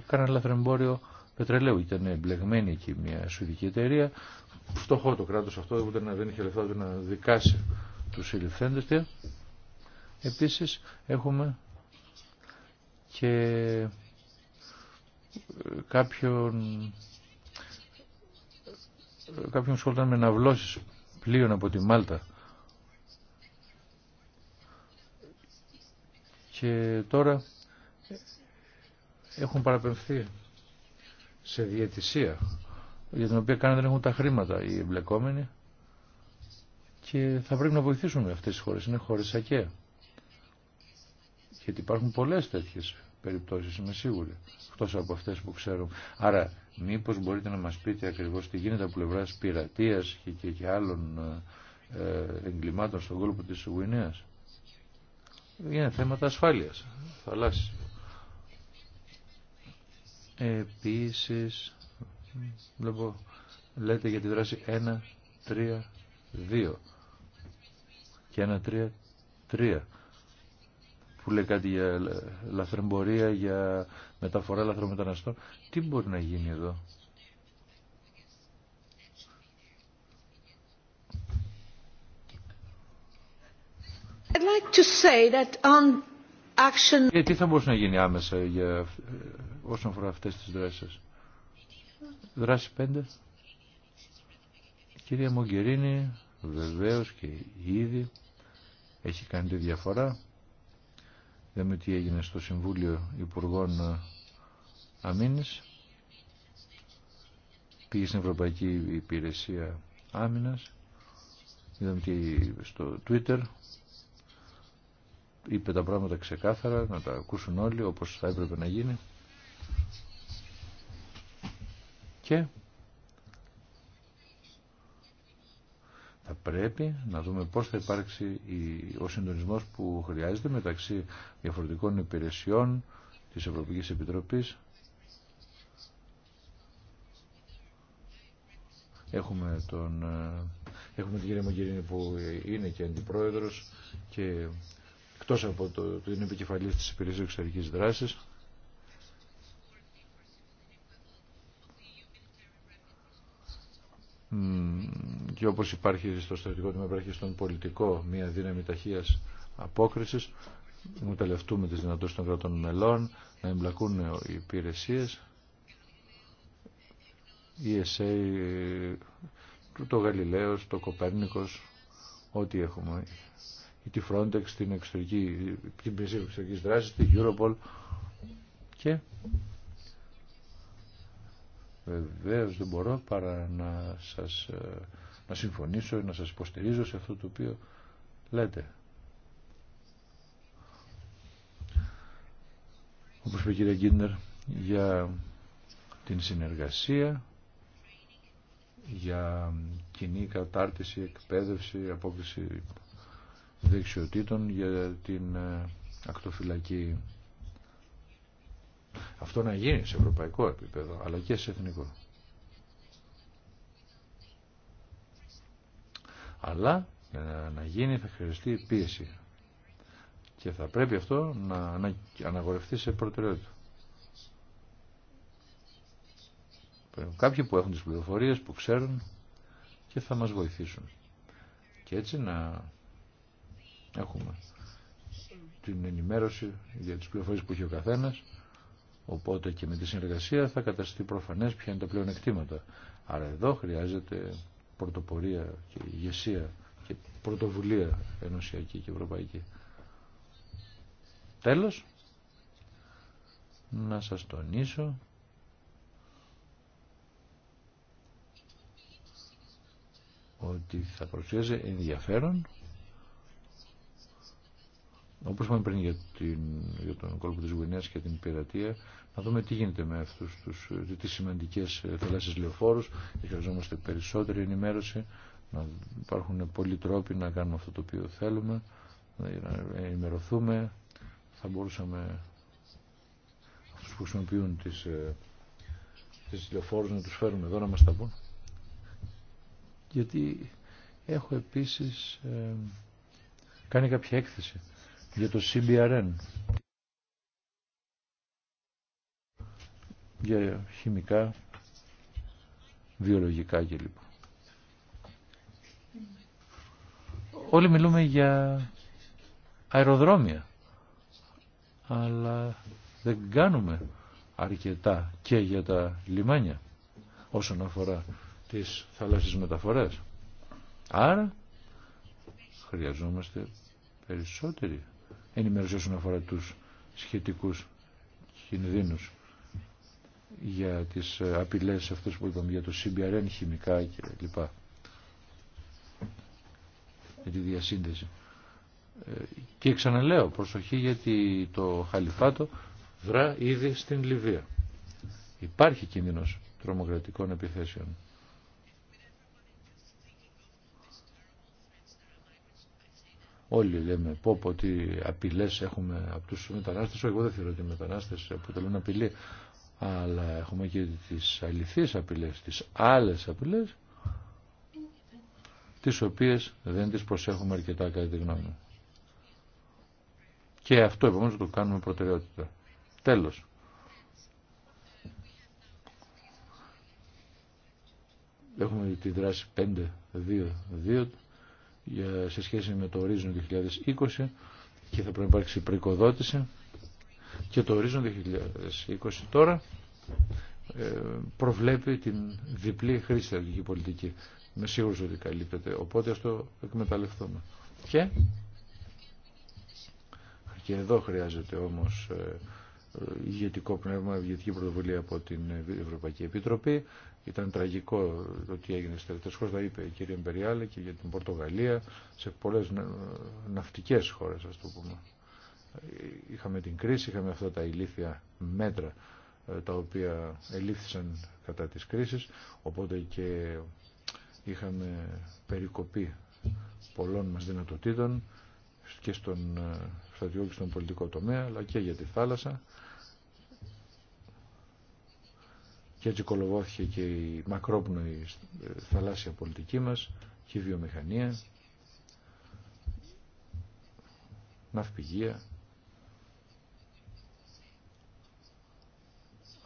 S3: κάναν λαθρεμπόριο πετρελαίου. Ήταν εμπλεγμένη εκεί μια σουηδική εταιρεία. Φτωχό το κράτος αυτό, ούτε να δεν είχε λεφτά να δικάσει τους συλληφθέντες. Επίσης έχουμε και ε, κάποιον ε, κάποιον σχολταν με ναυλώσεις πλοίων από τη Μάλτα και τώρα έχουν παραπεμφθεί σε διαιτησία για την οποία κάνουν δεν έχουν τα χρήματα οι εμπλεκόμενοι και θα πρέπει να βοηθήσουν αυτές τις χώρες. Είναι χώρες ΑΚΕ γιατί υπάρχουν πολλές τέτοιες περιπτώσεις, είμαι σίγουρη, εκτός από αυτές που ξέρω. Άρα, μήπως μπορείτε να μας πείτε ακριβώς τι γίνεται από πλευράς πειρατείας και, και, και άλλων ε, ε, εγκλημάτων στον κόλπο της Γουινέας. Είναι θέματα ασφάλειας, θαλάσσης. Επίσης, βλέπω, λέτε για τη δράση 1, 3, 2 και 1, 3, 3 που λέει κάτι για λαθρεμπορία, για μεταφορά λαθρομεταναστών. Τι μπορεί να γίνει εδώ.
S1: I'd like to say that
S3: Και ε, τι θα μπορούσε να γίνει άμεσα για, ε, όσον αφορά αυτές τις δράσεις. Δράση 5. Κυρία Μογκερίνη, βεβαίως και ήδη έχει κάνει τη διαφορά. Είδαμε τι έγινε στο Συμβούλιο Υπουργών ε, Αμήνης. Πήγε στην Ευρωπαϊκή Υπηρεσία Άμυνας. Είδαμε τι στο Twitter. Είπε τα πράγματα ξεκάθαρα, να τα ακούσουν όλοι όπως θα έπρεπε να γίνει. Και Θα πρέπει να δούμε πώς θα υπάρξει ο συντονισμός που χρειάζεται μεταξύ διαφορετικών υπηρεσιών της Ευρωπαϊκής Επιτροπής. Έχουμε, τον, ε, έχουμε την κυρία Μαγκυρίνη που είναι και αντιπρόεδρος και εκτός από το, την επικεφαλής της Υπηρεσίας Εξωτερικής Δράσης και όπως υπάρχει στο στρατηγικό τμήμα υπάρχει στον πολιτικό μια δύναμη ταχείας απόκρισης μεταλλευτούμε τις δυνατότητες των κρατών μελών να εμπλακούν οι υπηρεσίες η ΕΣΕ, το Γαλιλαίος, το Κοπέρνικος ό,τι έχουμε ή τη Frontex, την εξωτερική την υπηρεσία εξωτερικής δράσης, Europol και Βεβαίω δεν μπορώ παρά να σας ε, να συμφωνήσω, να σας υποστηρίζω σε αυτό το οποίο λέτε. Όπως είπε η Γκίντερ, για την συνεργασία, για κοινή κατάρτιση, εκπαίδευση, απόκριση δεξιοτήτων, για την ε, ακτοφυλακή αυτό να γίνει σε ευρωπαϊκό επίπεδο αλλά και σε εθνικό. Αλλά να γίνει θα χρειαστεί πίεση και θα πρέπει αυτό να αναγορευτεί σε προτεραιότητα. Κάποιοι που έχουν τις πληροφορίες, που ξέρουν και θα μας βοηθήσουν. Και έτσι να έχουμε την ενημέρωση για τις πληροφορίες που έχει ο καθένας Οπότε και με τη συνεργασία θα καταστεί προφανές ποια είναι τα πλέον εκτήματα. Άρα εδώ χρειάζεται πρωτοπορία και ηγεσία και πρωτοβουλία ενωσιακή και ευρωπαϊκή. Τέλος, να σας τονίσω ότι θα προσφέρει ενδιαφέρον όπως είπαμε πριν για, την, για τον κόλπο της Γουινέας και την πειρατεία, να δούμε τι γίνεται με αυτούς τους, τις σημαντικές ε, θαλάσσιες λεωφόρους. Χρειαζόμαστε περισσότερη ενημέρωση, να υπάρχουν πολλοί τρόποι να κάνουμε αυτό το οποίο θέλουμε, να ενημερωθούμε. Θα μπορούσαμε αυτούς που χρησιμοποιούν τις, ε, τις λεωφόρους να τους φέρουμε εδώ να μας τα πούν. Γιατί έχω επίσης ε, κάνει κάποια έκθεση για το CBRN. Για χημικά, βιολογικά κλπ. Όλοι μιλούμε για αεροδρόμια, αλλά δεν κάνουμε αρκετά και για τα λιμάνια όσον αφορά τις θαλάσσιες μεταφορές. Άρα χρειαζόμαστε περισσότερη ενημέρωση όσον αφορά τους σχετικούς κινδύνους για τις απειλές αυτές που είπαμε για το CBRN χημικά κλπ. για τη διασύνδεση ε, και ξαναλέω προσοχή γιατί το χαλιφάτο βρά ήδη στην Λιβύα υπάρχει κίνδυνος τρομοκρατικών επιθέσεων Όλοι λέμε πω πω ότι απειλές έχουμε από τους μετανάστες. Εγώ δεν θεωρώ ότι οι μετανάστες αποτελούν απειλή. Αλλά έχουμε και τις αληθεί απειλές, τις άλλες απειλές, τις οποίες δεν τις προσέχουμε αρκετά κατά τη γνώμη μου. Και αυτό επομένως το κάνουμε προτεραιότητα. Τέλος. Έχουμε τη δράση 5-2-2 για, σε σχέση με το ορίζον 2020 και θα πρέπει να υπάρξει προοικοδότηση και το ορίζον 2020 τώρα ε, προβλέπει την διπλή χρήση αλληλική πολιτική. Με σίγουρος ότι καλύπτεται. Οπότε αυτό το εκμεταλλευτούμε. Και, και εδώ χρειάζεται όμως ε, ηγετικό πνεύμα, ηγετική πρωτοβουλία από την Ευρωπαϊκή Επιτροπή. Ήταν τραγικό το τι έγινε στι τελευταίε χώρε, είπε η κυρία Μπεριάλε και για την Πορτογαλία, σε πολλέ ναυτικέ χώρε, α το πούμε. Είχαμε την κρίση, είχαμε αυτά τα ηλίθια μέτρα ε, τα οποία ελήφθησαν κατά της κρίσης, οπότε και είχαμε περικοπή πολλών μας δυνατοτήτων και στον ε, στρατιώτη στον πολιτικό τομέα, αλλά και για τη θάλασσα. Και έτσι κολοβόθηκε και η μακρόπνοη ε, θαλάσσια πολιτική μας και η βιομηχανία, ναυπηγεία.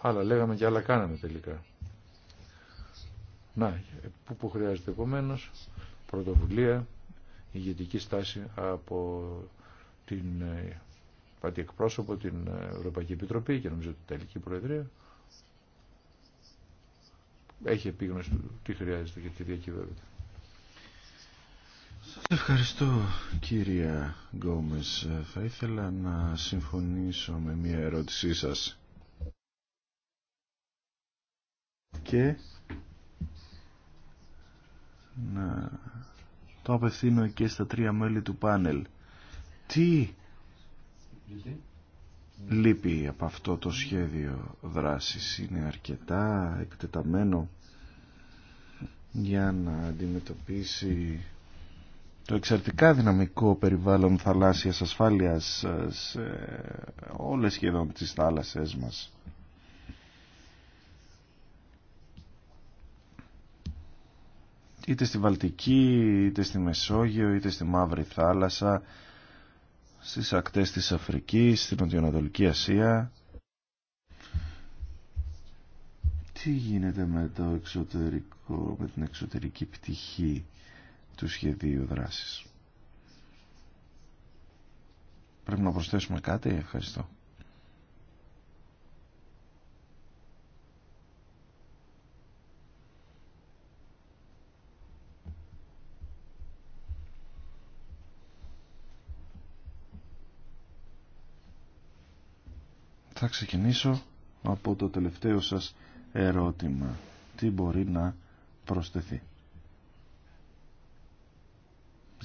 S3: Άλλα λέγαμε και άλλα κάναμε τελικά. Να, πού που χρειάζεται επομένω πρωτοβουλία, ηγετική στάση από την ε, πάτη εκπρόσωπο, την ε, Ευρωπαϊκή Επιτροπή και νομίζω την Τελική Προεδρία. Έχει επίγνωση του τι χρειάζεται και τι
S2: διακυβεύεται. Σας ευχαριστώ κυρία Γκόμες. Θα ήθελα να συμφωνήσω με μια ερώτησή σας. Και να το απευθύνω και στα τρία μέλη του πάνελ. Τι λείπει από αυτό το σχέδιο δράσης είναι αρκετά εκτεταμένο για να αντιμετωπίσει το εξαρτικά δυναμικό περιβάλλον θαλάσσιας ασφάλειας ε, σε όλες σχεδόν τις θάλασσές μας. Είτε στη Βαλτική, είτε στη Μεσόγειο, είτε στη Μαύρη Θάλασσα, στις ακτές της Αφρικής, στην Ανατολική Ασία. Τι γίνεται με, το εξωτερικό, με την εξωτερική πτυχή του σχεδίου δράσης. Πρέπει να προσθέσουμε κάτι. Ευχαριστώ. Θα ξεκινήσω από το τελευταίο σας ερώτημα. Τι μπορεί να προσθεθεί.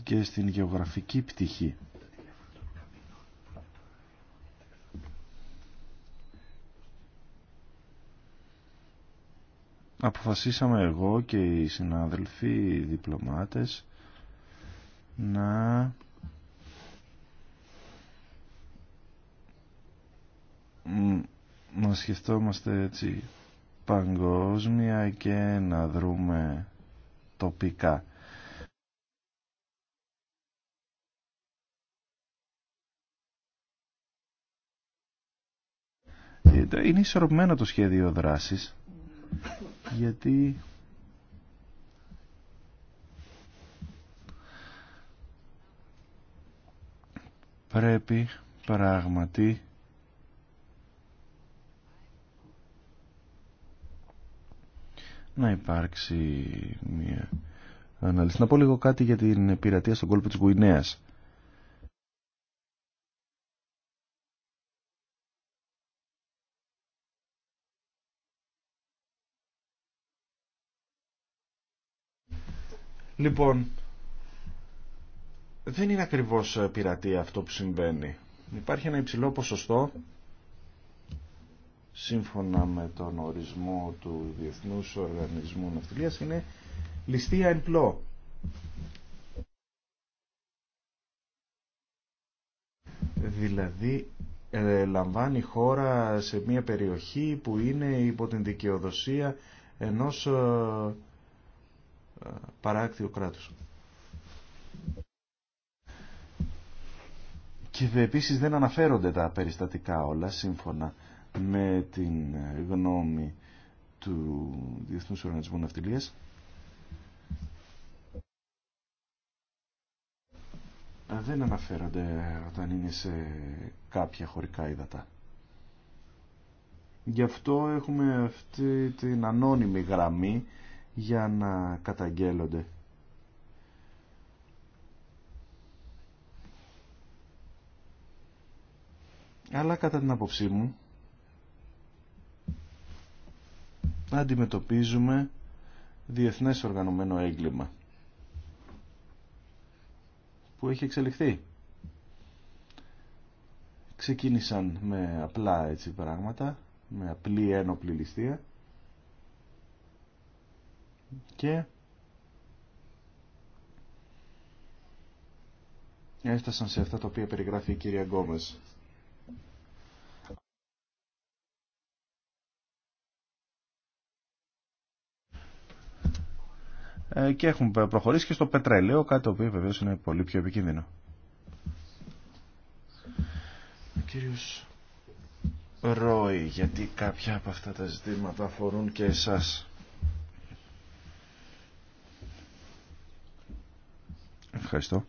S2: Και στην γεωγραφική πτυχή. Αποφασίσαμε εγώ και οι συνάδελφοι οι διπλωμάτες να να σκεφτόμαστε έτσι παγκόσμια και να δρούμε τοπικά. Ε, είναι ισορροπημένο το σχέδιο δράσης γιατί πρέπει πράγματι να υπάρξει μια ανάλυση. Να πω λίγο κάτι για την πειρατεία στον κόλπο της Γουινέας. Λοιπόν, δεν είναι ακριβώς πειρατεία αυτό που συμβαίνει. Υπάρχει ένα υψηλό ποσοστό σύμφωνα με τον ορισμό του Διεθνούς Οργανισμού Ναυτιλίας είναι ληστεία εν πλώ. Δηλαδή ε, λαμβάνει χώρα σε μια περιοχή που είναι υπό την δικαιοδοσία ενός ε, παράκτιου κράτους. Και επίσης δεν αναφέρονται τα περιστατικά όλα σύμφωνα με την γνώμη του Διεθνούς Οργανισμού Ναυτιλίας. Δεν αναφέρονται όταν είναι σε κάποια χωρικά ύδατα. Γι' αυτό έχουμε αυτή την ανώνυμη γραμμή για να καταγγέλλονται. Αλλά κατά την άποψή μου αντιμετωπίζουμε διεθνές οργανωμένο έγκλημα που έχει εξελιχθεί. Ξεκίνησαν με απλά έτσι πράγματα, με απλή ένοπλη ληστεία και έφτασαν σε αυτά τα οποία περιγράφει η κυρία Γκόμες. Ε, και έχουν προχωρήσει και στο πετρέλαιο, κάτι το οποίο βεβαίως είναι πολύ πιο επικίνδυνο. Ο κύριος Ρόι, γιατί κάποια από αυτά τα ζητήματα αφορούν και εσάς. Ευχαριστώ.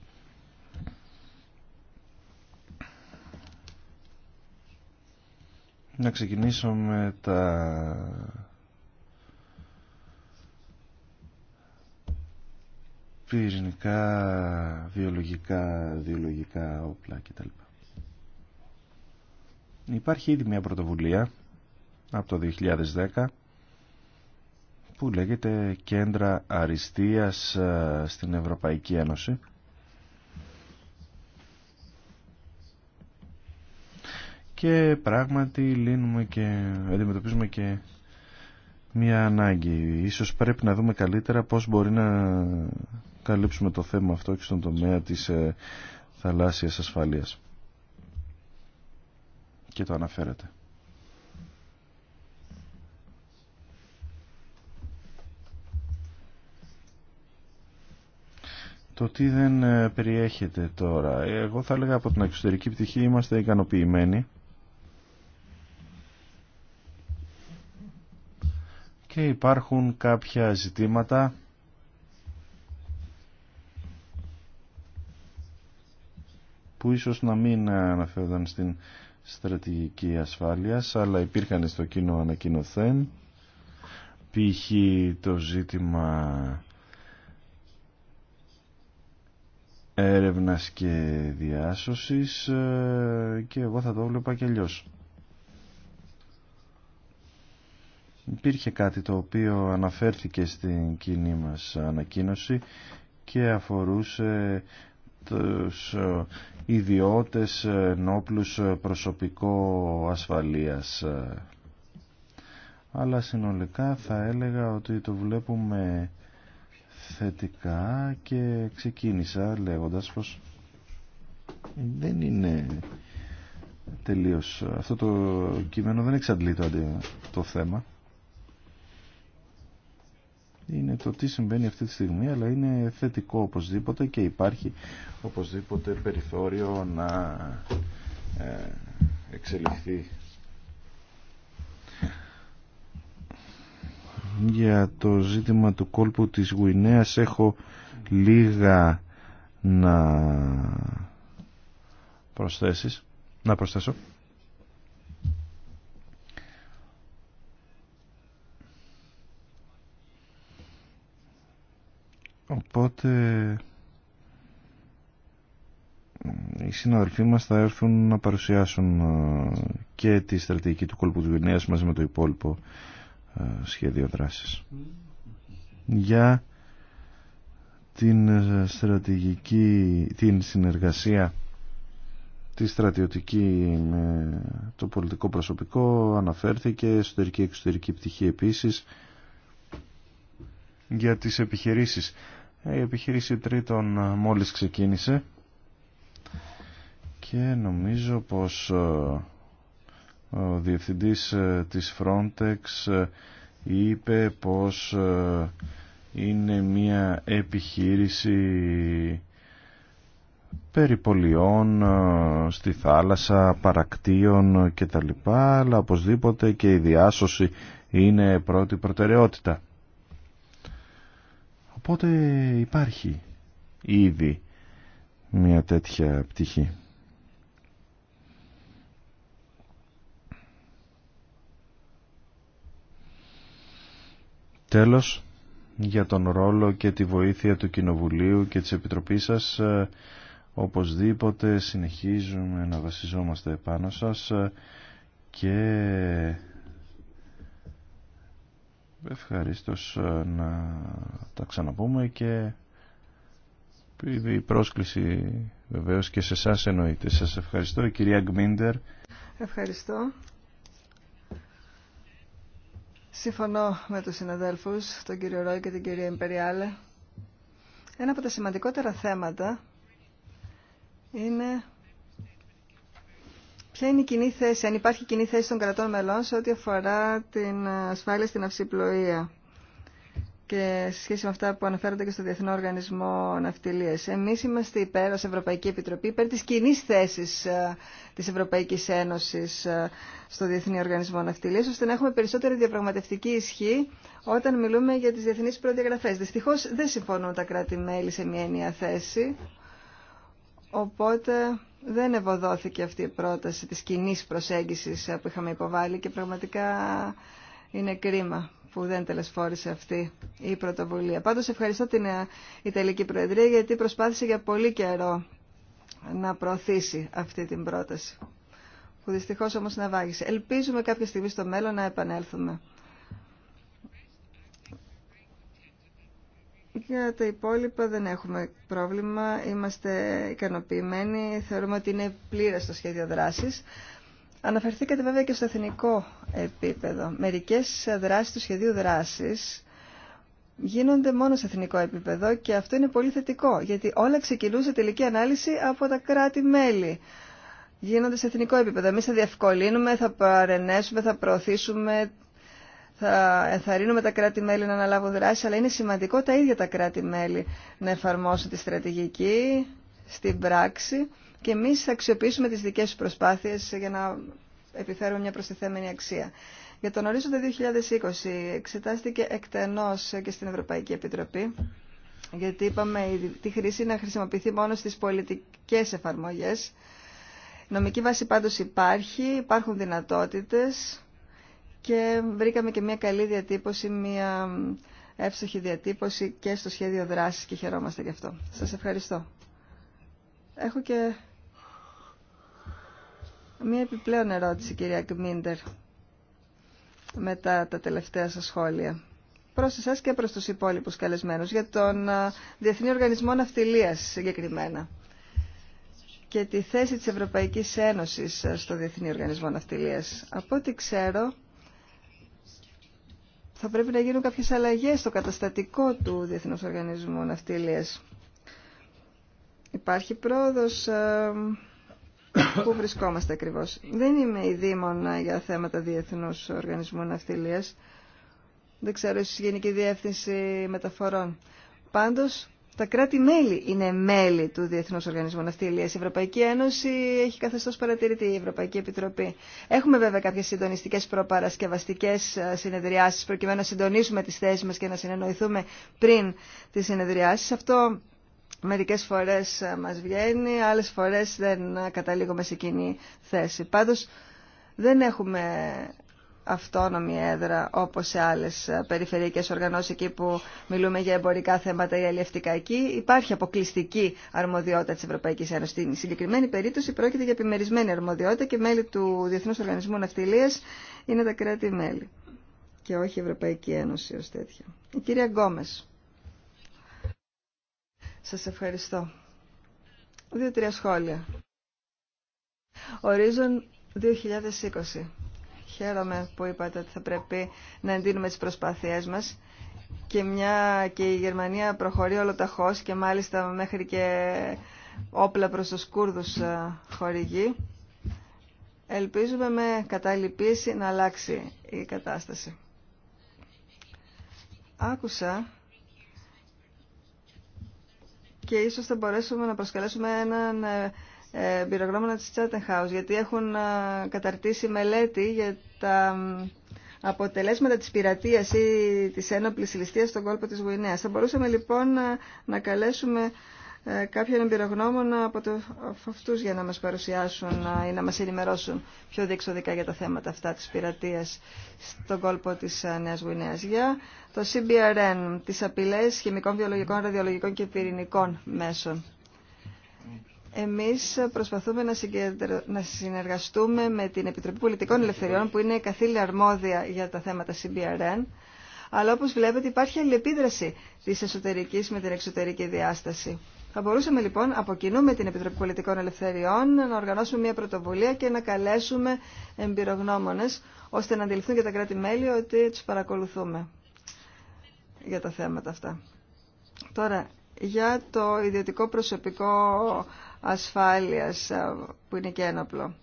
S2: Να ξεκινήσω με τα πυρηνικά, βιολογικά, βιολογικά όπλα κτλ. Υπάρχει ήδη μια πρωτοβουλία από το 2010 που λέγεται Κέντρα Αριστείας ε, στην Ευρωπαϊκή Ένωση και πράγματι λύνουμε και αντιμετωπίζουμε και μια ανάγκη. Ίσως πρέπει να δούμε καλύτερα πώς μπορεί να καλύψουμε το θέμα αυτό και στον τομέα της ε, θαλάσσιας ασφαλείας. Και το αναφέρεται. Το τι δεν ε, περιέχεται τώρα. Ε, εγώ θα έλεγα από την εξωτερική πτυχή είμαστε ικανοποιημένοι. Και υπάρχουν κάποια ζητήματα που ίσως να μην αναφέρονταν στην στρατηγική ασφάλειας αλλά υπήρχαν στο κοινό ανακοινωθέν π.χ. το ζήτημα έρευνας και διάσωσης ε, και εγώ θα το βλέπα και αλλιώ. Υπήρχε κάτι το οποίο αναφέρθηκε στην κοινή μας ανακοίνωση και αφορούσε τους ε, ιδιώτες ε, ενόπλους ε, προσωπικό ασφαλείας. Αλλά συνολικά θα έλεγα ότι το βλέπουμε θετικά και ξεκίνησα λέγοντας πως δεν είναι τελείως αυτό το κείμενο δεν εξαντλεί το θέμα είναι το τι συμβαίνει αυτή τη στιγμή, αλλά είναι θετικό οπωσδήποτε και υπάρχει οπωσδήποτε περιθώριο να ε, εξελιχθεί. Για το ζήτημα του κόλπου της Γουινέας έχω λίγα να προσθέσεις. Να προσθέσω. Οπότε οι συναδελφοί μας θα έρθουν να παρουσιάσουν ε, και τη στρατηγική του κόλπου του Γενέας μαζί με το υπόλοιπο ε, σχέδιο δράσης. Για την ε, στρατηγική, την συνεργασία τη στρατιωτική με το πολιτικό προσωπικό αναφέρθηκε, εσωτερική εξωτερική πτυχή επίσης για τις επιχειρήσεις η επιχείρηση τρίτων ε, μόλις ξεκίνησε και νομίζω πως ε, ο διευθυντής ε, της Frontex είπε πως είναι μια επιχείρηση περιπολιών στη θάλασσα, παρακτίων κτλ. Αλλά οπωσδήποτε και η διάσωση είναι πρώτη προτεραιότητα. Οπότε υπάρχει ήδη μια τέτοια πτυχή. Τέλος, για τον ρόλο και τη βοήθεια του Κοινοβουλίου και της Επιτροπής σας, ε, οπωσδήποτε συνεχίζουμε να βασιζόμαστε επάνω σας ε, και Ευχαριστώ ε, να τα ξαναπούμε και η πρόσκληση βεβαίως και σε εσά εννοείται. Σας ευχαριστώ η κυρία Γκμίντερ.
S1: Ευχαριστώ. Συμφωνώ με τους συναδέλφους, τον κύριο Ρόι και την κυρία Ιμπεριάλε. Ένα από τα σημαντικότερα θέματα είναι Ποια η κοινή θέση, αν υπάρχει κοινή θέση των κρατών μελών σε ό,τι αφορά την ασφάλεια στην αυσιπλοεία και σε σχέση με αυτά που αναφέρονται και στο Διεθνό Οργανισμό Ναυτιλία. Εμεί είμαστε υπέρ ω Ευρωπαϊκή Επιτροπή, υπέρ τη κοινή θέση ε, τη Ευρωπαϊκή Ένωση ε, στο Διεθνή Οργανισμό Ναυτιλία, ώστε να έχουμε περισσότερη διαπραγματευτική ισχύ όταν μιλούμε για τι διεθνεί προδιαγραφέ. Δυστυχώ δεν συμφωνούν τα κράτη-μέλη σε μια ενιαία θέση. Οπότε δεν ευωδόθηκε αυτή η πρόταση της κοινή προσέγγισης που είχαμε υποβάλει και πραγματικά είναι κρίμα που δεν τελεσφόρησε αυτή η πρωτοβουλία. Πάντως ευχαριστώ την ε, Ιταλική Προεδρία γιατί προσπάθησε για πολύ καιρό να προωθήσει αυτή την πρόταση που δυστυχώς όμως να βάγισε. Ελπίζουμε κάποια στιγμή στο μέλλον να επανέλθουμε. Για τα υπόλοιπα δεν έχουμε πρόβλημα, είμαστε ικανοποιημένοι, θεωρούμε ότι είναι πλήρες το σχέδιο δράσης. Αναφερθήκατε βέβαια και στο εθνικό επίπεδο. Μερικές δράσει του σχεδίου δράσης γίνονται μόνο σε εθνικό επίπεδο και αυτό είναι πολύ θετικό, γιατί όλα ξεκινούν σε τελική ανάλυση από τα κράτη-μέλη. Γίνονται σε εθνικό επίπεδο. Εμεί θα διευκολύνουμε, θα παρενέσουμε, θα προωθήσουμε θα ενθαρρύνουμε τα κράτη-μέλη να αναλάβουν δράση, αλλά είναι σημαντικό τα ίδια τα κράτη-μέλη να εφαρμόσουν τη στρατηγική στην πράξη και εμεί θα αξιοποιήσουμε τι δικέ του προσπάθειες για να επιφέρουμε μια προστιθέμενη αξία. Για τον ορίζοντα 2020 εξετάστηκε εκτενώς και στην Ευρωπαϊκή Επιτροπή γιατί είπαμε τη χρήση να χρησιμοποιηθεί μόνο στις πολιτικές εφαρμογές. Νομική βάση πάντως υπάρχει, υπάρχουν δυνατότητες και βρήκαμε και μια καλή διατύπωση, μια εύστοχη διατύπωση και στο σχέδιο δράσης και χαιρόμαστε γι' αυτό. Σας ευχαριστώ. Έχω και μια επιπλέον ερώτηση, κυρία Κμίντερ, μετά τα τελευταία σας σχόλια. Προς εσάς και προς τους υπόλοιπους καλεσμένους, για τον Διεθνή Οργανισμό Ναυτιλίας συγκεκριμένα και τη θέση της Ευρωπαϊκής Ένωσης στο Διεθνή Οργανισμό Ναυτιλίας. Από ό,τι ξέρω, θα πρέπει να γίνουν κάποιες αλλαγές στο καταστατικό του Διεθνούς Οργανισμού Ναυτιλίας. Υπάρχει πρόοδος ε, που βρισκόμαστε ακριβώς. Δεν είμαι η Δήμονα ε, για θέματα Διεθνούς Οργανισμού Ναυτιλίας. Δεν ξέρω, εσείς Γενική Διεύθυνση Μεταφορών. Πάντως, τα κράτη-μέλη είναι μέλη του Διεθνούς Οργανισμού Ναυτιλίας. Η Ευρωπαϊκή Ένωση έχει καθεστώς παρατηρητή, η Ευρωπαϊκή Επιτροπή. Έχουμε βέβαια κάποιες συντονιστικές προπαρασκευαστικές ε, συνεδριάσεις προκειμένου να συντονίσουμε τις θέσεις μας και να συνεννοηθούμε πριν τις συνεδριάσεις. Αυτό μερικές φορές ε, μας βγαίνει, άλλες φορές δεν ε, καταλήγουμε σε κοινή θέση. Πάντως δεν έχουμε αυτόνομη έδρα όπως σε άλλες περιφερειακές οργανώσεις εκεί που μιλούμε για εμπορικά θέματα ή αλληλευτικά εκεί υπάρχει αποκλειστική αρμοδιότητα της Ευρωπαϊκής Ένωσης. Στην συγκεκριμένη περίπτωση πρόκειται για επιμερισμένη αρμοδιότητα και μέλη του Διεθνούς Οργανισμού Ναυτιλίας είναι τα κράτη-μέλη και όχι η Ευρωπαϊκή Ένωση ως τέτοια. Η κυρία Γκόμες. Σας ευχαριστώ. Δύο-τρία σχόλια. Ορίζον 2020. Χαίρομαι που είπατε ότι θα πρέπει να εντείνουμε τις προσπάθειές μας και μια και η Γερμανία προχωρεί ολοταχώς και μάλιστα μέχρι και όπλα προς τους Κούρδους ε, χορηγεί. Ελπίζουμε με κατάλληλη να αλλάξει η κατάσταση. Άκουσα και ίσως θα μπορέσουμε να προσκαλέσουμε έναν ε, ε, εμπειρογνώμονα της Chatham House, γιατί έχουν ε, καταρτήσει μελέτη για τα αποτελέσματα της πειρατείας ή της ένοπλης ληστείας στον κόλπο της Γουινέας. Θα μπορούσαμε λοιπόν ε, να καλέσουμε κάποιον εμπειρογνώμονα από, το, αυτούς για να μας παρουσιάσουν ή να μας ενημερώσουν πιο διεξοδικά για τα θέματα αυτά της πειρατείας στον κόλπο της Νέας Γουινέας. Για το CBRN, τις απειλές χημικών, βιολογικών, ραδιολογικών και πυρηνικών μέσων. Εμείς προσπαθούμε να, συνεργαστούμε με την Επιτροπή Πολιτικών Ελευθεριών που είναι καθήλια αρμόδια για τα θέματα CBRN αλλά όπως βλέπετε υπάρχει αλληλεπίδραση της εσωτερικής με την εξωτερική διάσταση. Θα μπορούσαμε λοιπόν από κοινού με την Επιτροπή Πολιτικών Ελευθεριών να οργανώσουμε μια πρωτοβουλία και να καλέσουμε εμπειρογνώμονες ώστε να αντιληφθούν και τα κράτη-μέλη ότι τους παρακολουθούμε για τα θέματα αυτά. Τώρα, για το ιδιωτικό προσωπικό ασφάλειας ε, που είναι και ένοπλο.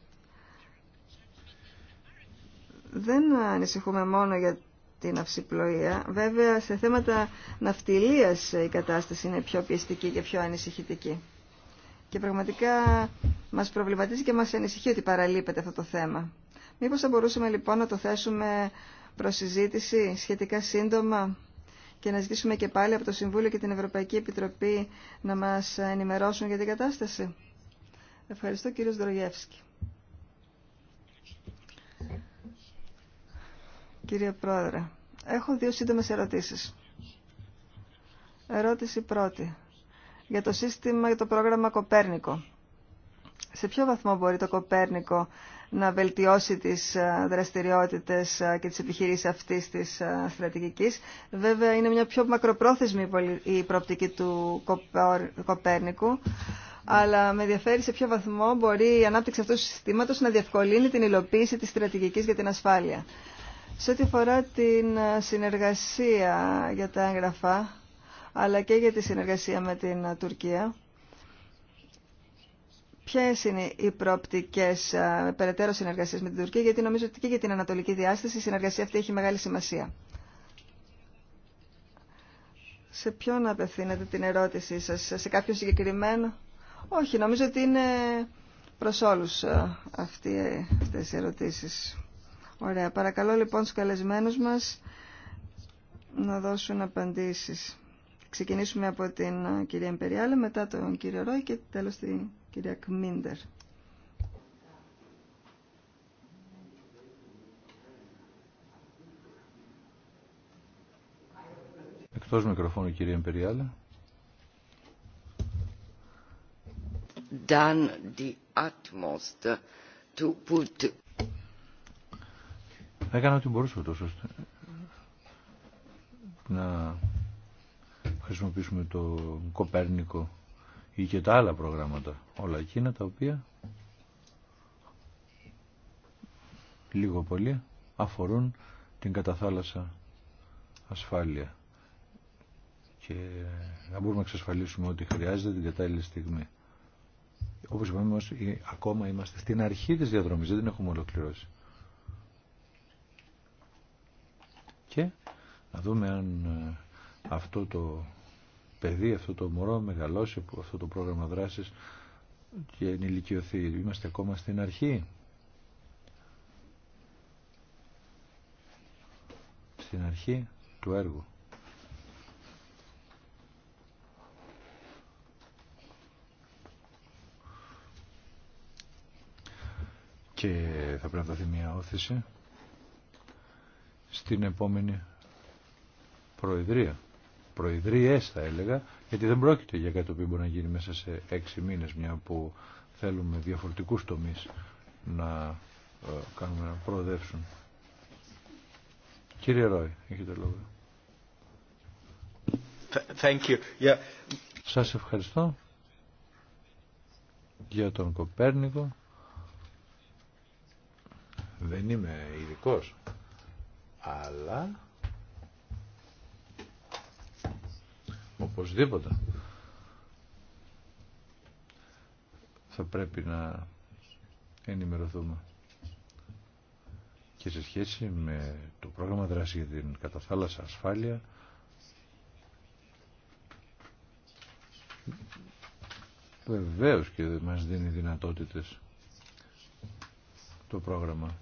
S1: Δεν ανησυχούμε μόνο για την αυσιπλοεία. Βέβαια, σε θέματα ναυτιλίας η κατάσταση είναι πιο πιεστική και πιο ανησυχητική. Και πραγματικά μας προβληματίζει και μας ανησυχεί ότι παραλείπεται αυτό το θέμα. Μήπως θα μπορούσαμε λοιπόν να το θέσουμε προς συζήτηση σχετικά σύντομα και να ζητήσουμε και πάλι από το Συμβούλιο και την Ευρωπαϊκή Επιτροπή να μας ενημερώσουν για την κατάσταση. Ευχαριστώ κύριος Δρογεύσκη. Κύριε Πρόεδρε, έχω δύο σύντομες ερωτήσεις. Ερώτηση πρώτη. Για το σύστημα, για το πρόγραμμα Κοπέρνικο. Σε ποιο βαθμό μπορεί το Κοπέρνικο να βελτιώσει τις ε, δραστηριότητες ε, και τις επιχειρήσεις αυτής της ε, στρατηγικής. Βέβαια είναι μια πιο μακροπρόθεσμη η προοπτική του Κοπέρνικου, αλλά με ενδιαφέρει σε ποιο βαθμό μπορεί η ανάπτυξη αυτού του συστήματος να διευκολύνει την υλοποίηση της στρατηγικής για την ασφάλεια. Σε ό,τι αφορά την συνεργασία για τα έγγραφα, αλλά και για τη συνεργασία με την Τουρκία, ποιες είναι οι προοπτικές ε, περαιτέρω συνεργασίες με την Τουρκία, γιατί νομίζω ότι και για την ανατολική διάσταση η συνεργασία αυτή έχει μεγάλη σημασία. Σε ποιον απευθύνετε την ερώτησή σας, σε κάποιον συγκεκριμένο. Όχι, νομίζω ότι είναι προς όλους ε, αυτέ αυτές οι ερωτήσεις. Ωραία, παρακαλώ λοιπόν τους καλεσμένους μας να δώσουν απαντήσεις. Ξεκινήσουμε από την ε, κυρία Εμπεριάλε, μετά τον κύριο Ρόι και τέλος την κυρία Κμίντερ.
S3: Εκτός μικροφώνου κυρία Εμπεριάλα.
S1: Done the utmost to put...
S3: Έκανα ό,τι μπορούσα τόσο ώστε να χρησιμοποιήσουμε το Κοπέρνικο ή και τα άλλα προγράμματα. Όλα εκείνα τα οποία λίγο πολύ αφορούν την καταθάλασσα ασφάλεια και να μπορούμε να εξασφαλίσουμε ότι χρειάζεται την κατάλληλη στιγμή. Όπως είπαμε, όμως, ε, ακόμα είμαστε στην αρχή της διαδρομής, δεν την έχουμε ολοκληρώσει. Και να δούμε αν ε, αυτό το παιδί, αυτό το μωρό μεγαλώσει που αυτό το πρόγραμμα δράσης και ενηλικιωθεί. Είμαστε ακόμα στην αρχή. Στην αρχή του έργου. Και θα πρέπει να δοθεί μια όθηση στην επόμενη Προεδρία προεδρίες θα έλεγα, γιατί δεν πρόκειται για κάτι που μπορεί να γίνει μέσα σε έξι μήνες, μια που θέλουμε διαφορετικούς τομείς να ε, κάνουμε να προοδεύσουν. Κύριε Ρόι, έχετε λόγο. Thank you. Σας ευχαριστώ για τον Κοπέρνικο. Δεν είμαι ειδικό, αλλά Οπωσδήποτε. Θα πρέπει να ενημερωθούμε. Και σε σχέση με το πρόγραμμα δράση για την καταθάλασσα ασφάλεια, βεβαίως και μας δίνει δυνατότητες το πρόγραμμα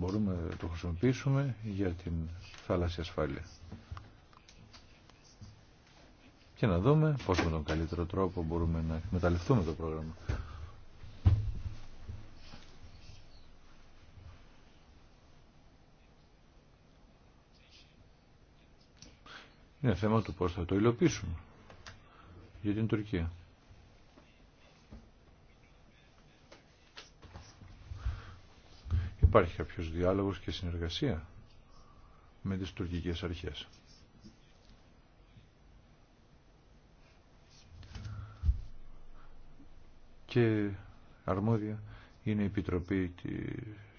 S3: μπορούμε να το χρησιμοποιήσουμε για την θάλασσια ασφάλεια. Και να δούμε πώς με τον καλύτερο τρόπο μπορούμε να εκμεταλλευτούμε το πρόγραμμα. Είναι θέμα του πώς θα το υλοποιήσουμε για την Τουρκία. υπάρχει κάποιος διάλογος και συνεργασία με τις τουρκικές αρχές. Και αρμόδια είναι η Επιτροπή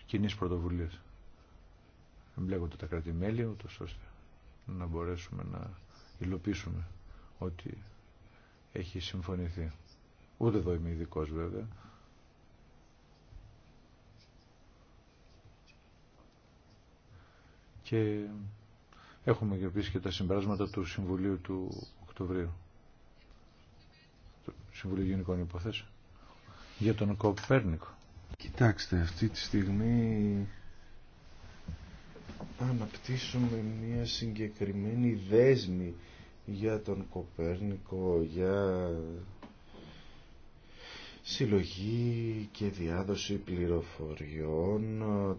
S3: Κοινή Πρωτοβουλία. Εμπλέκονται τα κρατη ούτως ώστε να μπορέσουμε να υλοποιήσουμε ότι έχει συμφωνηθεί. Ούτε εδώ είμαι ειδικό βέβαια. και έχουμε και επίσης και τα συμπεράσματα του Συμβουλίου του Οκτωβρίου του Συμβουλίου Γενικών Υποθέσεων για τον Κοπέρνικο.
S2: Κοιτάξτε, αυτή τη στιγμή αναπτύσσουμε μια συγκεκριμένη δέσμη για τον Κοπέρνικο, για συλλογή και διάδοση πληροφοριών.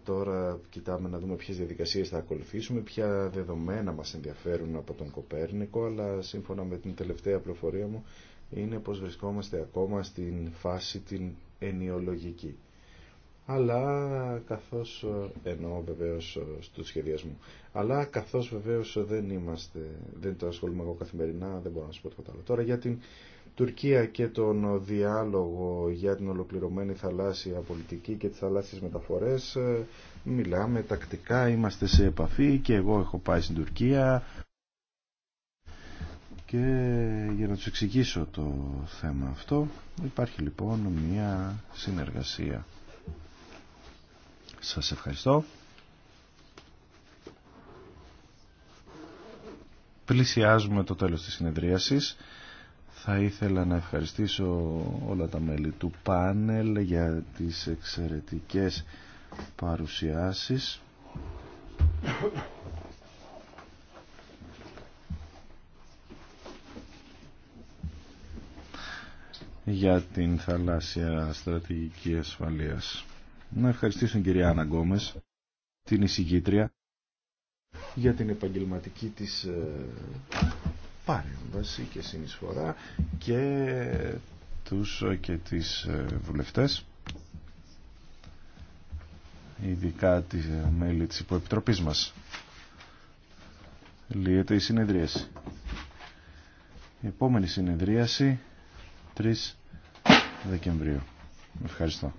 S2: Τώρα κοιτάμε να δούμε ποιες διαδικασίες θα ακολουθήσουμε, ποια δεδομένα μας ενδιαφέρουν από τον Κοπέρνικο, αλλά σύμφωνα με την τελευταία πληροφορία μου είναι πως βρισκόμαστε ακόμα στην φάση την ενιολογική. Αλλά καθώς, ε, εννοώ βεβαίως ε, του σχεδιασμού, αλλά καθώς βεβαίως δεν είμαστε, δεν το ασχολούμαι εγώ καθημερινά, δεν μπορώ να σου πω τίποτα άλλο. Τώρα για την Τουρκία και τον διάλογο για την ολοκληρωμένη θαλάσσια πολιτική και τις θαλάσσιες μεταφορές ε, μιλάμε τακτικά, είμαστε σε επαφή και εγώ έχω πάει στην Τουρκία και για να τους εξηγήσω το θέμα αυτό υπάρχει λοιπόν μια συνεργασία. Σας ευχαριστώ. Πλησιάζουμε το τέλος της συνεδρίασης. Θα ήθελα να ευχαριστήσω όλα τα μέλη του πάνελ για τις εξαιρετικές παρουσιάσεις. για την θαλάσσια στρατηγική ασφαλείας. Να ευχαριστήσω την κυρία Άννα Γκόμες, την εισηγήτρια, για την επαγγελματική της ε, παρέμβαση και συνεισφορά και τους και τις ε, βουλευτές ειδικά τη ε, μέλη της υποεπιτροπής μας λύεται η συνεδρίαση η επόμενη συνεδρίαση 3 Δεκεμβρίου ευχαριστώ